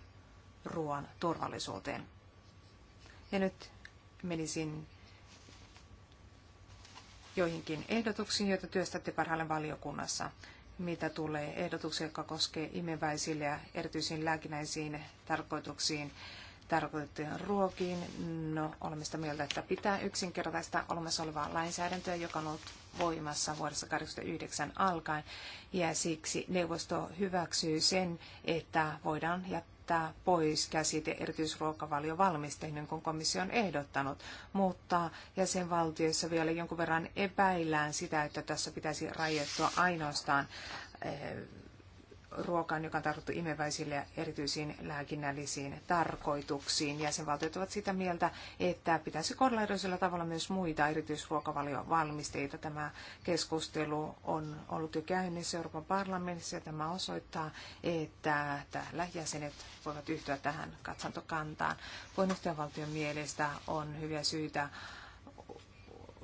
Speaker 4: ruoan turvallisuuteen. Ja nyt menisin joihinkin ehdotuksiin, joita työstätte parhaillaan valiokunnassa, mitä tulee ehdotuksia, jotka koskevat imeväisille ja erityisiin lääkinäisiin tarkoituksiin tarkoitettuihin ruokiin. No, olemme sitä mieltä, että pitää yksinkertaista olemassa olevaa lainsäädäntöä, joka on ollut voimassa vuodesta 1989 alkaen. Ja siksi neuvosto hyväksyy sen, että voidaan jättää pois käsite erityisruokavaliovalmisteinen, kun komissio on ehdottanut. Mutta jäsenvaltioissa vielä jonkun verran epäillään sitä, että tässä pitäisi rajoittua ainoastaan eh, ruokaan, joka on tarkoitettu imeväisille ja erityisiin lääkinnällisiin tarkoituksiin. Jäsenvaltiot ovat sitä mieltä, että pitäisi korlaidoisella tavalla myös muita erityisruokavaliovalmisteita. Tämä keskustelu on ollut jo käynnissä Euroopan parlamentissa ja tämä osoittaa, että täällä jäsenet voivat yhtyä tähän katsantokantaan. Puheenjohtajavaltion mielestä on hyviä syitä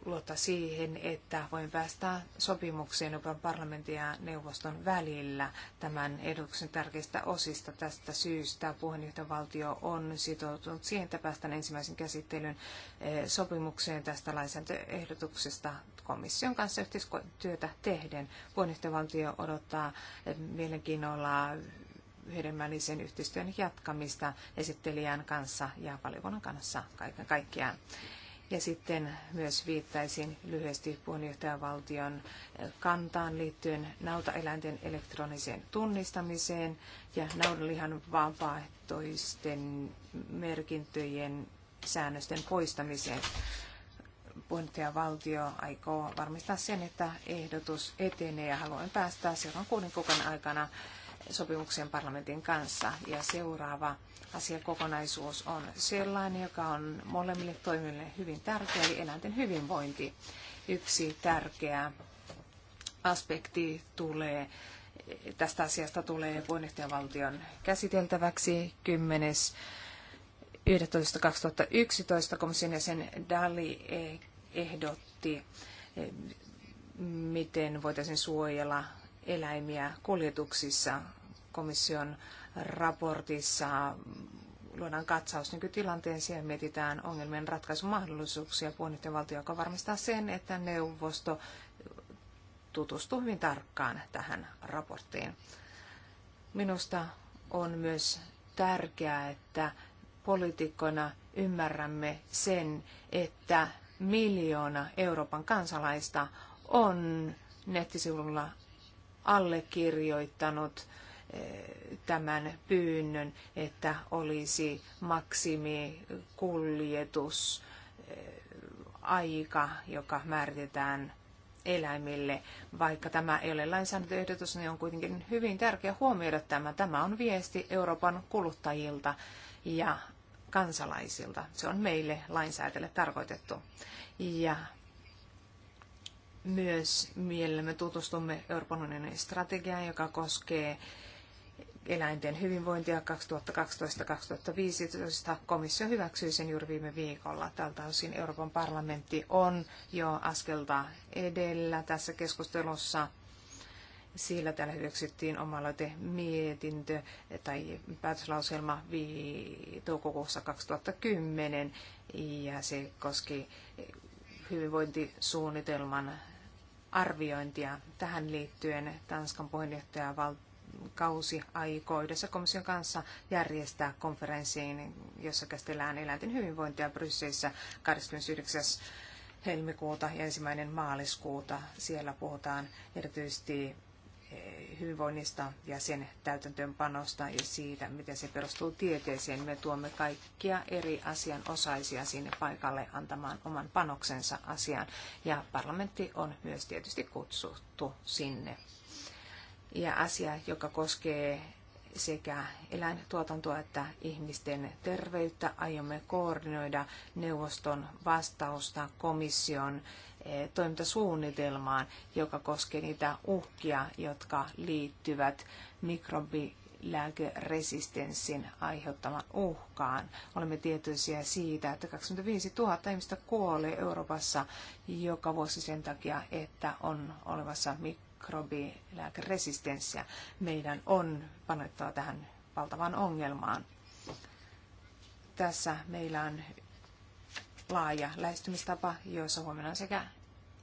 Speaker 4: luota siihen, että voin päästä sopimukseen Euroopan parlamentin ja neuvoston välillä tämän ehdotuksen tärkeistä osista. Tästä syystä puheenjohtajavaltio on sitoutunut siihen, että päästään ensimmäisen käsittelyn eh, sopimukseen tästä lainsäädäntöehdotuksesta komission kanssa yhteistyötä tehden. Puheenjohtajavaltio odottaa eh, mielenkiinnolla hedelmällisen yhteistyön jatkamista esittelijän kanssa ja valiokunnan kanssa kaiken kaikkiaan. Ja sitten myös viittaisin lyhyesti puheenjohtajavaltion kantaan liittyen nautaeläinten elektroniseen tunnistamiseen ja naudanlihan vapaaehtoisten merkintöjen säännösten poistamiseen. Puheenjohtajavaltio aikoo varmistaa sen, että ehdotus etenee ja haluan päästä seuraavan kuuden kuukauden aikana sopimukseen parlamentin kanssa. Ja seuraava asiakokonaisuus on sellainen, joka on molemmille toimille hyvin tärkeä, eli eläinten hyvinvointi. Yksi tärkeä aspekti tulee, tästä asiasta tulee puheenjohtajavaltion käsiteltäväksi 10. 11.2011 komission jäsen Dali ehdotti, miten voitaisiin suojella eläimiä kuljetuksissa. Komission raportissa luodaan katsaus nykytilanteeseen ja mietitään ongelmien ratkaisumahdollisuuksia valtio, joka varmistaa sen, että neuvosto tutustuu hyvin tarkkaan tähän raporttiin. Minusta on myös tärkeää, että poliitikkoina ymmärrämme sen, että miljoona Euroopan kansalaista on nettisivulla allekirjoittanut tämän pyynnön, että olisi maksimikuljetus eh, aika, joka määritetään eläimille. Vaikka tämä ei ole lainsäädäntöehdotus, niin on kuitenkin hyvin tärkeä huomioida tämä. Tämä on viesti Euroopan kuluttajilta ja kansalaisilta. Se on meille lainsäätäjille tarkoitettu. Ja myös mielellämme tutustumme Euroopan unionin strategiaan, joka koskee eläinten hyvinvointia 2012-2015. Komissio hyväksyi sen juuri viime viikolla. Tältä osin Euroopan parlamentti on jo askelta edellä tässä keskustelussa. Sillä täällä hyväksyttiin omaloite mietintö tai päätöslauselma toukokuussa 2010 ja se koski hyvinvointisuunnitelman arviointia. Tähän liittyen Tanskan puheenjohtajavaltio kausi aikoo yhdessä komission kanssa järjestää konferenssiin, jossa käsitellään eläinten hyvinvointia Brysselissä 29 helmikuuta ja ensimmäinen maaliskuuta. Siellä puhutaan erityisesti eh, hyvinvoinnista ja sen täytäntöönpanosta ja siitä, miten se perustuu tieteeseen. Me tuomme kaikkia eri asianosaisia sinne paikalle antamaan oman panoksensa asiaan ja parlamentti on myös tietysti kutsuttu sinne ja asia, joka koskee sekä eläintuotantoa että ihmisten terveyttä. Aiomme koordinoida neuvoston vastausta komission eh, toimintasuunnitelmaan, joka koskee niitä uhkia, jotka liittyvät mikrobi lääkeresistenssin aiheuttaman uhkaan. Olemme tietoisia siitä, että 25 000 ihmistä kuolee Euroopassa joka vuosi sen takia, että on olemassa mik antimikrobilääkeresistenssiä, Meidän on panettava tähän valtavaan ongelmaan. Tässä meillä on laaja lähestymistapa, jossa huomioidaan sekä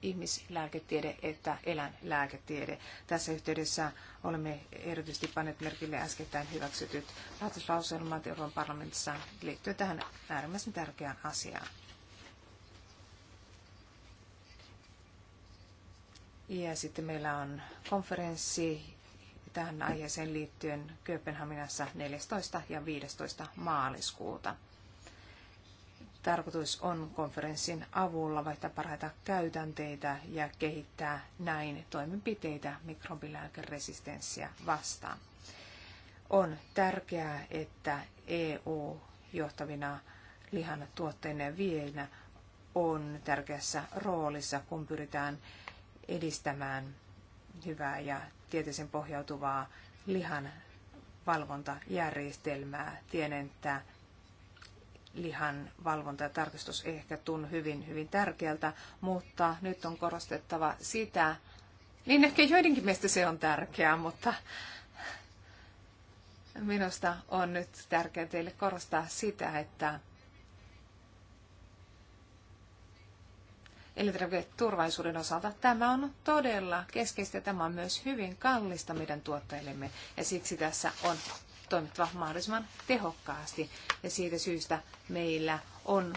Speaker 4: ihmislääketiede että eläinlääketiede. Tässä yhteydessä olemme erityisesti panneet merkille äskettäin hyväksytyt päätöslauselmat Euroopan parlamentissa liittyen tähän äärimmäisen tärkeään asiaan. Ja sitten meillä on konferenssi tähän aiheeseen liittyen Kööpenhaminassa 14. ja 15. maaliskuuta. Tarkoitus on konferenssin avulla vaihtaa parhaita käytänteitä ja kehittää näin toimenpiteitä mikrobilääkeresistenssiä vastaan. On tärkeää, että EU johtavina lihan tuotteiden viejinä on tärkeässä roolissa, kun pyritään edistämään hyvää ja tieteeseen pohjautuvaa lihan valvontajärjestelmää. Tiedän, että lihan valvonta ja tarkistus ehkä tunnu hyvin, hyvin tärkeältä, mutta nyt on korostettava sitä, niin ehkä joidenkin mielestä se on tärkeää, mutta minusta on nyt tärkeää teille korostaa sitä, että elintarviketurvallisuuden osalta. Tämä on todella keskeistä ja tämä on myös hyvin kallista meidän tuottajillemme ja siksi tässä on toimittava mahdollisimman tehokkaasti. Ja siitä syystä meillä on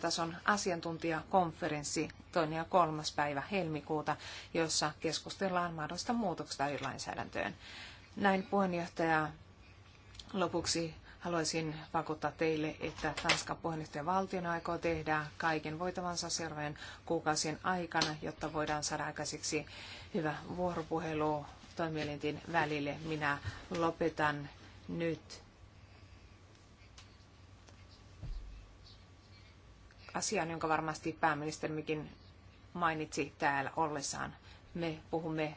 Speaker 4: tason asiantuntijakonferenssi toinen ja kolmas päivä helmikuuta, jossa keskustellaan mahdollisista muutoksista eri lainsäädäntöön. Näin puheenjohtaja lopuksi Haluaisin vakuuttaa teille, että Tanskan puheenjohtajan valtion aikoo tehdä kaiken voitavansa seuraavien kuukausien aikana, jotta voidaan saada aikaiseksi hyvä vuoropuhelu toimielintin välille. Minä lopetan nyt asian, jonka varmasti pääministerikin mainitsi täällä ollessaan. Me puhumme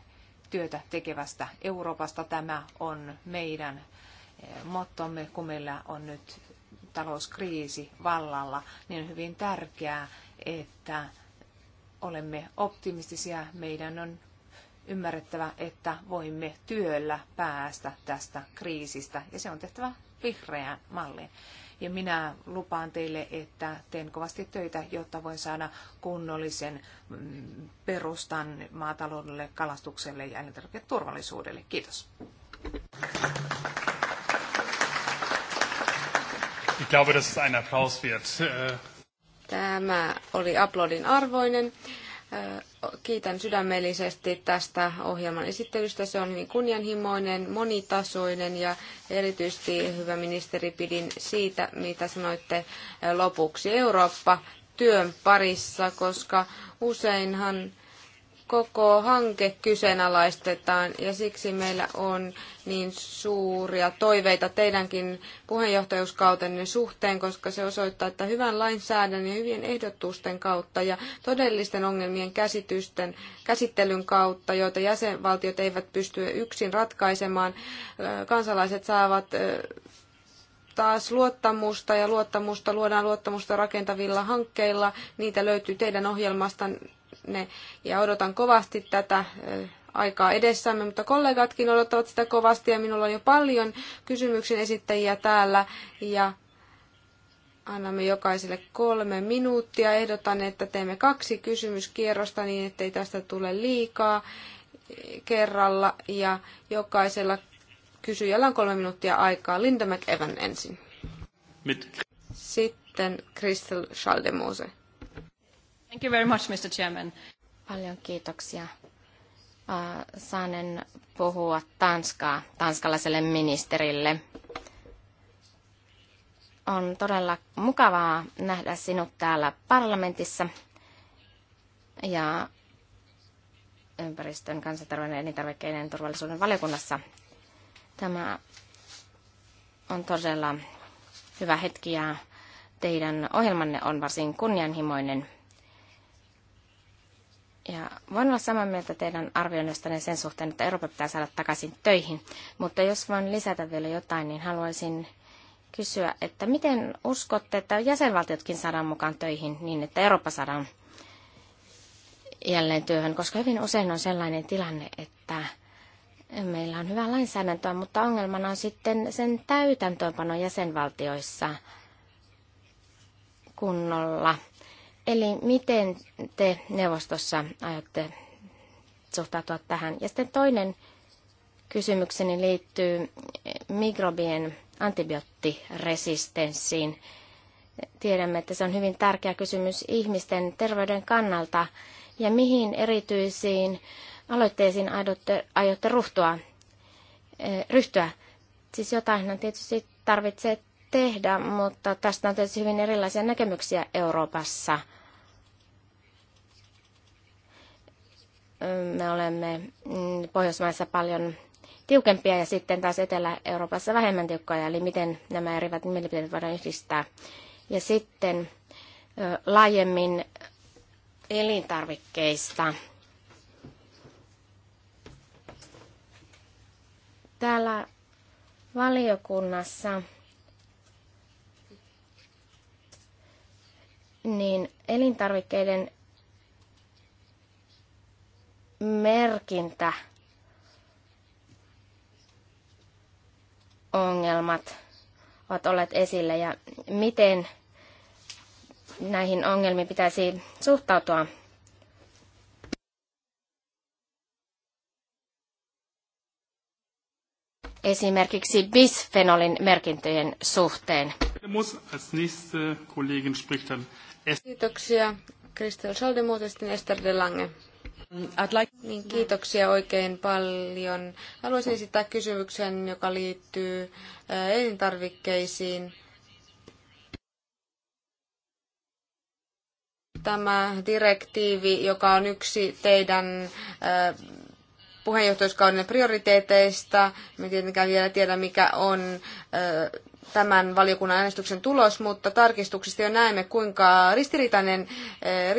Speaker 4: työtä tekevästä Euroopasta. Tämä on meidän mottomme, kun meillä on nyt talouskriisi vallalla, niin on hyvin tärkeää, että olemme optimistisia. Meidän on ymmärrettävä, että voimme työllä päästä tästä kriisistä ja se on tehtävä vihreään malliin. Ja minä lupaan teille, että teen kovasti töitä, jotta voin saada kunnollisen mm, perustan maataloudelle, kalastukselle ja elintarviketurvallisuudelle. Kiitos.
Speaker 1: Ich glaube, ein Applaus
Speaker 2: Tämä oli aplodin arvoinen. Kiitän sydämellisesti tästä ohjelman esittelystä. Se on hyvin kunnianhimoinen, monitasoinen ja erityisesti, hyvä ministeri, pidin siitä, mitä sanoitte lopuksi. Eurooppa työn parissa, koska useinhan koko hanke kyseenalaistetaan ja siksi meillä on niin suuria toiveita teidänkin puheenjohtajuuskautenne suhteen, koska se osoittaa, että hyvän lainsäädännön ja hyvien ehdotusten kautta ja todellisten ongelmien käsitysten, käsittelyn kautta, joita jäsenvaltiot eivät pysty yksin ratkaisemaan, kansalaiset saavat taas luottamusta ja luottamusta, luodaan luottamusta rakentavilla hankkeilla. Niitä löytyy teidän ohjelmastanne ne. Ja odotan kovasti tätä aikaa edessämme, mutta kollegatkin odottavat sitä kovasti ja minulla on jo paljon kysymyksen esittäjiä täällä ja annamme jokaiselle kolme minuuttia. Ehdotan, että teemme kaksi kysymyskierrosta niin, ettei tästä tule liikaa kerralla ja jokaisella kysyjällä on kolme minuuttia aikaa. Linda McEvan ensin. Mit. Sitten Crystal Schaldemose.
Speaker 3: Thank you very much, Mr. Chairman. Paljon kiitoksia. Saanen puhua Tanskaa tanskalaiselle ministerille. On todella mukavaa nähdä sinut täällä parlamentissa ja ympäristön, kansanterveyden ja elintarvikkeiden turvallisuuden valiokunnassa. Tämä on todella hyvä hetki ja teidän ohjelmanne on varsin kunnianhimoinen. Ja voin olla samaa mieltä teidän arvioinnistanne sen suhteen, että Eurooppa pitää saada takaisin töihin. Mutta jos voin lisätä vielä jotain, niin haluaisin kysyä, että miten uskotte, että jäsenvaltiotkin saadaan mukaan töihin niin, että Eurooppa saadaan jälleen työhön? Koska hyvin usein on sellainen tilanne, että meillä on hyvää lainsäädäntöä, mutta ongelmana on sitten sen täytäntöönpano jäsenvaltioissa kunnolla – Eli miten te neuvostossa aiotte suhtautua tähän? Ja sitten toinen kysymykseni liittyy mikrobien antibioottiresistenssiin. Tiedämme, että se on hyvin tärkeä kysymys ihmisten terveyden kannalta. Ja mihin erityisiin aloitteisiin aiotte, aiotte ruhtua, eh, ryhtyä? Siis jotainhan tietysti tarvitsee tehdä, mutta tästä on tietysti hyvin erilaisia näkemyksiä Euroopassa. Me olemme Pohjoismaissa paljon tiukempia ja sitten taas Etelä-Euroopassa vähemmän tiukkoja, eli miten nämä eri mielipiteet voidaan yhdistää. Ja sitten laajemmin elintarvikkeista. Täällä valiokunnassa niin elintarvikkeiden merkintä ongelmat ovat olleet esillä ja miten näihin ongelmiin pitäisi suhtautua. Esimerkiksi bisfenolin merkintöjen suhteen. Muss
Speaker 1: als nächste Kollegin spricht dann
Speaker 2: Kiitoksia. Kristel Schaldemuuta ja Ester de Lange. Like... Niin, kiitoksia oikein paljon. Haluaisin esittää kysymyksen, joka liittyy äh, elintarvikkeisiin. Tämä direktiivi, joka on yksi teidän äh, puheenjohtajuuskauden prioriteeteista. Me tietenkään vielä tiedä, mikä on äh, tämän valiokunnan äänestyksen tulos, mutta tarkistuksista jo näemme, kuinka ristiriitainen eh,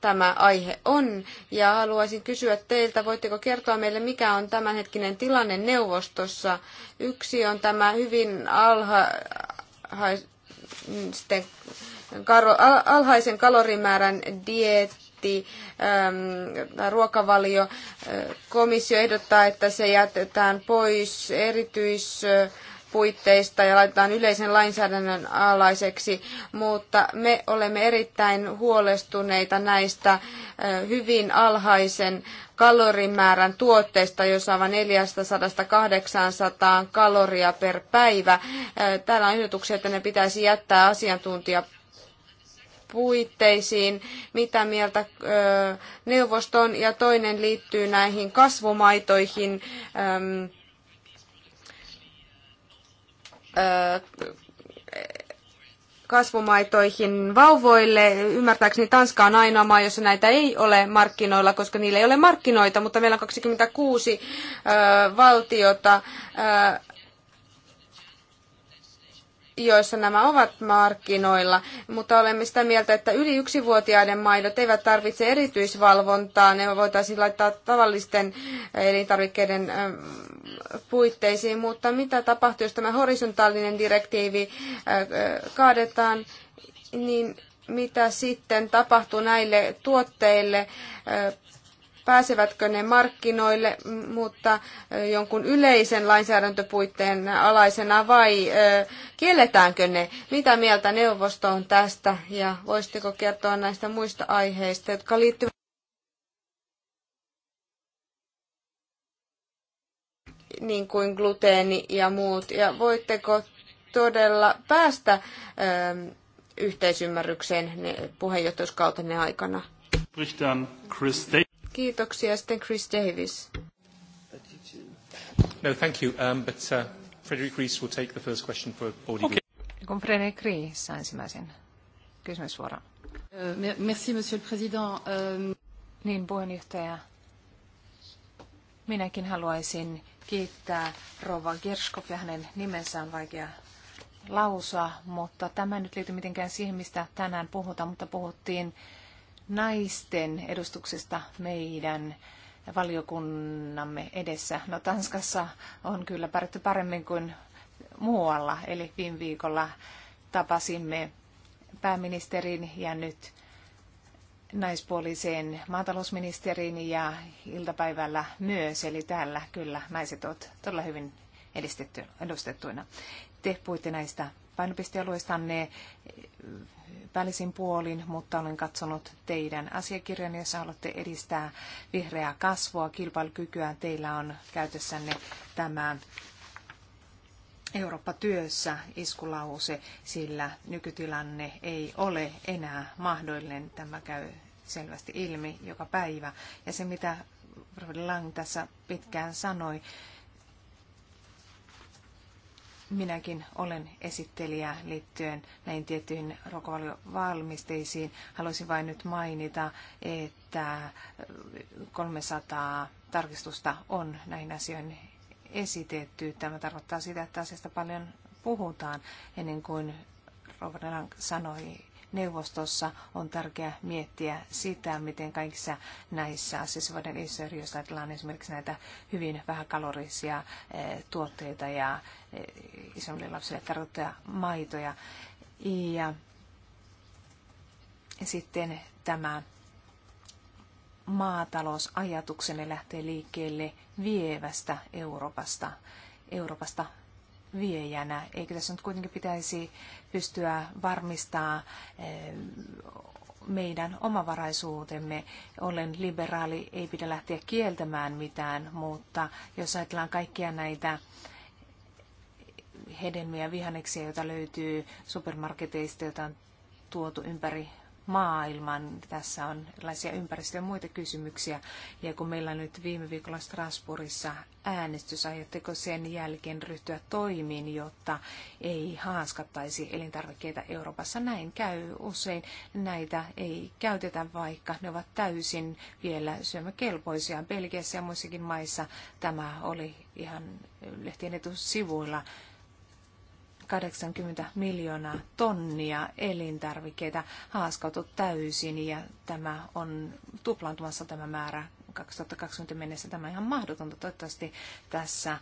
Speaker 2: tämä aihe on. Ja haluaisin kysyä teiltä, voitteko kertoa meille, mikä on tämänhetkinen tilanne neuvostossa? Yksi on tämä hyvin alhaisten, alhaisen kalorimäärän diet dieetti, ruokavalio. Komissio ehdottaa, että se jätetään pois erityis puitteista ja laitetaan yleisen lainsäädännön alaiseksi, mutta me olemme erittäin huolestuneita näistä hyvin alhaisen kalorimäärän tuotteista, jos aivan 400-800 kaloria per päivä. Täällä on ehdotuksia, että ne pitäisi jättää asiantuntija puitteisiin, mitä mieltä neuvoston ja toinen liittyy näihin kasvumaitoihin. Ö, kasvumaitoihin vauvoille. Ymmärtääkseni Tanska on ainoa maa, jossa näitä ei ole markkinoilla, koska niillä ei ole markkinoita, mutta meillä on 26 valtiota joissa nämä ovat markkinoilla, mutta olemme sitä mieltä, että yli yksivuotiaiden maidot eivät tarvitse erityisvalvontaa, ne voitaisiin laittaa tavallisten elintarvikkeiden ähm, puitteisiin, mutta mitä tapahtuu, jos tämä horisontaalinen direktiivi äh, kaadetaan, niin mitä sitten tapahtuu näille tuotteille äh, pääsevätkö ne markkinoille, mutta jonkun yleisen lainsäädäntöpuitteen alaisena vai kielletäänkö ne? Mitä mieltä neuvosto on tästä ja voisitteko kertoa näistä muista aiheista, jotka liittyvät niin kuin gluteeni ja muut, ja voitteko todella päästä ö, yhteisymmärrykseen puheenjohtajuuskautenne aikana?
Speaker 1: Chris
Speaker 4: Kiitoksia. Sitten Chris Davis.
Speaker 1: No, thank you. Um, but uh, Frederick Rees will take the first question for Audi. Okay.
Speaker 4: Frederick Rees saa ensimmäisen kysymys Uh, merci, monsieur le président. Um... Niin, puheenjohtaja. Minäkin haluaisin kiittää Rova Gerskov ja hänen nimensä on vaikea lausua, mutta tämä ei nyt liity mitenkään siihen, mistä tänään puhutaan, mutta puhuttiin naisten edustuksesta meidän valiokunnamme edessä. No Tanskassa on kyllä pärjätty paremmin kuin muualla, eli viime viikolla tapasimme pääministerin ja nyt naispuoliseen maatalousministeriin ja iltapäivällä myös, eli täällä kyllä naiset ovat todella hyvin edistetty, edustettuina. Te puhuitte näistä painopistealueistanne välisin puolin, mutta olen katsonut teidän asiakirjan, jossa haluatte edistää vihreää kasvua, kilpailukykyä. Teillä on käytössänne tämä Eurooppa työssä iskulause, sillä nykytilanne ei ole enää mahdollinen. Tämä käy selvästi ilmi joka päivä. Ja se, mitä Lang tässä pitkään sanoi, Minäkin olen esittelijä liittyen näihin tiettyihin ruokavaliovalmisteisiin. Haluaisin vain nyt mainita, että 300 tarkistusta on näihin asioihin esitetty. Tämä tarkoittaa sitä, että asiasta paljon puhutaan ennen kuin Rovadelan sanoi, neuvostossa on tärkeää miettiä sitä, miten kaikissa näissä asioissa voidaan isoida, jos ajatellaan esimerkiksi näitä hyvin vähäkalorisia eh, tuotteita ja eh, isommille lapsille tarkoittuja maitoja. Ja sitten tämä maatalousajatuksenne lähtee liikkeelle vievästä Euroopasta, Euroopasta viejänä. Eikö tässä nyt kuitenkin pitäisi pystyä varmistaa eh, meidän omavaraisuutemme. Olen liberaali, ei pidä lähteä kieltämään mitään, mutta jos ajatellaan kaikkia näitä hedelmiä ja vihanneksia, joita löytyy supermarketeista, joita on tuotu ympäri maailman. Tässä on erilaisia ympäristö- ja muita kysymyksiä. Ja kun meillä nyt viime viikolla Strasbourgissa äänestys, aiotteko sen jälkeen ryhtyä toimiin, jotta ei haaskattaisi elintarvikkeita Euroopassa? Näin käy usein. Näitä ei käytetä, vaikka ne ovat täysin vielä syömäkelpoisia. Belgiassa ja muissakin maissa tämä oli ihan lehtien etusivuilla 80 miljoonaa tonnia elintarvikkeita haaskautu täysin ja tämä on tuplaantumassa tämä määrä 2020 mennessä. Tämä on ihan mahdotonta. Toivottavasti tässä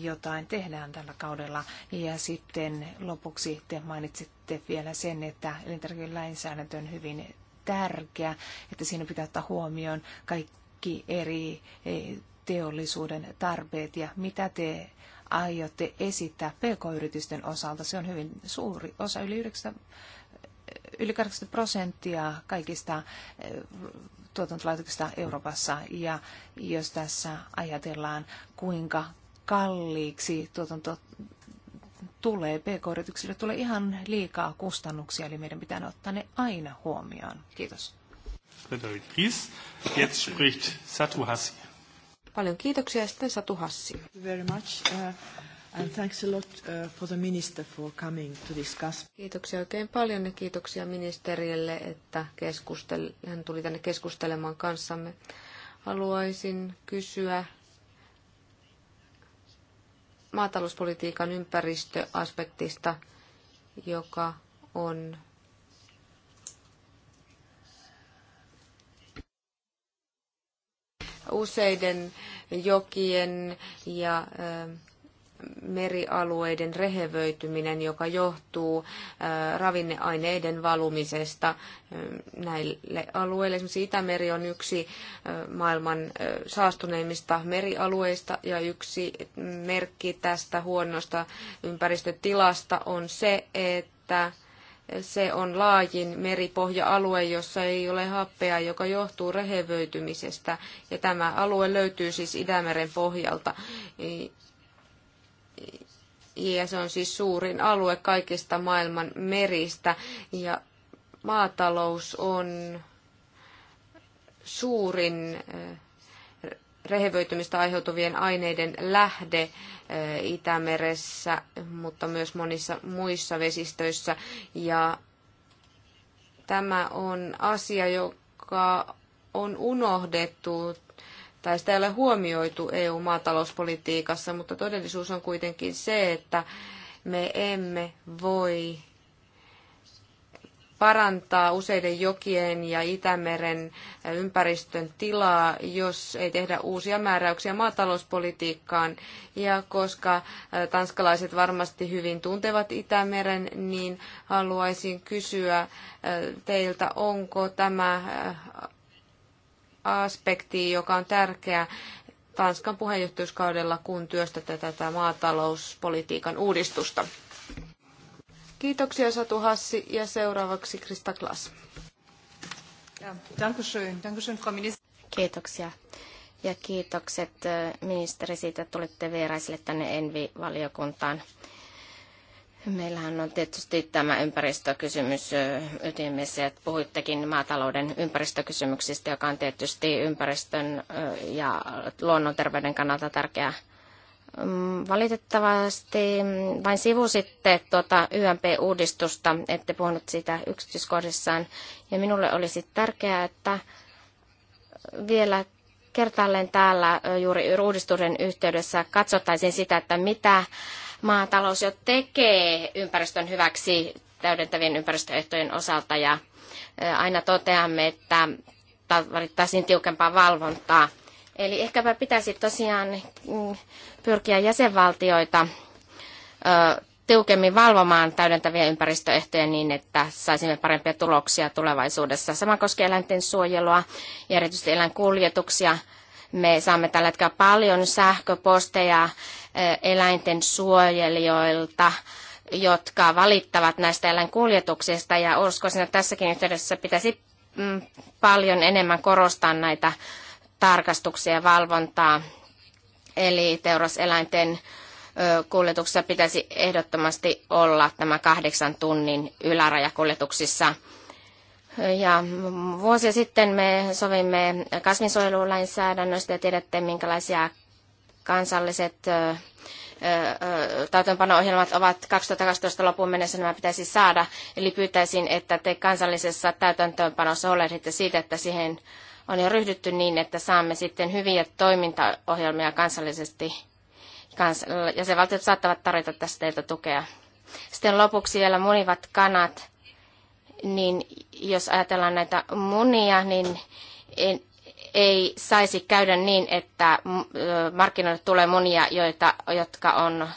Speaker 4: jotain tehdään tällä kaudella. Ja sitten lopuksi te mainitsitte vielä sen, että elintarvikelainsäädäntö on hyvin tärkeä, että siinä pitää ottaa huomioon kaikki eri eh, teollisuuden tarpeet ja mitä te aiotte esittää pk-yritysten osalta? Se on hyvin suuri osa, yli 90 yli 80 prosenttia kaikista eh, tuotantolaitoksista Euroopassa. Ja jos tässä ajatellaan, kuinka kalliiksi tuotanto tulee, pk-yrityksille tulee ihan liikaa kustannuksia, eli meidän pitää ottaa ne aina huomioon. Kiitos.
Speaker 1: Jetzt spricht Satu Hassi.
Speaker 4: Paljon kiitoksia. Sitten Satu Hassi. Very much. Uh, and thanks a lot uh, for the minister for coming to discuss.
Speaker 2: Kiitoksia oikein paljon ja kiitoksia ministerille, että keskustel... hän tuli tänne keskustelemaan kanssamme. Haluaisin kysyä maatalouspolitiikan ympäristöaspektista, joka on useiden jokien ja merialueiden rehevöityminen, joka johtuu ravinneaineiden valumisesta näille alueille. Esimerkiksi Itämeri on yksi maailman saastuneimmista merialueista ja yksi merkki tästä huonosta ympäristötilasta on se, että se on laajin meripohja-alue, jossa ei ole happea, joka johtuu rehevöitymisestä. Ja tämä alue löytyy siis Itämeren pohjalta. Ja se on siis suurin alue kaikista maailman meristä. Ja maatalous on suurin äh, rehevöitymistä aiheutuvien aineiden lähde Itämeressä, mutta myös monissa muissa vesistöissä. Ja tämä on asia, joka on unohdettu tai sitä ei ole huomioitu EU-maatalouspolitiikassa, mutta todellisuus on kuitenkin se, että me emme voi parantaa useiden jokien ja Itämeren ympäristön tilaa, jos ei tehdä uusia määräyksiä maatalouspolitiikkaan. Ja koska tanskalaiset varmasti hyvin tuntevat Itämeren, niin haluaisin kysyä teiltä, onko tämä aspekti, joka on tärkeä Tanskan puheenjohtajuuskaudella, kun työstätte tätä maatalouspolitiikan uudistusta. Kiitoksia Satu Hassi ja seuraavaksi
Speaker 3: Krista Klaas. Kiitoksia. Ja kiitokset ministeri siitä, että tulitte vieraisille tänne Envi-valiokuntaan. Meillähän on tietysti tämä ympäristökysymys ytimessä, että puhuittekin maatalouden ympäristökysymyksistä, joka on tietysti ympäristön ja luonnonterveyden kannalta tärkeä Mm, valitettavasti vain sivusitte tuota YMP-uudistusta, ette puhunut siitä yksityiskohdissaan. Ja minulle olisi tärkeää, että vielä kertaalleen täällä juuri uudistuksen yhteydessä katsottaisiin sitä, että mitä maatalous jo tekee ympäristön hyväksi täydentävien ympäristöehtojen osalta. Ja aina toteamme, että tarvittaisiin tiukempaa valvontaa Eli ehkäpä pitäisi tosiaan mm, pyrkiä jäsenvaltioita tiukemmin valvomaan täydentäviä ympäristöehtoja niin, että saisimme parempia tuloksia tulevaisuudessa. Sama koskee eläinten suojelua ja erityisesti eläinkuljetuksia. Me saamme tällä hetkellä paljon sähköposteja eläinten suojelijoilta, jotka valittavat näistä eläinkuljetuksista ja uskoisin, että tässäkin yhteydessä pitäisi mm, paljon enemmän korostaa näitä tarkastuksia ja valvontaa. Eli teuraseläinten kuljetuksessa pitäisi ehdottomasti olla tämä kahdeksan tunnin yläraja kuljetuksissa. Ja vuosia sitten me sovimme kasvinsuojelulainsäädännöstä ja tiedätte, minkälaisia kansalliset täytäntöönpano-ohjelmat ovat 2012 lopun mennessä nämä pitäisi saada. Eli pyytäisin, että te kansallisessa täytäntöönpanossa huolehditte siitä, että siihen on jo ryhdytty niin, että saamme sitten hyviä toimintaohjelmia kansallisesti. Kans- valtiot saattavat tarjota tästä teiltä tukea. Sitten lopuksi vielä munivat kanat. Niin jos ajatellaan näitä munia, niin en, ei saisi käydä niin, että mm, markkinoille tulee munia, joita, jotka, on,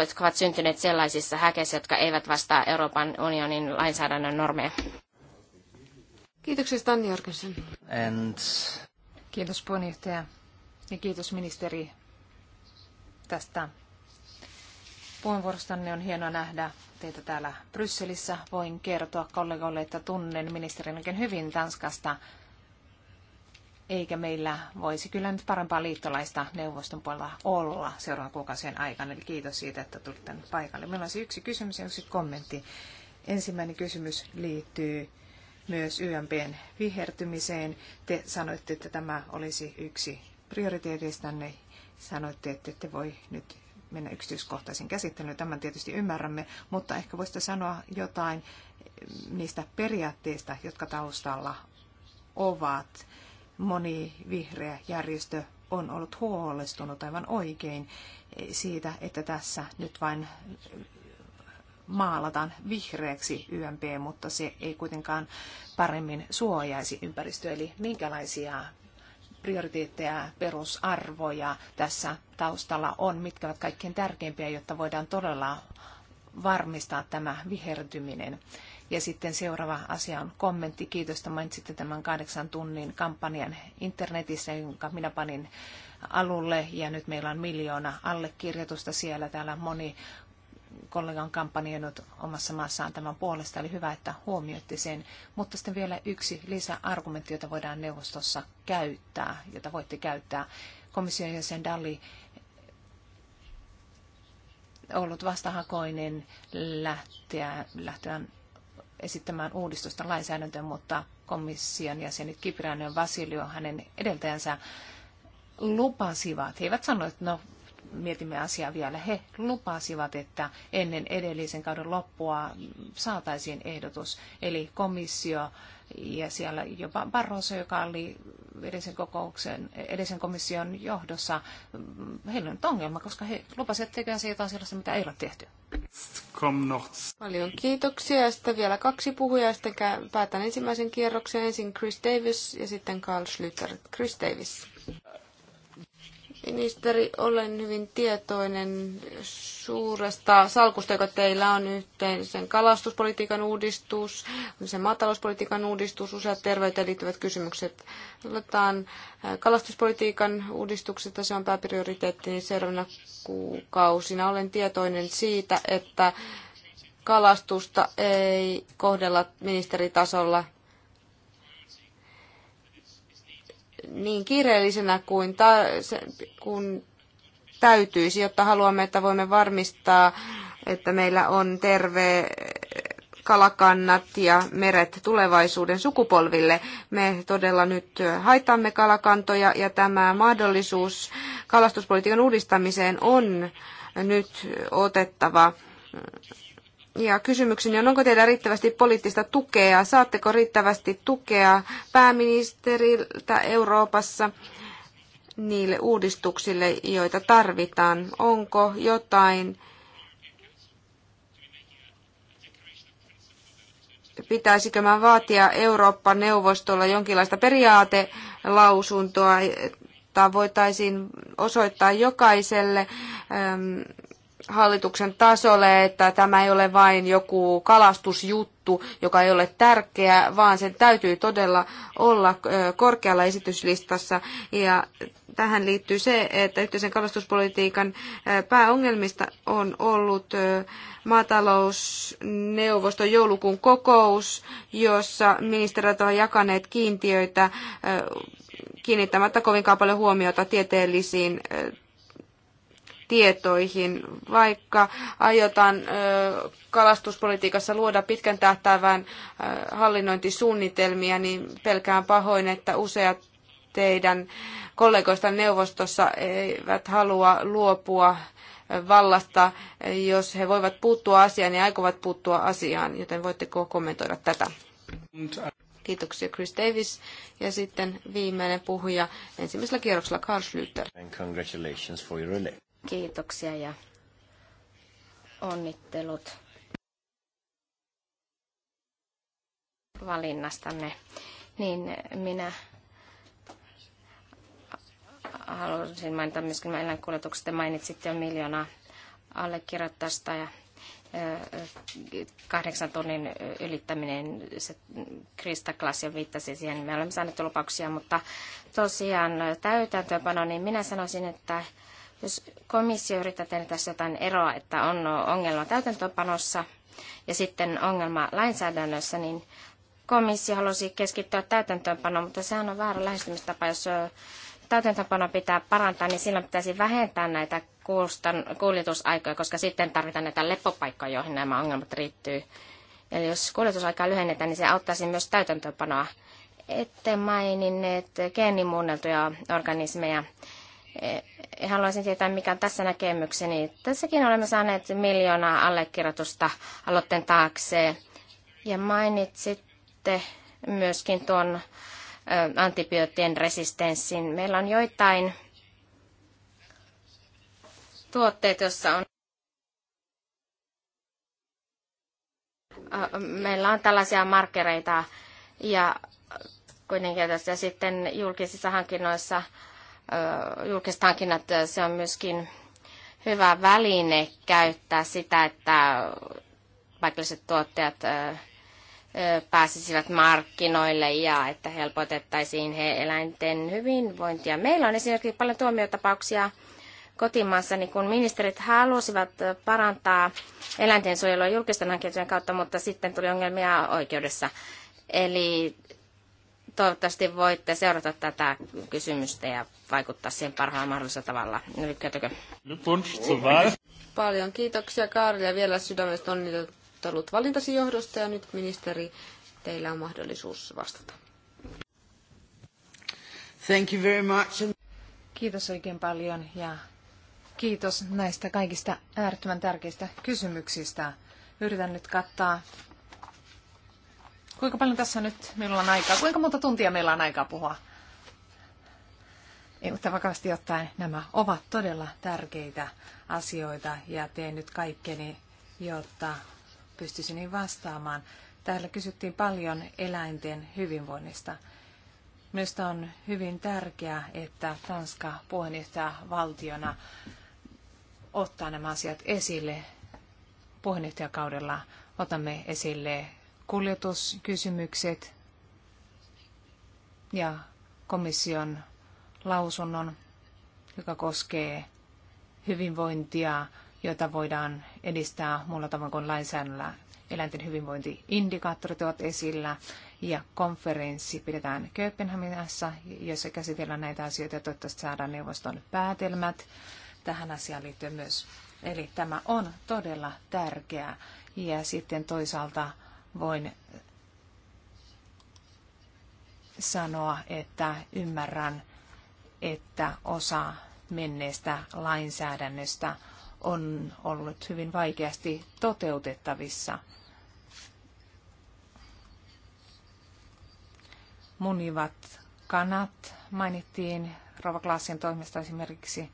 Speaker 3: jotka ovat syntyneet sellaisissa häkeissä, jotka eivät vastaa Euroopan unionin lainsäädännön normeja.
Speaker 4: Kiitoksia Stan Jorgensen. And... Kiitos puheenjohtaja ja kiitos ministeri tästä puheenvuorostanne. On hienoa nähdä teitä täällä Brysselissä. Voin kertoa kollegoille, että tunnen ministerin oikein hyvin Tanskasta. Eikä meillä voisi kyllä nyt parempaa liittolaista neuvoston puolella olla seuraavan kuukausien aikana. Eli kiitos siitä, että tulit tänne paikalle. Meillä on yksi kysymys ja yksi kommentti. Ensimmäinen kysymys liittyy myös YMPn vihertymiseen. Te sanoitte, että tämä olisi yksi prioriteetistanne. Sanoitte, että te voi nyt mennä yksityiskohtaisen käsittelyyn. Tämän tietysti ymmärrämme, mutta ehkä voisitte sanoa jotain niistä periaatteista, jotka taustalla ovat. Moni vihreä järjestö on ollut huolestunut aivan oikein siitä, että tässä nyt vain maalataan vihreäksi YMP, mutta se ei kuitenkaan paremmin suojaisi ympäristöä. Eli minkälaisia prioriteetteja, perusarvoja tässä taustalla on, mitkä ovat kaikkein tärkeimpiä, jotta voidaan todella varmistaa tämä vihertyminen. Ja sitten seuraava asia on kommentti. Kiitos, että mainitsitte tämän kahdeksan tunnin kampanjan internetissä, jonka minä panin alulle. Ja nyt meillä on miljoona allekirjoitusta siellä. Täällä moni Kollega on kampanjoinut omassa maassaan tämän puolesta. Eli hyvä, että huomioitte sen. Mutta sitten vielä yksi lisäargumentti, jota voidaan neuvostossa käyttää, jota voitte käyttää. Komission jäsen Dalli ollut vastahakoinen lähteä, lähteä esittämään uudistusta lainsäädäntöön, mutta komission jäsenet Kipriainen ja Vasilio, hänen edeltäjänsä, lupasivat. He eivät sanoneet, että no mietimme asiaa vielä. He lupasivat, että ennen edellisen kauden loppua saataisiin ehdotus. Eli komissio ja siellä jopa Barroso, joka oli edellisen, kokouksen, edellisen komission johdossa, mm, heillä on ongelma, koska he lupasivat tekemänsä jotain sellaista, mitä ei ole tehty. Paljon kiitoksia. Ja sitten vielä kaksi
Speaker 2: puhujaa. Sitten päätän ensimmäisen kierroksen. Ensin Chris Davis ja sitten Carl Schlüter. Chris Davis. Ministeri, olen hyvin tietoinen suuresta salkusta, joka teillä on yhteen. Sen kalastuspolitiikan uudistus, sen maatalouspolitiikan uudistus, useat terveyteen liittyvät kysymykset. Otetaan äh, kalastuspolitiikan uudistuksesta, se on pääprioriteetti niin seuraavana kuukausina. Olen tietoinen siitä, että kalastusta ei kohdella ministeritasolla niin kiireellisenä kuin, ta- se, kuin täytyisi, jotta haluamme, että voimme varmistaa, että meillä on terve kalakannat ja meret tulevaisuuden sukupolville. Me todella nyt haitamme kalakantoja ja tämä mahdollisuus kalastuspolitiikan uudistamiseen on nyt otettava ja kysymykseni on, onko teillä riittävästi poliittista tukea? Saatteko riittävästi tukea pääministeriltä Euroopassa niille uudistuksille, joita tarvitaan? Onko jotain, pitäisikö mä vaatia Eurooppa-neuvostolla jonkinlaista periaatelausuntoa, että voitaisiin osoittaa jokaiselle hallituksen tasolle, että tämä ei ole vain joku kalastusjuttu, joka ei ole tärkeä, vaan sen täytyy todella olla korkealla esityslistassa. Ja tähän liittyy se, että yhteisen kalastuspolitiikan pääongelmista on ollut maatalousneuvoston joulukuun kokous, jossa ministerit ovat jakaneet kiintiöitä kiinnittämättä kovinkaan paljon huomiota tieteellisiin tietoihin, vaikka aiotaan kalastuspolitiikassa luoda pitkän tähtäivän hallinnointisuunnitelmia, niin pelkään pahoin, että useat teidän kollegoista neuvostossa eivät halua luopua vallasta. Jos he voivat puuttua asiaan, niin aikovat puuttua asiaan, joten voitteko kommentoida tätä? Kiitoksia Chris Davis. Ja sitten viimeinen puhuja
Speaker 3: ensimmäisellä kierroksella Carl Schlüter. And congratulations for your Kiitoksia ja onnittelut valinnastanne. Niin minä haluaisin mainita myöskin eläinkuljetukset ja mainitsitte jo miljoonaa allekirjoittajasta ja kahdeksan tunnin ylittäminen, se Krista Klasja viittasi siihen, me olemme saaneet lupauksia, mutta tosiaan täytäntöönpano, niin minä sanoisin, että jos komissio yrittää tehdä tässä jotain eroa, että on ongelma täytäntöpanossa ja sitten ongelma lainsäädännössä, niin komissio halusi keskittyä täytäntöönpanoon, mutta sehän on väärä lähestymistapa, jos täytäntöönpanoa pitää parantaa, niin silloin pitäisi vähentää näitä kuljetusaikoja, koska sitten tarvitaan näitä lepopaikkoja, joihin nämä ongelmat riittyy. Eli jos kuljetusaikaa lyhennetään, niin se auttaisi myös täytäntöönpanoa. Ette maininneet geenimuunneltuja organismeja. Eh, haluaisin tietää, mikä on tässä näkemykseni. Tässäkin olemme saaneet miljoonaa allekirjoitusta aloitteen taakse. Ja mainitsitte myöskin tuon antibioottien resistenssin. Meillä on joitain tuotteet, joissa on meillä on tällaisia markkereita ja kuitenkin tässä sitten julkisissa hankinnoissa julkistaankin, että se on myöskin hyvä väline käyttää sitä, että paikalliset tuottajat pääsisivät markkinoille ja että helpotettaisiin he eläinten hyvinvointia. Meillä on esimerkiksi paljon tuomiotapauksia kotimaassa, niin kun ministerit halusivat parantaa suojelua julkisten hankintojen kautta, mutta sitten tuli ongelmia oikeudessa. Eli toivottavasti voitte seurata tätä kysymystä ja vaikuttaa siihen parhaalla mahdollisella tavalla. Lykkäätkö?
Speaker 2: Paljon kiitoksia Kaarille ja vielä sydämestä onnittelut valintasi johdosta ja nyt ministeri, teillä on mahdollisuus vastata. Thank you very
Speaker 4: much. Kiitos oikein paljon ja kiitos näistä kaikista äärettömän tärkeistä kysymyksistä. Yritän nyt kattaa kuinka paljon tässä nyt meillä on aikaa? Kuinka monta tuntia meillä on aikaa puhua? Ei, mutta vakavasti ottaen nämä ovat todella tärkeitä asioita ja teen nyt kaikkeni, jotta pystyisin niin vastaamaan. Täällä kysyttiin paljon eläinten hyvinvoinnista. Minusta on hyvin tärkeää, että Tanska puheenjohtaja valtiona ottaa nämä asiat esille. Puheenjohtajakaudella otamme esille kuljetuskysymykset ja komission lausunnon, joka koskee hyvinvointia, jota voidaan edistää muulla tavoin kuin lainsäädännöllä. Eläinten hyvinvointiindikaattorit ovat esillä ja konferenssi pidetään Kööpenhaminassa, jossa käsitellään näitä asioita ja toivottavasti saadaan neuvoston päätelmät tähän asiaan liittyen myös. Eli tämä on todella tärkeää. Ja sitten toisaalta voin sanoa, että ymmärrän, että osa menneestä lainsäädännöstä on ollut hyvin vaikeasti toteutettavissa. Munivat kanat mainittiin Rova Klaasien toimesta esimerkiksi –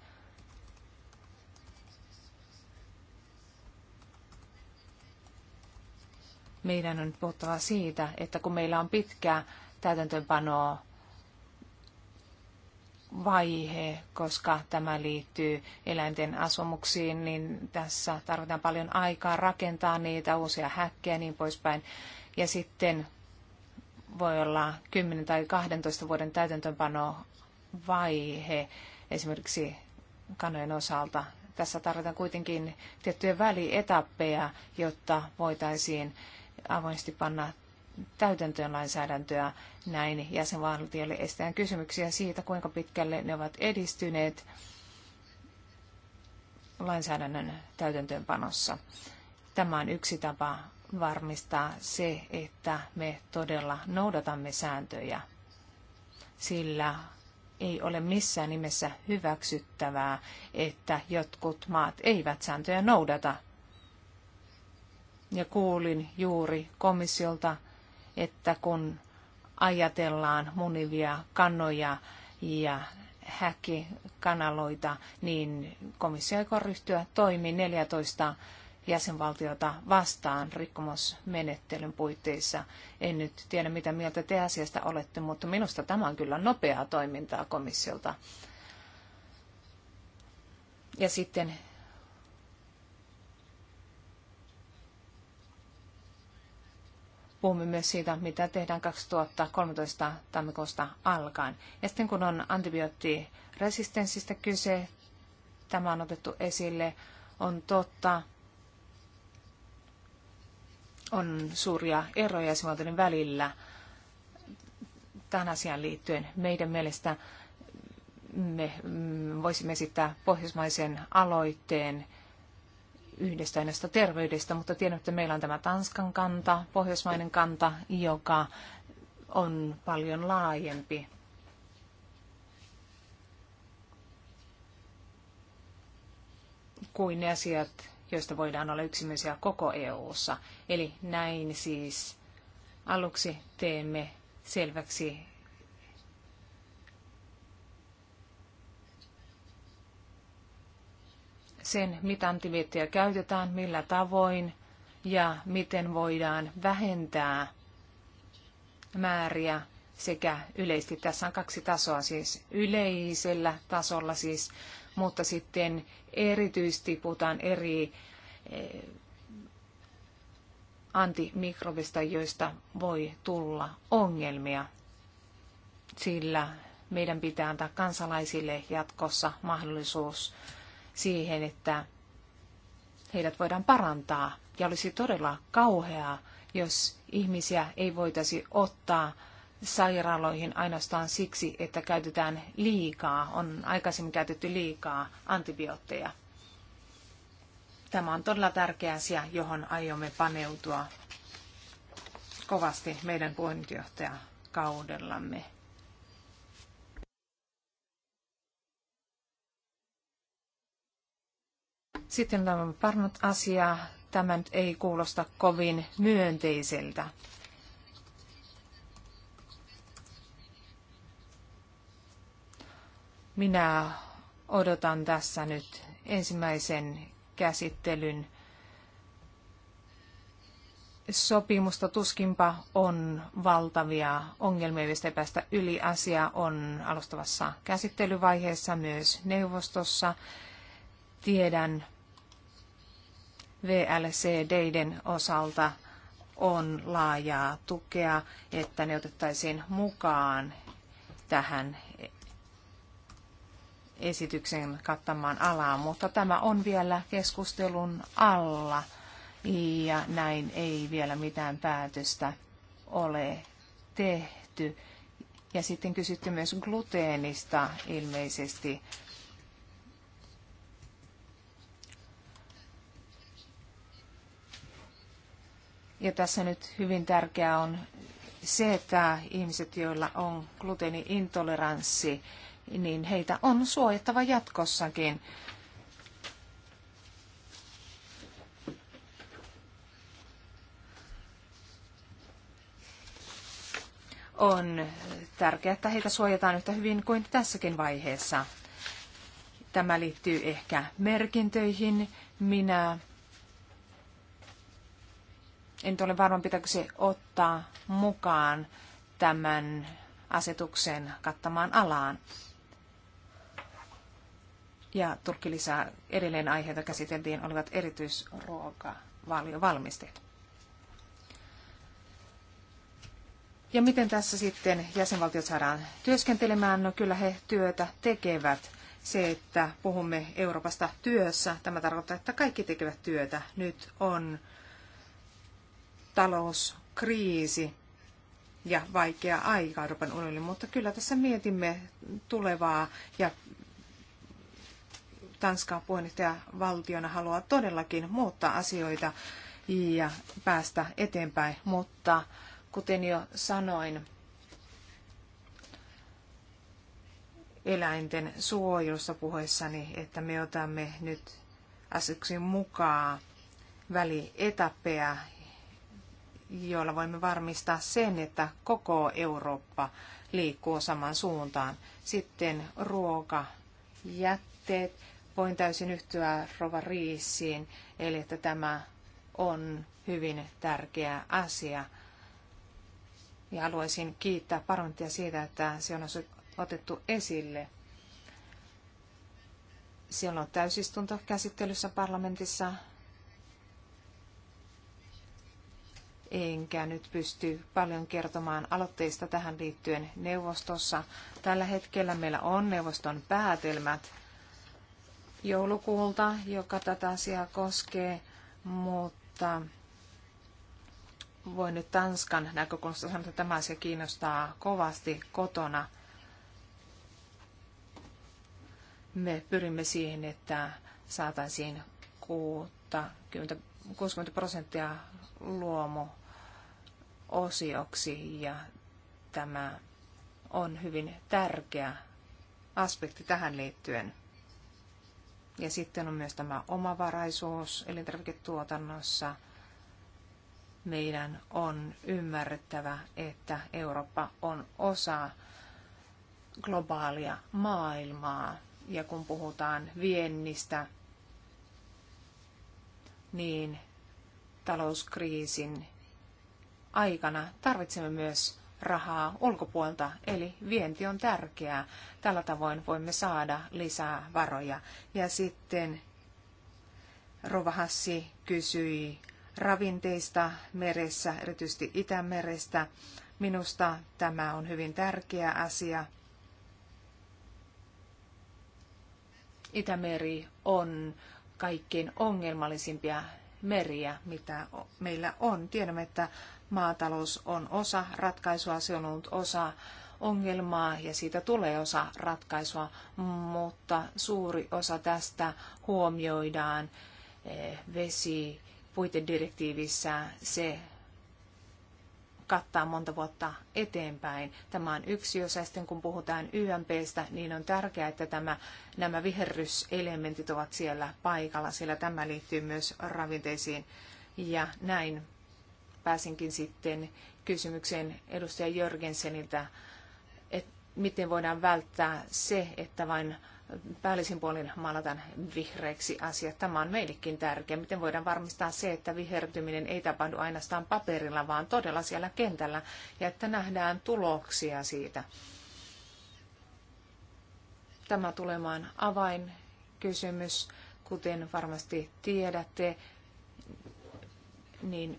Speaker 4: meidän on puhuttava siitä, että kun meillä on pitkä täytäntöönpanoa vaihe, koska tämä liittyy eläinten asumuksiin, niin tässä tarvitaan paljon aikaa rakentaa niitä uusia häkkejä ja niin poispäin. Ja sitten voi olla 10 tai 12 vuoden täytäntöönpano vaihe esimerkiksi kanojen osalta. Tässä tarvitaan kuitenkin tiettyjä välietappeja, jotta voitaisiin avoimesti panna täytäntöön lainsäädäntöä näin jäsenvaltioille estetään kysymyksiä siitä, kuinka pitkälle ne ovat edistyneet lainsäädännön täytäntöönpanossa. Tämä on yksi tapa varmistaa se, että me todella noudatamme sääntöjä, sillä ei ole missään nimessä hyväksyttävää, että jotkut maat eivät sääntöjä noudata – ja kuulin juuri komissiolta, että kun ajatellaan munivia kannoja ja häkkikanaloita, niin komissio aikoo ryhtyä toimiin 14 jäsenvaltiota vastaan rikkomusmenettelyn puitteissa. En nyt tiedä, mitä mieltä te asiasta olette, mutta minusta tämä on kyllä nopeaa toimintaa komissiolta. Ja sitten puhumme myös siitä, mitä tehdään 2013 tammikuusta alkaen. Ja sitten kun on antibioottiresistenssistä kyse, tämä on otettu esille, on totta, on suuria eroja esimerkiksi välillä tähän asiaan liittyen. Meidän mielestä me mm, voisimme esittää pohjoismaisen aloitteen yhdestä ainoasta terveydestä, mutta tiedän, että meillä on tämä Tanskan kanta, pohjoismainen kanta, joka on paljon laajempi. kuin ne asiat, joista voidaan olla yksimielisiä koko EU:ssa. Eli näin siis aluksi teemme selväksi sen, mitä antibioottia käytetään, millä tavoin ja miten voidaan vähentää määriä sekä yleisesti. Tässä on kaksi tasoa, siis yleisellä tasolla siis, mutta sitten erityisesti puhutaan eri eh, antimikrobista, joista voi tulla ongelmia, sillä meidän pitää antaa kansalaisille jatkossa mahdollisuus siihen, että heidät voidaan parantaa. Ja olisi todella kauheaa, jos ihmisiä ei voitaisi ottaa sairaaloihin ainoastaan siksi, että käytetään liikaa, on aikaisemmin käytetty liikaa antibiootteja. Tämä on todella tärkeä asia, johon aiomme paneutua kovasti meidän puheenjohtajakaudellamme. Sitten tämä parnot asia, tämä nyt ei kuulosta kovin myönteiseltä. Minä odotan tässä nyt ensimmäisen käsittelyn sopimusta tuskinpa on valtavia ongelmia, joista ei päästä yli. Asia on alustavassa käsittelyvaiheessa myös neuvostossa. Tiedän, VLCDiden osalta on laajaa tukea, että ne otettaisiin mukaan tähän esityksen kattamaan alaan, mutta tämä on vielä keskustelun alla ja näin ei vielä mitään päätöstä ole tehty. Ja sitten kysytty myös gluteenista ilmeisesti Ja tässä nyt hyvin tärkeää on se, että ihmiset, joilla on gluteenintoleranssi, niin heitä on suojattava jatkossakin. On tärkeää, että heitä suojataan yhtä hyvin kuin tässäkin vaiheessa. Tämä liittyy ehkä merkintöihin. Minä en ole varma, pitääkö se ottaa mukaan tämän asetuksen kattamaan alaan. Ja Turkki lisää edelleen aiheita käsiteltiin olivat erityisruokavaliovalmisteet. Ja miten tässä sitten jäsenvaltiot saadaan työskentelemään? No kyllä he työtä tekevät. Se, että puhumme Euroopasta työssä, tämä tarkoittaa, että kaikki tekevät työtä. Nyt on talouskriisi ja vaikea aika Euroopan unionille, mutta kyllä tässä mietimme tulevaa ja Tanskaa puheenjohtaja valtiona haluaa todellakin muuttaa asioita ja päästä eteenpäin, mutta kuten jo sanoin, eläinten suojelussa puheessani, että me otamme nyt asyksin mukaan välietappeja, joilla voimme varmistaa sen, että koko Eurooppa liikkuu samaan suuntaan. Sitten ruoka, jätteet. Voin täysin yhtyä Rova Riisiin, eli että tämä on hyvin tärkeä asia. Ja haluaisin kiittää parlamenttia siitä, että se on otettu esille. Siellä on täysistunto käsittelyssä parlamentissa enkä nyt pysty paljon kertomaan aloitteista tähän liittyen neuvostossa. Tällä hetkellä meillä on neuvoston päätelmät joulukuulta, joka tätä asiaa koskee, mutta voin nyt Tanskan näkökulmasta sanoa, että tämä asia kiinnostaa kovasti kotona. Me pyrimme siihen, että saataisiin 60 prosenttia luomu osioksi ja tämä on hyvin tärkeä aspekti tähän liittyen. Ja sitten on myös tämä omavaraisuus elintarviketuotannossa. Meidän on ymmärrettävä, että Eurooppa on osa globaalia maailmaa. Ja kun puhutaan viennistä, niin talouskriisin aikana tarvitsemme myös rahaa ulkopuolta, eli vienti on tärkeää. Tällä tavoin voimme saada lisää varoja. Ja sitten Rovahassi kysyi ravinteista meressä, erityisesti Itämerestä. Minusta tämä on hyvin tärkeä asia. Itämeri on kaikkein ongelmallisimpia meriä, mitä meillä on. Tiedämme, että maatalous on osa ratkaisua, se on ollut osa ongelmaa ja siitä tulee osa ratkaisua, mutta suuri osa tästä huomioidaan eh, vesi puitedirektiivissä se kattaa monta vuotta eteenpäin. Tämä on yksi osa. Sitten kun puhutaan YMPstä, niin on tärkeää, että tämä, nämä viherryselementit ovat siellä paikalla, sillä tämä liittyy myös ravinteisiin. Ja näin pääsinkin sitten kysymykseen edustaja Jörgenseniltä, että miten voidaan välttää se, että vain päällisin puolin maalataan vihreiksi asiat. Tämä on meillekin tärkeä. Miten voidaan varmistaa se, että vihertyminen ei tapahdu ainoastaan paperilla, vaan todella siellä kentällä ja että nähdään tuloksia siitä. Tämä tulemaan avainkysymys, kuten varmasti tiedätte, niin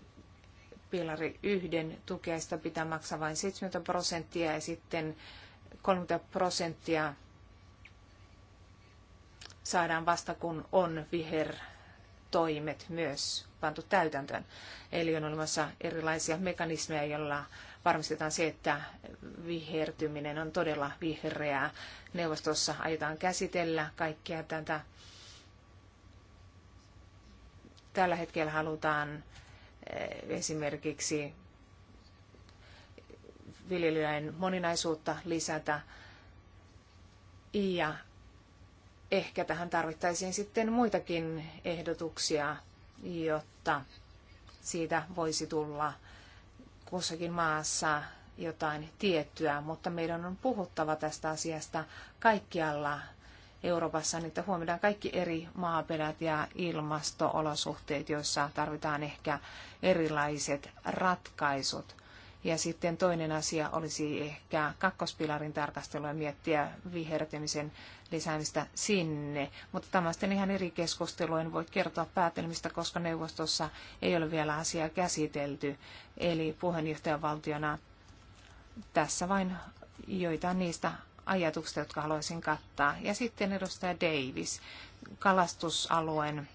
Speaker 4: pilari yhden tukeista pitää maksaa vain 70 prosenttia ja sitten 30 prosenttia saadaan vasta, kun on vihertoimet myös pantu täytäntöön. Eli on olemassa erilaisia mekanismeja, joilla varmistetaan se, että vihertyminen on todella vihreää. Neuvostossa aiotaan käsitellä kaikkia tätä. Tällä hetkellä halutaan Eh, esimerkiksi viljelyjen moninaisuutta lisätä. Ja ehkä tähän tarvittaisiin sitten muitakin ehdotuksia, jotta siitä voisi tulla kussakin maassa jotain tiettyä, mutta meidän on puhuttava tästä asiasta kaikkialla Euroopassa, niin että huomioidaan kaikki eri maaperät ja ilmastoolosuhteet, joissa tarvitaan ehkä erilaiset ratkaisut. Ja sitten toinen asia olisi ehkä kakkospilarin tarkastelu ja miettiä vihertymisen lisäämistä sinne. Mutta tämä on sitten ihan eri keskustelu, en voi kertoa päätelmistä, koska neuvostossa ei ole vielä asiaa käsitelty. Eli puheenjohtajavaltiona tässä vain joitain niistä ajatuksista, jotka haluaisin kattaa. Ja sitten edustaja Davis, kalastusalueen,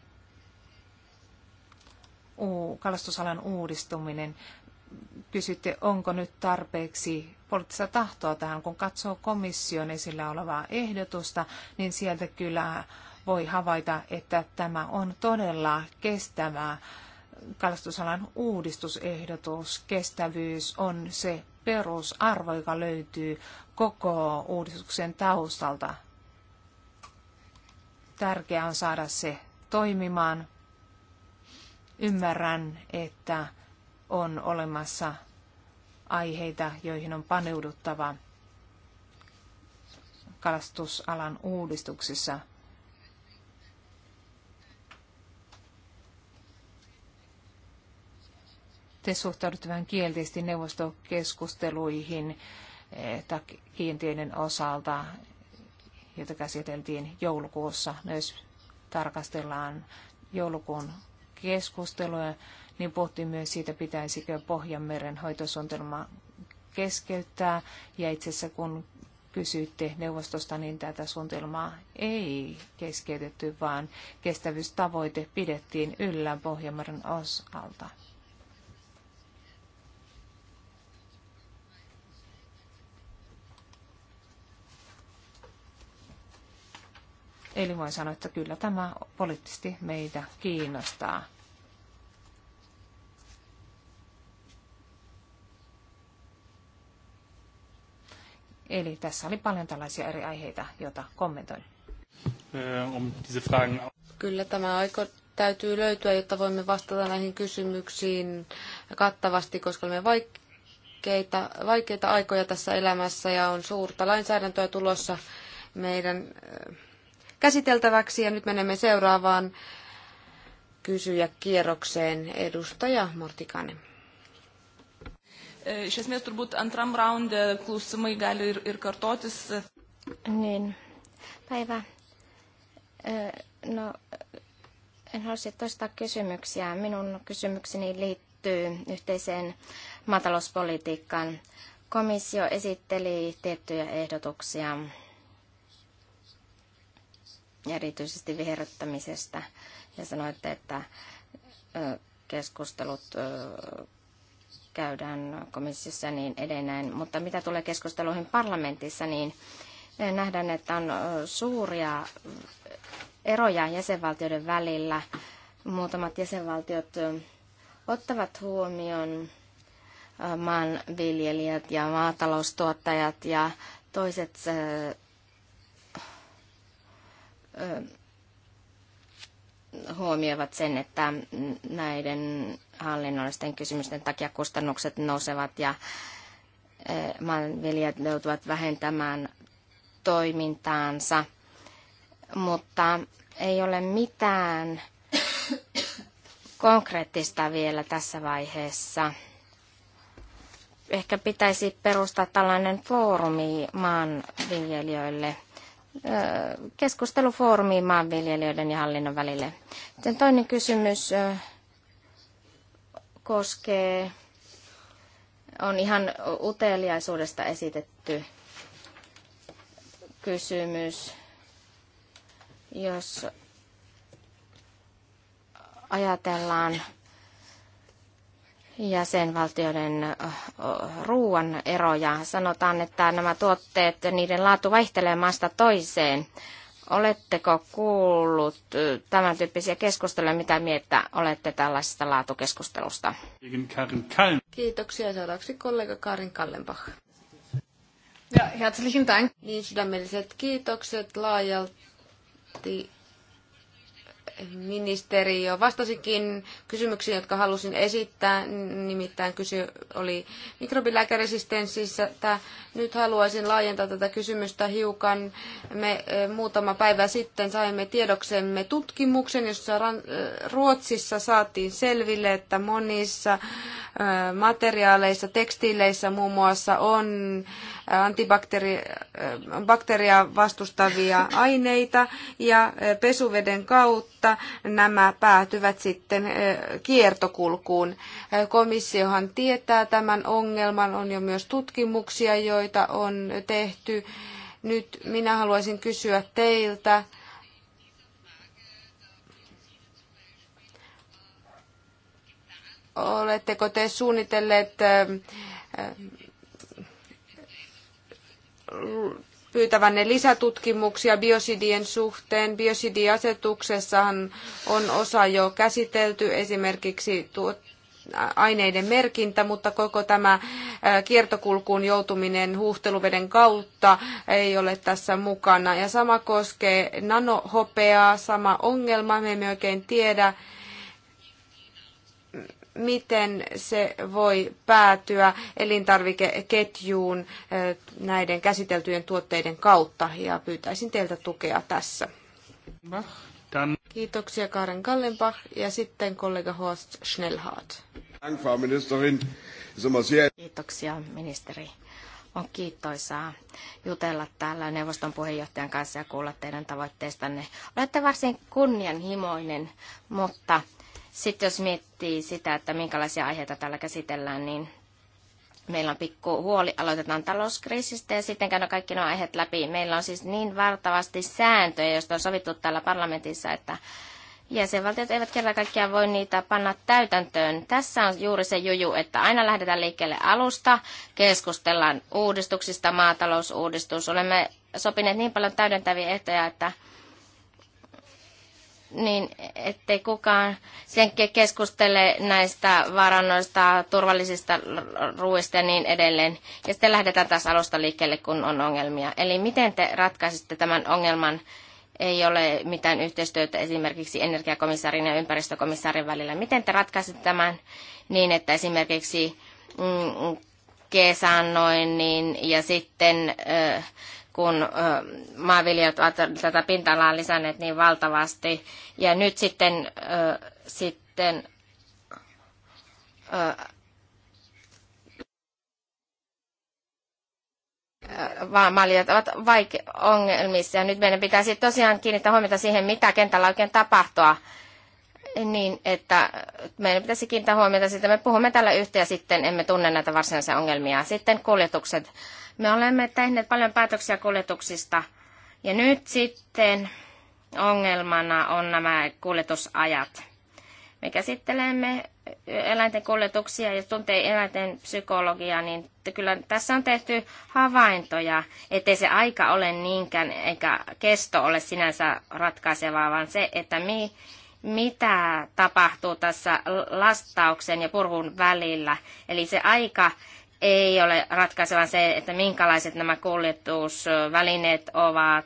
Speaker 4: uu, kalastusalan uudistuminen. Kysytte, onko nyt tarpeeksi poliittista tahtoa tähän, kun katsoo komission esillä olevaa ehdotusta, niin sieltä kyllä voi havaita, että tämä on todella kestävää kalastusalan uudistusehdotus. Kestävyys on se perusarvo, joka löytyy koko uudistuksen taustalta. Tärkeää on saada se toimimaan. Ymmärrän, että on olemassa aiheita, joihin on paneuduttava kalastusalan uudistuksissa – te suhtaudutte vähän kielteisesti neuvostokeskusteluihin eh, tai kiintiöiden osalta, jota käsiteltiin joulukuussa. Myös tarkastellaan joulukuun keskusteluja, niin puhuttiin myös siitä, pitäisikö Pohjanmeren hoitosuunnitelma keskeyttää. Ja itse asiassa kun kysyitte neuvostosta, niin tätä suunnitelmaa ei keskeytetty, vaan kestävyystavoite pidettiin yllä Pohjanmeren osalta. Eli voin sanoa, että kyllä tämä poliittisesti meitä kiinnostaa. Eli tässä oli paljon tällaisia eri aiheita, joita kommentoin. Äh, um kyllä tämä aika täytyy löytyä,
Speaker 2: jotta voimme vastata näihin kysymyksiin kattavasti, koska me vaikeita, vaikeita aikoja tässä elämässä ja on suurta lainsäädäntöä tulossa meidän äh, käsiteltäväksi ja nyt menemme seuraavaan kysyjäkierrokseen. Edustaja Mortikainen.
Speaker 4: Iš esmės turbūt antram raunde klausimai gali ir, ir kartotis. Niin,
Speaker 3: päivä. No, en halusi toistaa kysymyksiä. Minun kysymykseni liittyy yhteiseen maatalouspolitiikkaan. Komissio esitteli tiettyjä ehdotuksia erityisesti viherryttämisestä ja sanoitte, että keskustelut käydään komissiossa niin edelleen. Mutta mitä tulee keskusteluihin parlamentissa, niin nähdään, että on suuria eroja jäsenvaltioiden välillä. Muutamat jäsenvaltiot ottavat huomioon maanviljelijät ja maataloustuottajat ja toiset huomioivat sen, että näiden hallinnollisten kysymysten takia kustannukset nousevat ja maanviljelijät joutuvat vähentämään toimintaansa, mutta ei ole mitään konkreettista vielä tässä vaiheessa. Ehkä pitäisi perustaa tällainen foorumi maanviljelijöille – keskustelufoorumiin maanviljelijöiden ja hallinnon välille. Sitten toinen kysymys koskee, on ihan uteliaisuudesta esitetty kysymys. Jos ajatellaan jäsenvaltioiden ruoan eroja. Sanotaan, että nämä tuotteet, niiden laatu vaihtelee maasta toiseen. Oletteko kuullut tämän tyyppisiä keskusteluja? Mitä mieltä olette tällaisesta laatukeskustelusta?
Speaker 2: Kiitoksia. Seuraavaksi kollega Karin Kallenbach. Ja herzlichen Dank. Niin sydämelliset kiitokset laajalti ministeri jo vastasikin kysymyksiin, jotka halusin esittää. Nimittäin kysy oli mikrobilääkeresistenssissä. Nyt haluaisin laajentaa tätä kysymystä hiukan. Me e, muutama päivä sitten saimme tiedoksemme tutkimuksen, jossa e, Ruotsissa saatiin selville, että monissa e, materiaaleissa, tekstiileissä muun muassa on antibakteria eh, vastustavia aineita ja eh, pesuveden kautta nämä päätyvät sitten eh, kiertokulkuun. Komissiohan tietää tämän ongelman, on jo myös tutkimuksia, joita on tehty. Nyt minä haluaisin kysyä teiltä, oletteko te suunnitelleet pyytävänne lisätutkimuksia biosidien suhteen. Biosidiasetuksessahan on osa jo käsitelty, esimerkiksi tuo aineiden merkintä, mutta koko tämä kiertokulkuun joutuminen huuhteluveden kautta ei ole tässä mukana. Ja sama koskee nanohopeaa, sama ongelma, me emme oikein tiedä, miten se voi päätyä elintarvikeketjuun näiden käsiteltyjen tuotteiden kautta ja pyytäisin teiltä tukea tässä. Kiitoksia Karen Kallenbach ja sitten
Speaker 3: kollega Horst Schnellhardt. Kiitoksia ministeri. On kiittoisaa jutella täällä neuvoston puheenjohtajan kanssa ja kuulla teidän tavoitteistanne. Olette varsin kunnianhimoinen, mutta sitten jos miettii sitä, että minkälaisia aiheita täällä käsitellään, niin meillä on pikku huoli, aloitetaan talouskriisistä ja sitten käydään kaikki nuo aiheet läpi. Meillä on siis niin valtavasti sääntöjä, joista on sovittu täällä parlamentissa, että jäsenvaltiot eivät kerran kaikkiaan voi niitä panna täytäntöön. Tässä on juuri se juju, että aina lähdetään liikkeelle alusta, keskustellaan uudistuksista, maatalousuudistus. Olemme sopineet niin paljon täydentäviä ehtoja, että niin ettei kukaan sen keskustele näistä varannoista, turvallisista ruuista ja niin edelleen. Ja sitten lähdetään taas alusta liikkeelle, kun on ongelmia. Eli miten te ratkaisitte tämän ongelman? Ei ole mitään yhteistyötä esimerkiksi energiakomissaarin ja ympäristökomissaarin välillä. Miten te ratkaisitte tämän niin, että esimerkiksi mm, niin ja sitten... Ö, kun maanviljelijät ovat tätä pinta-alaa lisänneet niin valtavasti. Ja nyt sitten, sitten maanviljelijät ovat vaike- ongelmissa. Ja nyt meidän pitäisi tosiaan kiinnittää huomiota siihen, mitä kentällä oikein tapahtua. Niin, että meidän pitäisi kiinnittää huomiota siitä, me puhumme tällä yhteen ja sitten emme tunne näitä varsinaisia ongelmia. Sitten kuljetukset me olemme tehneet paljon päätöksiä kuljetuksista ja nyt sitten ongelmana on nämä kuljetusajat. Me käsittelemme eläinten kuljetuksia ja tuntee eläinten psykologiaa, niin kyllä tässä on tehty havaintoja, ettei se aika ole niinkään, eikä kesto ole sinänsä ratkaisevaa, vaan se, että mi, mitä tapahtuu tässä lastauksen ja purhun välillä. Eli se aika ei ole ratkaiseva se, että minkälaiset nämä kuljetusvälineet ovat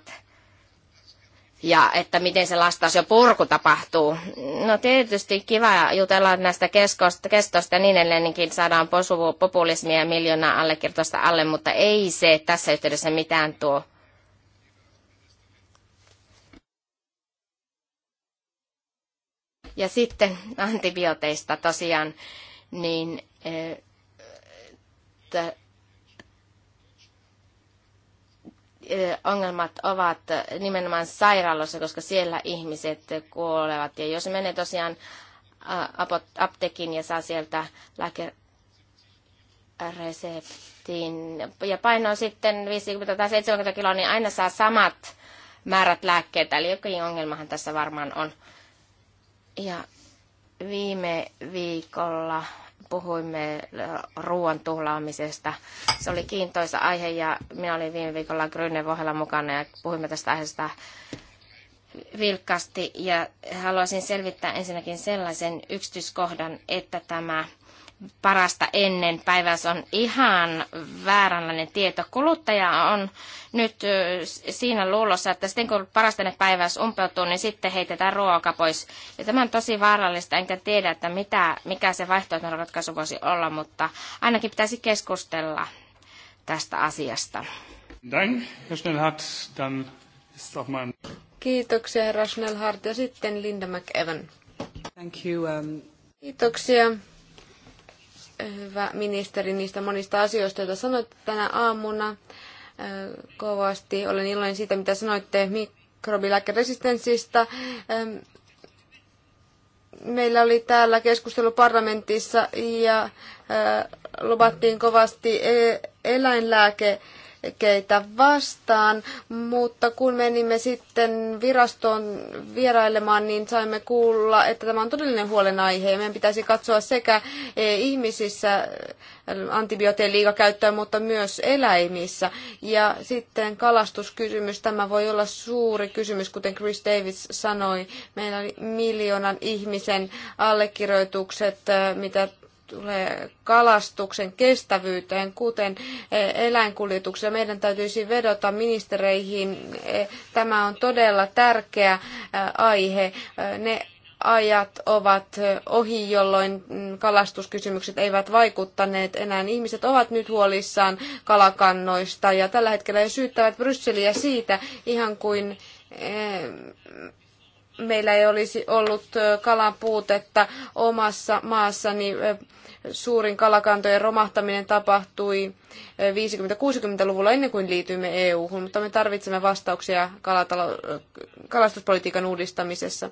Speaker 3: ja että miten se lastaus jo purku tapahtuu. No tietysti kiva jutella näistä kestosta ja niin edelleenkin saadaan populismia miljoonaa allekirjoitusta alle, mutta ei se tässä yhteydessä mitään tuo. Ja sitten antibiooteista tosiaan, niin eh, ongelmat, e, ongelmat ovat nimenomaan sairaalassa, koska siellä ihmiset kuolevat. Ja jos menee tosiaan apteekin ja saa sieltä lääkereseptin ja paino sitten 50 tai 70 kiloa, niin aina saa samat määrät lääkkeitä. Eli jokin ongelmahan tässä varmaan on. Ja viime viikolla puhuimme äh, ruoan tuhlaamisesta. Se oli kiintoisa aihe ja minä olin viime viikolla Grünen mukana ja puhuimme tästä aiheesta vilkkaasti ja haluaisin selvittää ensinnäkin sellaisen yksityiskohdan, että tämä parasta ennen päivää. Se on ihan vääränlainen tieto. Kuluttaja on nyt siinä luulossa, että sitten kun parasta ennen päivää umpeutuu, niin sitten heitetään ruoka pois. Ja tämä on tosi vaarallista, enkä tiedä, että mitä, mikä se vaihtoehtoinen ratkaisu voisi olla, mutta ainakin pitäisi keskustella
Speaker 1: tästä asiasta.
Speaker 2: Kiitoksia, herra Schnellhardt, ja sitten Linda McEvan.
Speaker 1: Thank you,
Speaker 4: um...
Speaker 2: Kiitoksia hyvä ministeri, niistä monista asioista, joita sanoitte tänä aamuna kovasti. Olen iloinen siitä, mitä sanoitte mikrobilääkeresistenssistä. Meillä oli täällä keskustelu parlamentissa ja lobattiin kovasti e-, eläinlääke keitä vastaan, mutta kun menimme sitten virastoon vierailemaan, niin saimme kuulla, että tämä on todellinen huolenaihe. Meidän pitäisi katsoa sekä e, ihmisissä antibioottien liikakäyttöä, mutta myös eläimissä. Ja sitten kalastuskysymys, tämä voi olla suuri kysymys, kuten Chris Davis sanoi. Meillä oli miljoonan ihmisen allekirjoitukset, mitä tulee kalastuksen kestävyyteen, kuten e, eläinkuljetuksella. Meidän täytyisi vedota ministereihin. E, tämä on todella tärkeä e, aihe. Ne ajat ovat ohi, jolloin mm, kalastuskysymykset eivät vaikuttaneet enää. Ihmiset ovat nyt huolissaan kalakannoista ja tällä hetkellä he syyttävät Brysseliä siitä, ihan kuin meillä ei olisi ollut kalan puutetta omassa maassani. Niin suurin kalakantojen romahtaminen tapahtui 50-60-luvulla eh, ennen kuin liityimme EU-hun, mutta me tarvitsemme vastauksia kalatalo- kalastuspolitiikan uudistamisessa.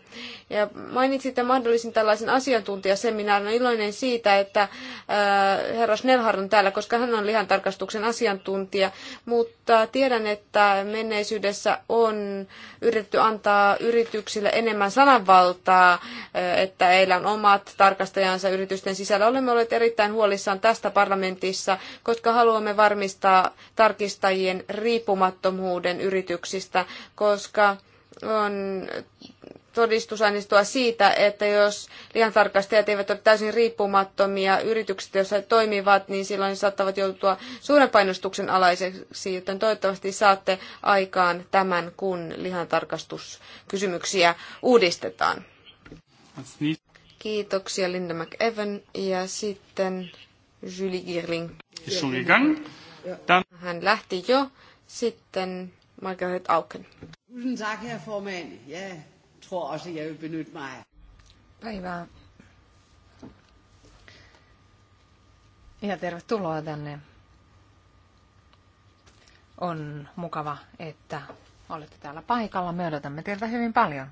Speaker 2: Ja mainitsitte mahdollisin tällaisen asiantuntijaseminaarin. Olen iloinen siitä, että eh, herra Snellhard on täällä, koska hän on lihantarkastuksen asiantuntija, mutta tiedän, että menneisyydessä on yritetty antaa yrityksille enemmän sananvaltaa, eh, että heillä on omat tarkastajansa yritysten sisällä. Olen olemme olleet erittäin huolissaan tästä parlamentissa, koska haluamme varmistaa tarkistajien riippumattomuuden yrityksistä, koska on todistusaineistoa siitä, että jos tarkastajat eivät ole täysin riippumattomia yritykset, joissa toimivat, niin silloin saattavat joutua suuren painostuksen alaiseksi, joten toivottavasti saatte aikaan tämän, kun lihantarkastuskysymyksiä uudistetaan. Kiitoksia Linda McEwen ja sitten Julie Girling. Hän lähti jo. Sitten Margaret Auken.
Speaker 4: Päivää. Ja tervetuloa tänne. On mukava, että olette täällä paikalla. Me odotamme teiltä hyvin paljon.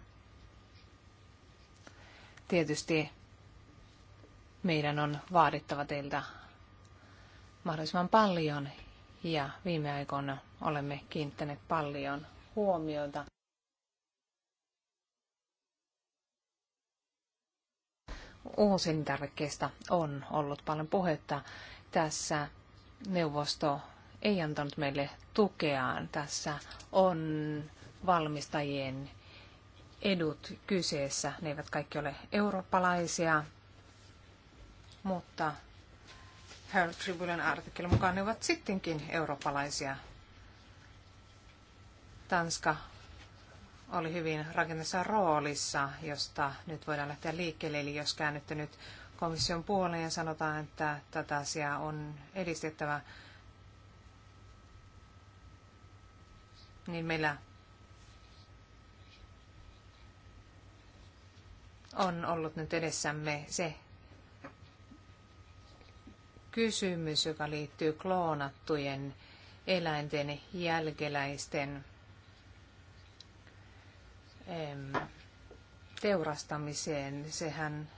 Speaker 4: Tietysti meidän on vaadittava teiltä mahdollisimman paljon ja viime aikoina olemme kiinnittäneet paljon huomiota. Uusintarvikkeista on ollut paljon puhetta. Tässä neuvosto ei antanut meille tukeaan. Tässä on valmistajien edut kyseessä. Ne eivät kaikki ole eurooppalaisia, mutta Herald Tribunen artikkelin mukaan ne ovat sittenkin eurooppalaisia. Tanska oli hyvin rakenteessa roolissa, josta nyt voidaan lähteä liikkeelle. Eli jos käännytte nyt komission puoleen ja sanotaan, että tätä asiaa on edistettävä, niin meillä on ollut nyt edessämme se kysymys, joka liittyy kloonattujen eläinten jälkeläisten teurastamiseen. Sehän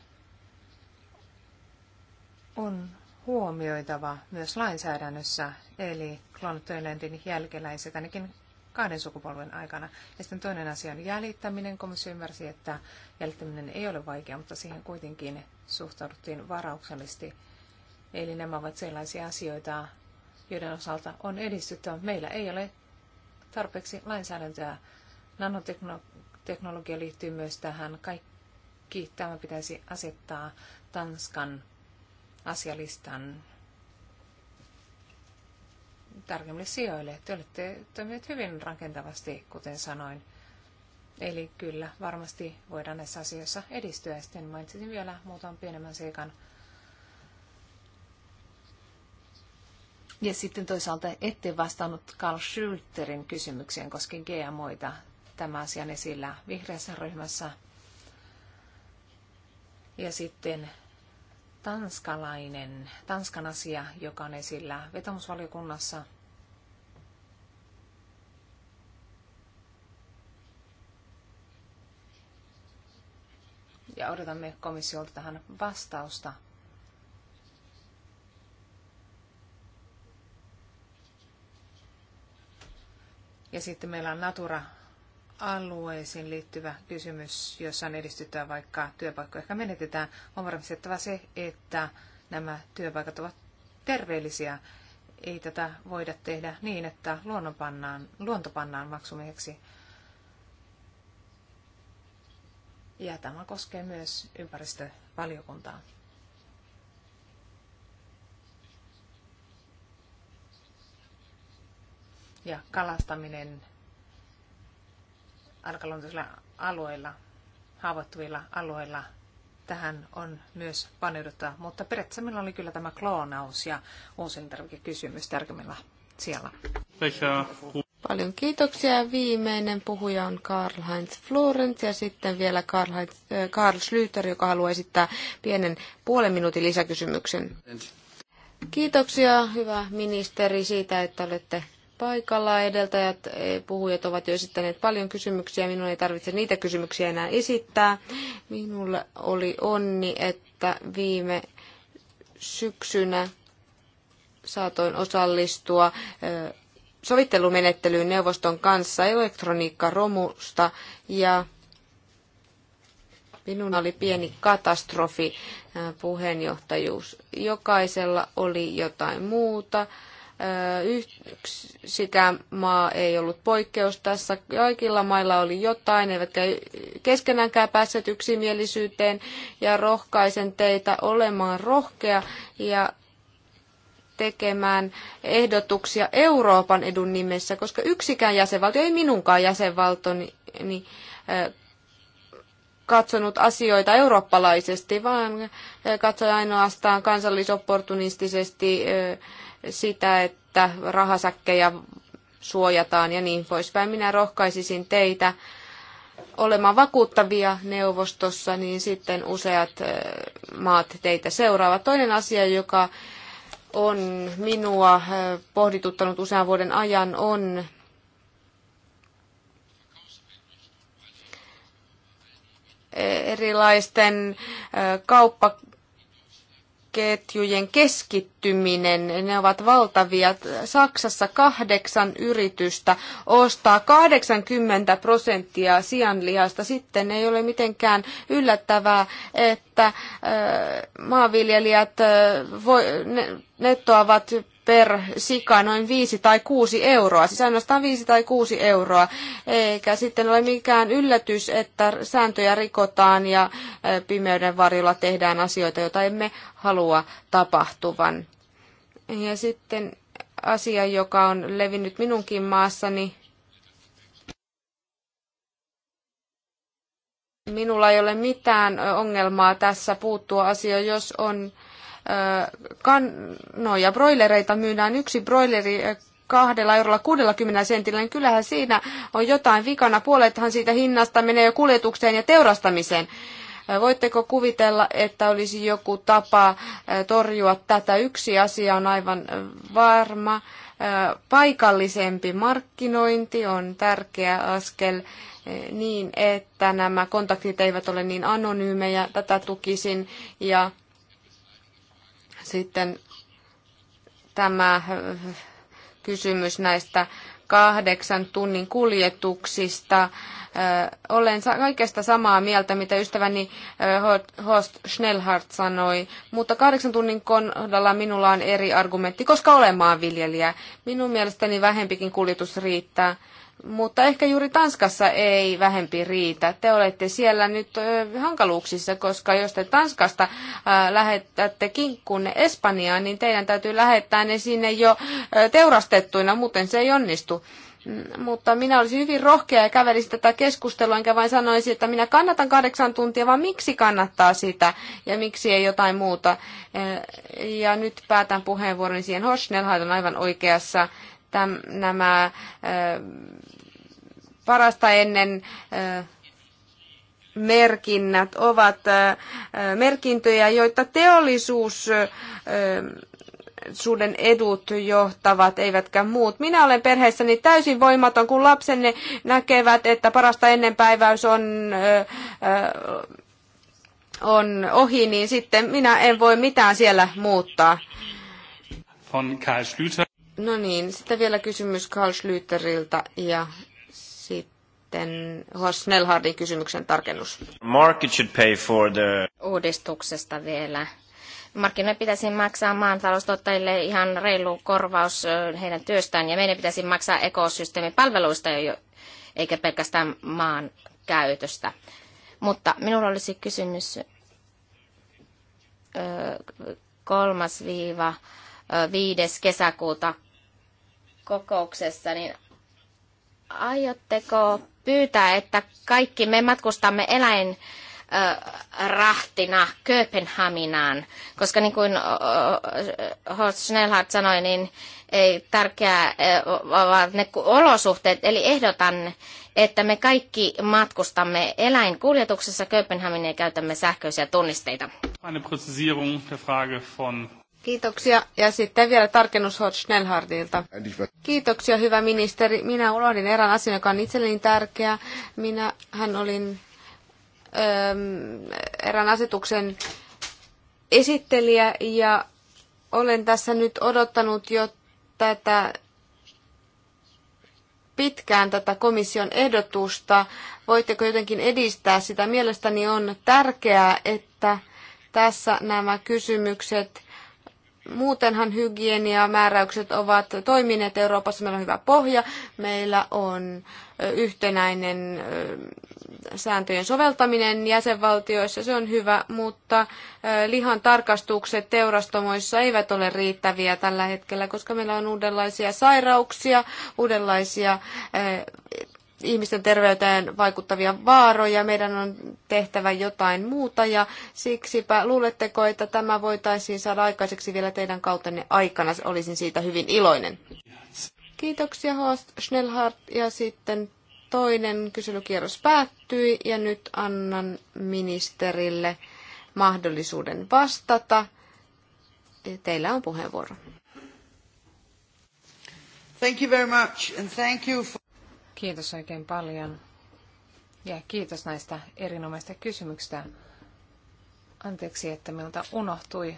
Speaker 4: on huomioitava myös lainsäädännössä, eli kloonattujen eläinten jälkeläiset ainakin kahden sukupolven aikana. Ja sitten toinen asia on jäljittäminen. Komissio ymmärsi, että jäljittäminen ei ole vaikea, mutta siihen kuitenkin suhtauduttiin varauksellisesti. Eli nämä ovat sellaisia asioita, joiden osalta on edistyttävä. Meillä ei ole tarpeeksi lainsäädäntöä. Nanoteknologia liittyy myös tähän. Kaikki tämä pitäisi asettaa Tanskan asialistan tarkemmille sijoille. Te olette toimineet hyvin rakentavasti, kuten sanoin. Eli kyllä, varmasti voidaan näissä asioissa edistyä. Sitten mainitsin vielä muutaman pienemmän seikan. Ja sitten toisaalta ette vastannut Carl Schulterin kysymykseen koskien GMOita. Tämä asian esillä vihreässä ryhmässä. Ja sitten tanskalainen, Tanskan asia, joka on esillä vetomusvaliokunnassa. Ja odotamme komissiolta tähän vastausta. Ja sitten meillä on Natura alueisiin liittyvä kysymys, jossa on edistyttävä, vaikka työpaikkoja ehkä menetetään, on varmistettava se, että nämä työpaikat ovat terveellisiä. Ei tätä voida tehdä niin, että pannaan, luonto pannaan maksumieheksi. Ja tämä koskee myös ympäristövaliokuntaa. Ja kalastaminen alkaluontoisilla alueilla, haavoittuvilla alueilla tähän on myös paneuduttava. mutta periaatteessa meillä oli kyllä tämä kloonaus ja uusintarvikekysymys tärkeimmillä siellä.
Speaker 2: Paljon kiitoksia. Viimeinen puhuja on Karl-Heinz Florence ja sitten vielä Karl, Heinz, äh, Karl Schlüter, joka haluaa esittää pienen puolen minuutin lisäkysymyksen. Kiitoksia, hyvä ministeri, siitä, että olette paikalla. Edeltäjät e, puhujat ovat jo esittäneet paljon kysymyksiä. Minun ei tarvitse niitä kysymyksiä enää esittää. Minulle oli onni, että viime syksynä saatoin osallistua e, sovittelumenettelyyn neuvoston kanssa elektroniikkaromusta ja minun oli pieni katastrofi e, puheenjohtajuus. Jokaisella oli jotain muuta Yksikään maa ei ollut poikkeus tässä. Kaikilla mailla oli jotain, eivätkä keskenäänkään päässeet yksimielisyyteen. Ja rohkaisen teitä olemaan rohkea ja tekemään ehdotuksia Euroopan edun nimessä, koska yksikään jäsenvaltio, ei minunkaan jäsenvaltoni, niin, katsonut asioita eurooppalaisesti, vaan katsoi ainoastaan kansallisopportunistisesti sitä, että rahasäkkejä suojataan ja niin poispäin. Minä rohkaisisin teitä olemaan vakuuttavia neuvostossa, niin sitten useat maat teitä seuraavat. Toinen asia, joka on minua pohdituttanut usean vuoden ajan, on erilaisten kauppa ketjujen keskittyminen, ne ovat valtavia. Saksassa kahdeksan yritystä ostaa 80 prosenttia sianlihasta. Sitten ei ole mitenkään yllättävää, että maanviljelijät nettoavat per sika noin 5 tai 6 euroa, siis ainoastaan 5 tai 6 euroa. Eikä sitten ole mikään yllätys, että sääntöjä rikotaan ja pimeyden varjolla tehdään asioita, joita emme halua tapahtuvan. Ja sitten asia, joka on levinnyt minunkin maassani, minulla ei ole mitään ongelmaa tässä puuttua asioon, jos on kannoja, broilereita myydään yksi broileri kahdella eurolla 60 sentillä, niin kyllähän siinä on jotain vikana. Puolethan siitä hinnasta menee jo kuljetukseen ja teurastamiseen. Voitteko kuvitella, että olisi joku tapa torjua tätä? Yksi asia on aivan varma. Paikallisempi markkinointi on tärkeä askel niin, että nämä kontaktit eivät ole niin anonyymejä. Tätä tukisin ja sitten tämä kysymys näistä kahdeksan tunnin kuljetuksista. Olen kaikesta samaa mieltä, mitä ystäväni Horst Schnellhardt sanoi, mutta kahdeksan tunnin kohdalla minulla on eri argumentti, koska olen maanviljelijä. Minun mielestäni vähempikin kuljetus riittää. Mutta ehkä juuri Tanskassa ei vähempi riitä. Te olette siellä nyt hankaluuksissa, koska jos te Tanskasta lähetätte kinkkun Espanjaan, niin teidän täytyy lähettää ne sinne jo teurastettuina, muuten se ei onnistu mm, mutta minä olisin hyvin rohkea ja kävelisin tätä keskustelua, enkä vain sanoisi, että minä kannatan kahdeksan tuntia, vaan miksi kannattaa sitä ja miksi ei jotain muuta. Ja nyt päätän puheenvuoroni siihen. Horsnell on aivan oikeassa täm, nämä parasta ennen merkinnät ovat merkintöjä, joita teollisuus suuden edut johtavat, eivätkä muut. Minä olen perheessäni täysin voimaton, kun lapsenne näkevät, että parasta ennenpäiväys on, äh, on ohi, niin sitten minä en voi mitään siellä muuttaa.
Speaker 1: Von Karl Schlüter.
Speaker 2: No niin, sitten vielä kysymys Karl Schlüteriltä ja sitten
Speaker 3: Horst Snellhardin kysymyksen tarkennus. Market should pay for the... Uudistuksesta vielä. Markkinoiden pitäisi maksaa maantaloustuottajille ihan reilu korvaus heidän työstään ja meidän pitäisi maksaa ekosysteemipalveluista, jo, eikä pelkästään maan käytöstä. Mutta minulla olisi kysymys kolmas viiva viides kesäkuuta kokouksessa, niin aiotteko pyytää, että kaikki me matkustamme eläin rahtina Kööpenhaminaan, koska niin kuin Horst Schnellhardt sanoi, niin ei tärkeää ovat ne olosuhteet, eli ehdotan, että me kaikki matkustamme eläinkuljetuksessa Kööpenhaminaan ja käytämme sähköisiä tunnisteita.
Speaker 1: Eine Frage von
Speaker 3: Kiitoksia. Ja sitten vielä tarkennus Hort Schnellhardilta.
Speaker 2: Kiitoksia, hyvä ministeri. Minä unohdin erään asian, joka on itselleni tärkeä. Minä, hän olin öö, erään asetuksen esittelijä ja olen tässä nyt odottanut jo tätä pitkään tätä komission ehdotusta. Voitteko jotenkin edistää sitä? Mielestäni on tärkeää, että tässä nämä kysymykset Muutenhan hygieniamääräykset ovat toimineet Euroopassa. Meillä on hyvä pohja, meillä on yhtenäinen sääntöjen soveltaminen jäsenvaltioissa, se on hyvä, mutta lihan tarkastukset teurastomoissa eivät ole riittäviä tällä hetkellä, koska meillä on uudenlaisia sairauksia, uudenlaisia ihmisten terveyteen vaikuttavia vaaroja, meidän on tehtävä jotain muuta ja siksipä luuletteko, että tämä voitaisiin saada aikaiseksi vielä teidän kautenne aikana? Olisin siitä hyvin iloinen. Kiitoksia Horst Schnellhardt ja sitten toinen kyselykierros päättyi ja nyt annan ministerille mahdollisuuden vastata. Teillä on puheenvuoro.
Speaker 4: Thank you very much and thank you for... Kiitos oikein paljon. Ja kiitos näistä erinomaisista kysymyksistä. Anteeksi, että minulta unohtui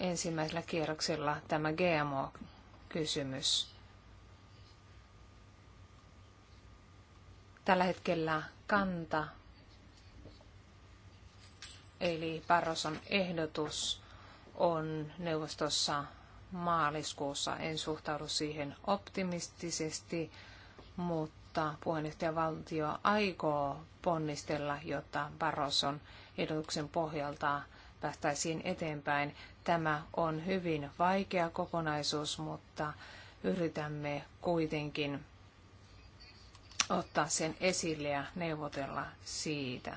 Speaker 4: ensimmäisellä kierroksella tämä GMO-kysymys. Tällä hetkellä kanta, eli Barroson ehdotus, on neuvostossa maaliskuussa. En suhtaudu siihen optimistisesti, mutta puheenjohtajavaltio aikoo ponnistella, jotta Barroson edutuksen pohjalta päästäisiin eteenpäin. Tämä on hyvin vaikea kokonaisuus, mutta yritämme kuitenkin ottaa sen esille ja neuvotella siitä.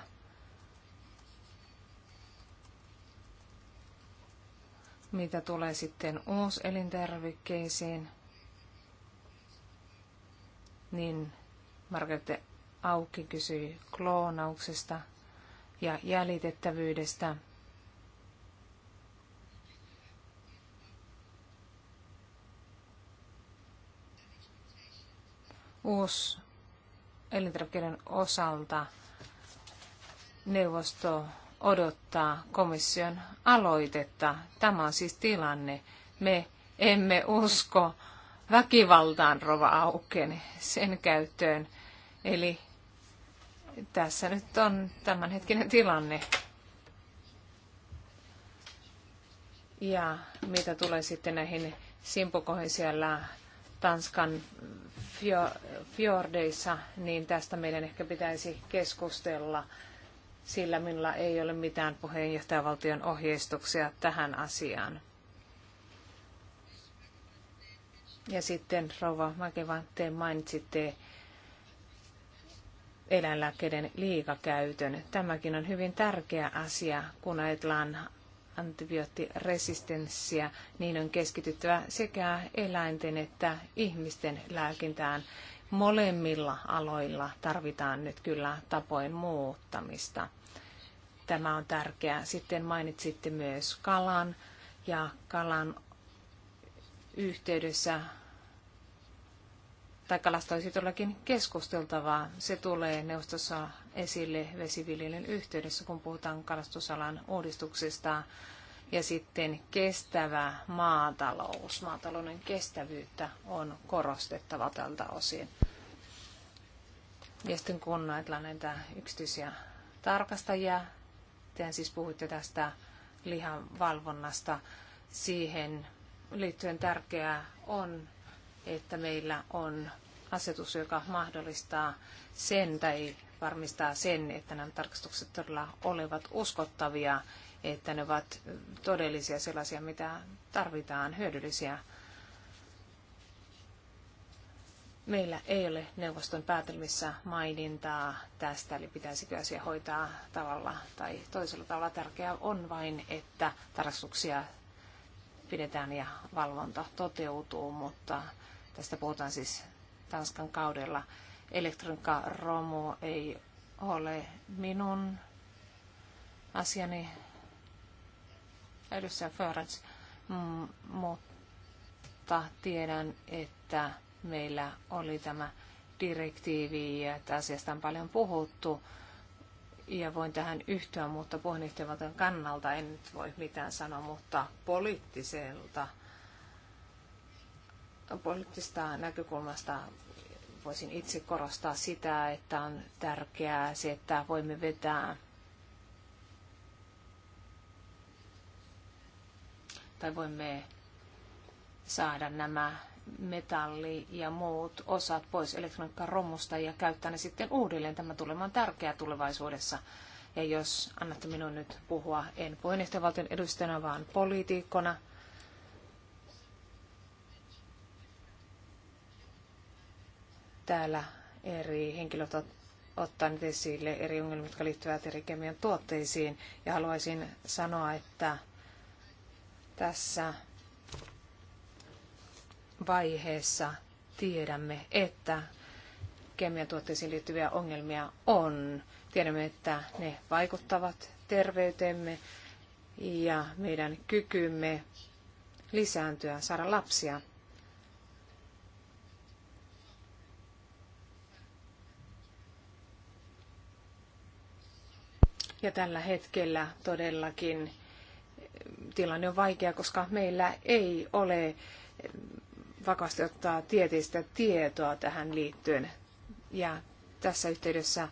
Speaker 4: Mitä tulee sitten elintarvikkeisiin, niin Margaret Aukki kysyi kloonauksesta ja jäljitettävyydestä. Uusi elintarvikkeiden osalta neuvosto odottaa komission aloitetta. Tämä on siis tilanne. Me emme usko väkivaltaan rova auken sen käyttöön. Eli tässä nyt on tämänhetkinen tilanne. Ja mitä tulee sitten näihin simpukoihin siellä Tanskan fjordeissa, niin tästä meidän ehkä pitäisi keskustella sillä minulla ei ole mitään puheenjohtajavaltion ohjeistuksia tähän asiaan. Ja sitten Rova Makeva, te mainitsitte eläinlääkkeiden liikakäytön. Tämäkin on hyvin tärkeä asia, kun ajatellaan antibioottiresistenssiä, niin on keskityttävä sekä eläinten että ihmisten lääkintään molemmilla aloilla tarvitaan nyt kyllä tapojen muuttamista. Tämä on tärkeää. Sitten mainitsitte myös kalan ja kalan yhteydessä tai kalasta olisi todellakin keskusteltavaa. Se tulee neuvostossa esille vesiviljelyn yhteydessä, kun puhutaan kalastusalan uudistuksesta ja sitten kestävä maatalous, maatalouden kestävyyttä on korostettava tältä osin. Ja sitten kun ajatellaan näitä yksityisiä tarkastajia, te siis puhuitte tästä lihan valvonnasta, siihen liittyen tärkeää on, että meillä on asetus, joka mahdollistaa sen tai varmistaa sen, että nämä tarkastukset todella olivat uskottavia että ne ovat todellisia sellaisia, mitä tarvitaan, hyödyllisiä. Meillä ei ole neuvoston päätelmissä mainintaa tästä, eli pitäisikö asia hoitaa tavalla tai toisella tavalla. Tärkeää on vain, että tarkastuksia pidetään ja valvonta toteutuu, mutta tästä puhutaan siis Tanskan kaudella. romu ei ole minun asiani Lyssä Förens, mutta tiedän, että meillä oli tämä direktiivi ja että asiasta on paljon puhuttu ja voin tähän yhtyä, mutta puheenjohtajavaltion kannalta en nyt voi mitään sanoa, mutta poliittiselta, poliittisesta näkökulmasta voisin itse korostaa sitä, että on tärkeää se, että voimme vetää tai voimme saada nämä metalli ja muut osat pois elektroniikkaromusta ja käyttää ne sitten uudelleen. Tämä tulemaan tärkeää tulevaisuudessa. Ja jos annatte minun nyt puhua, en puheenjohtajavaltion edustajana, vaan poliitikkona, täällä eri henkilöt ottaa nyt esille eri ongelmia, jotka liittyvät eri kemian tuotteisiin. Ja haluaisin sanoa, että tässä vaiheessa tiedämme, että kemiantuotteisiin liittyviä ongelmia on. Tiedämme, että ne vaikuttavat terveyteemme ja meidän kykymme lisääntyä, saada lapsia. Ja tällä hetkellä todellakin tilanne on vaikea, koska meillä ei ole vakaasti ottaa tieteistä tietoa tähän liittyen. Ja tässä yhteydessä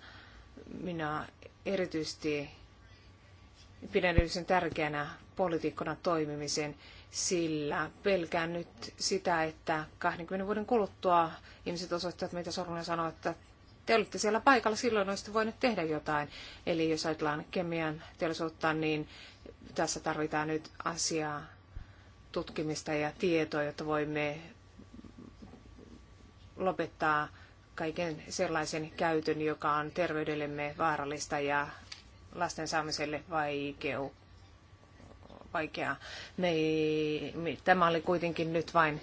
Speaker 4: minä erityisesti pidän erityisen tärkeänä poliitikkona toimimisen, sillä pelkään nyt sitä, että 20 vuoden kuluttua ihmiset osoittavat meitä sormulla ja sanovat, että te olitte siellä paikalla, silloin olisitte voineet tehdä jotain. Eli jos ajatellaan kemian teollisuutta, niin tässä tarvitaan nyt asiaa, tutkimista ja tietoa, jotta voimme lopettaa kaiken sellaisen käytön, joka on terveydellemme vaarallista ja lasten saamiselle vaikeu, vaikeaa. Me, me, tämä oli kuitenkin nyt vain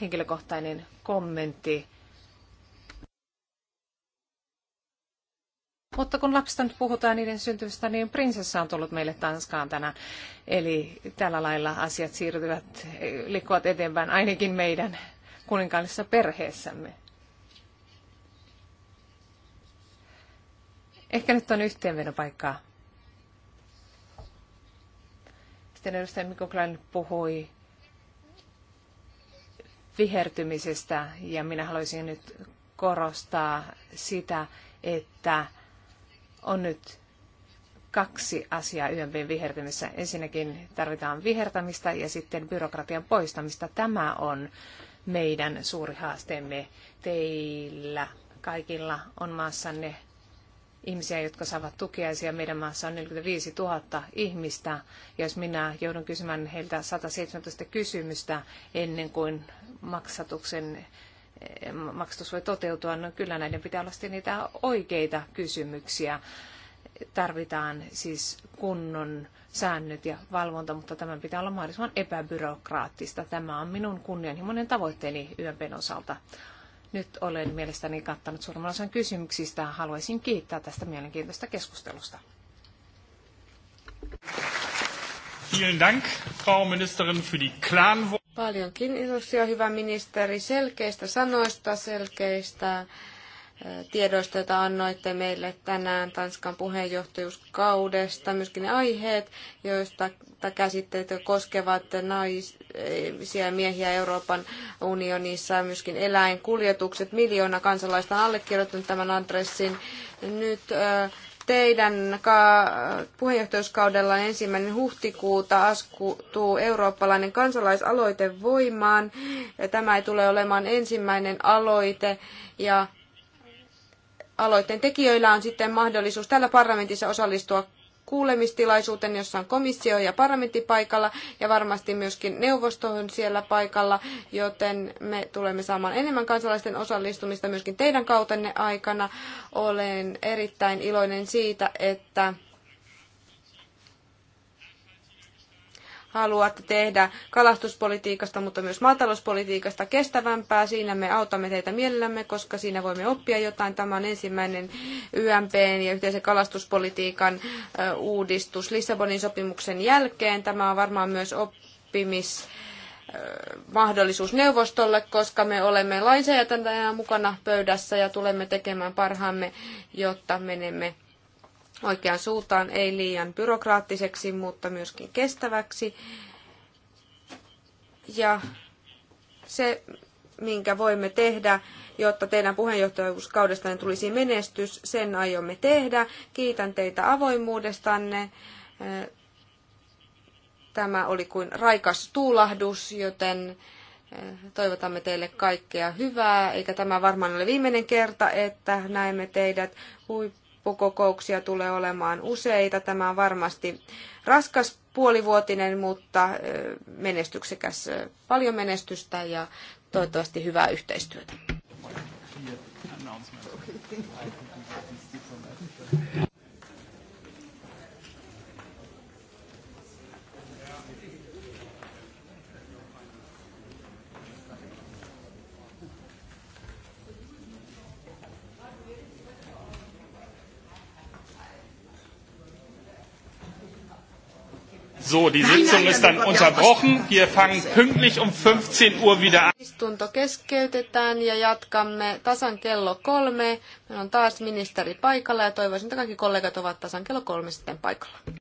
Speaker 4: henkilökohtainen kommentti Mutta kun lapsista nyt puhutaan niiden syntymistä, niin prinsessa on tullut meille Tanskaan tänään. Eli tällä lailla asiat siirtyvät, liikkuvat eteenpäin ainakin meidän kuninkaallisessa perheessämme. Ehkä nyt on yhteenvenopaikkaa. Sitten edustaja Mikko Klein puhui vihertymisestä ja minä haluaisin nyt korostaa sitä, että on nyt kaksi asiaa YMPn vihertämisessä. Ensinnäkin tarvitaan vihertämistä ja sitten byrokratian poistamista. Tämä on meidän suuri haasteemme teillä. Kaikilla on maassanne ihmisiä, jotka saavat tukiaisia. Meidän maassa on 45 000 ihmistä. Jos minä joudun kysymään heiltä 117 kysymystä ennen kuin maksatuksen maksatus voi toteutua, no kyllä näiden pitää olla sitten niitä oikeita kysymyksiä. Tarvitaan siis kunnon säännöt ja valvonta, mutta tämän pitää olla mahdollisimman epäbyrokraattista. Tämä on minun kunnianhimoinen tavoitteeni YMPn osalta. Nyt olen mielestäni kattanut suurimman osan kysymyksistä. Haluaisin kiittää tästä mielenkiintoista keskustelusta.
Speaker 1: Thank you. Vielen Dank, Frau Ministerin, für die klaren
Speaker 4: Paljon kiitoksia,
Speaker 2: hyvä ministeri, selkeistä sanoista, selkeistä äh, tiedoista, joita annoitte meille tänään Tanskan puheenjohtajuuskaudesta, myöskin ne aiheet, joista käsitteet koskevat naisia ja miehiä Euroopan unionissa, myöskin eläinkuljetukset. Miljoona kansalaista on allekirjoittanut tämän adressin. Nyt äh, teidän puheenjohtajuuskaudella ensimmäinen huhtikuuta astuu eurooppalainen kansalaisaloite voimaan. Tämä ei tule olemaan ensimmäinen aloite ja aloitteen tekijöillä on sitten mahdollisuus täällä parlamentissa osallistua kuulemistilaisuuteen, jossa on komissio ja parlamentti paikalla ja varmasti myöskin neuvosto on siellä paikalla, joten me tulemme saamaan enemmän kansalaisten osallistumista myöskin teidän kautenne aikana. Olen erittäin iloinen siitä, että haluatte tehdä kalastuspolitiikasta, mutta myös maatalouspolitiikasta kestävämpää. Siinä me autamme teitä mielellämme, koska siinä voimme oppia jotain. Tämä on ensimmäinen YMPn ja yhteisen kalastuspolitiikan uudistus Lissabonin sopimuksen jälkeen. Tämä on varmaan myös oppimis mahdollisuus neuvostolle, koska me olemme lainsäätäjänä mukana pöydässä ja tulemme tekemään parhaamme, jotta menemme oikeaan suuntaan, ei liian byrokraattiseksi, mutta myöskin kestäväksi. Ja se, minkä voimme tehdä, jotta teidän puheenjohtajuuskaudestanne tulisi menestys, sen aiomme tehdä. Kiitän teitä avoimuudestanne. Tämä oli kuin raikas tuulahdus, joten eh, toivotamme teille kaikkea hyvää, eikä tämä varmaan ole viimeinen kerta, että näemme teidät huippu huippukokouksia tulee olemaan useita. Tämä on varmasti raskas puolivuotinen, mutta menestyksekäs. Paljon menestystä ja toivottavasti hyvää yhteistyötä.
Speaker 1: So, die Sitzung ist dann unterbrochen. Wir fangen pünktlich um 15 Uhr wieder an.
Speaker 2: Istunto keskeytetään ja jatkamme tasan kello kolme. Meillä on taas ministeri paikalla ja toivoisin, että kaikki kollegat ovat tasan kello kolme sitten paikalla.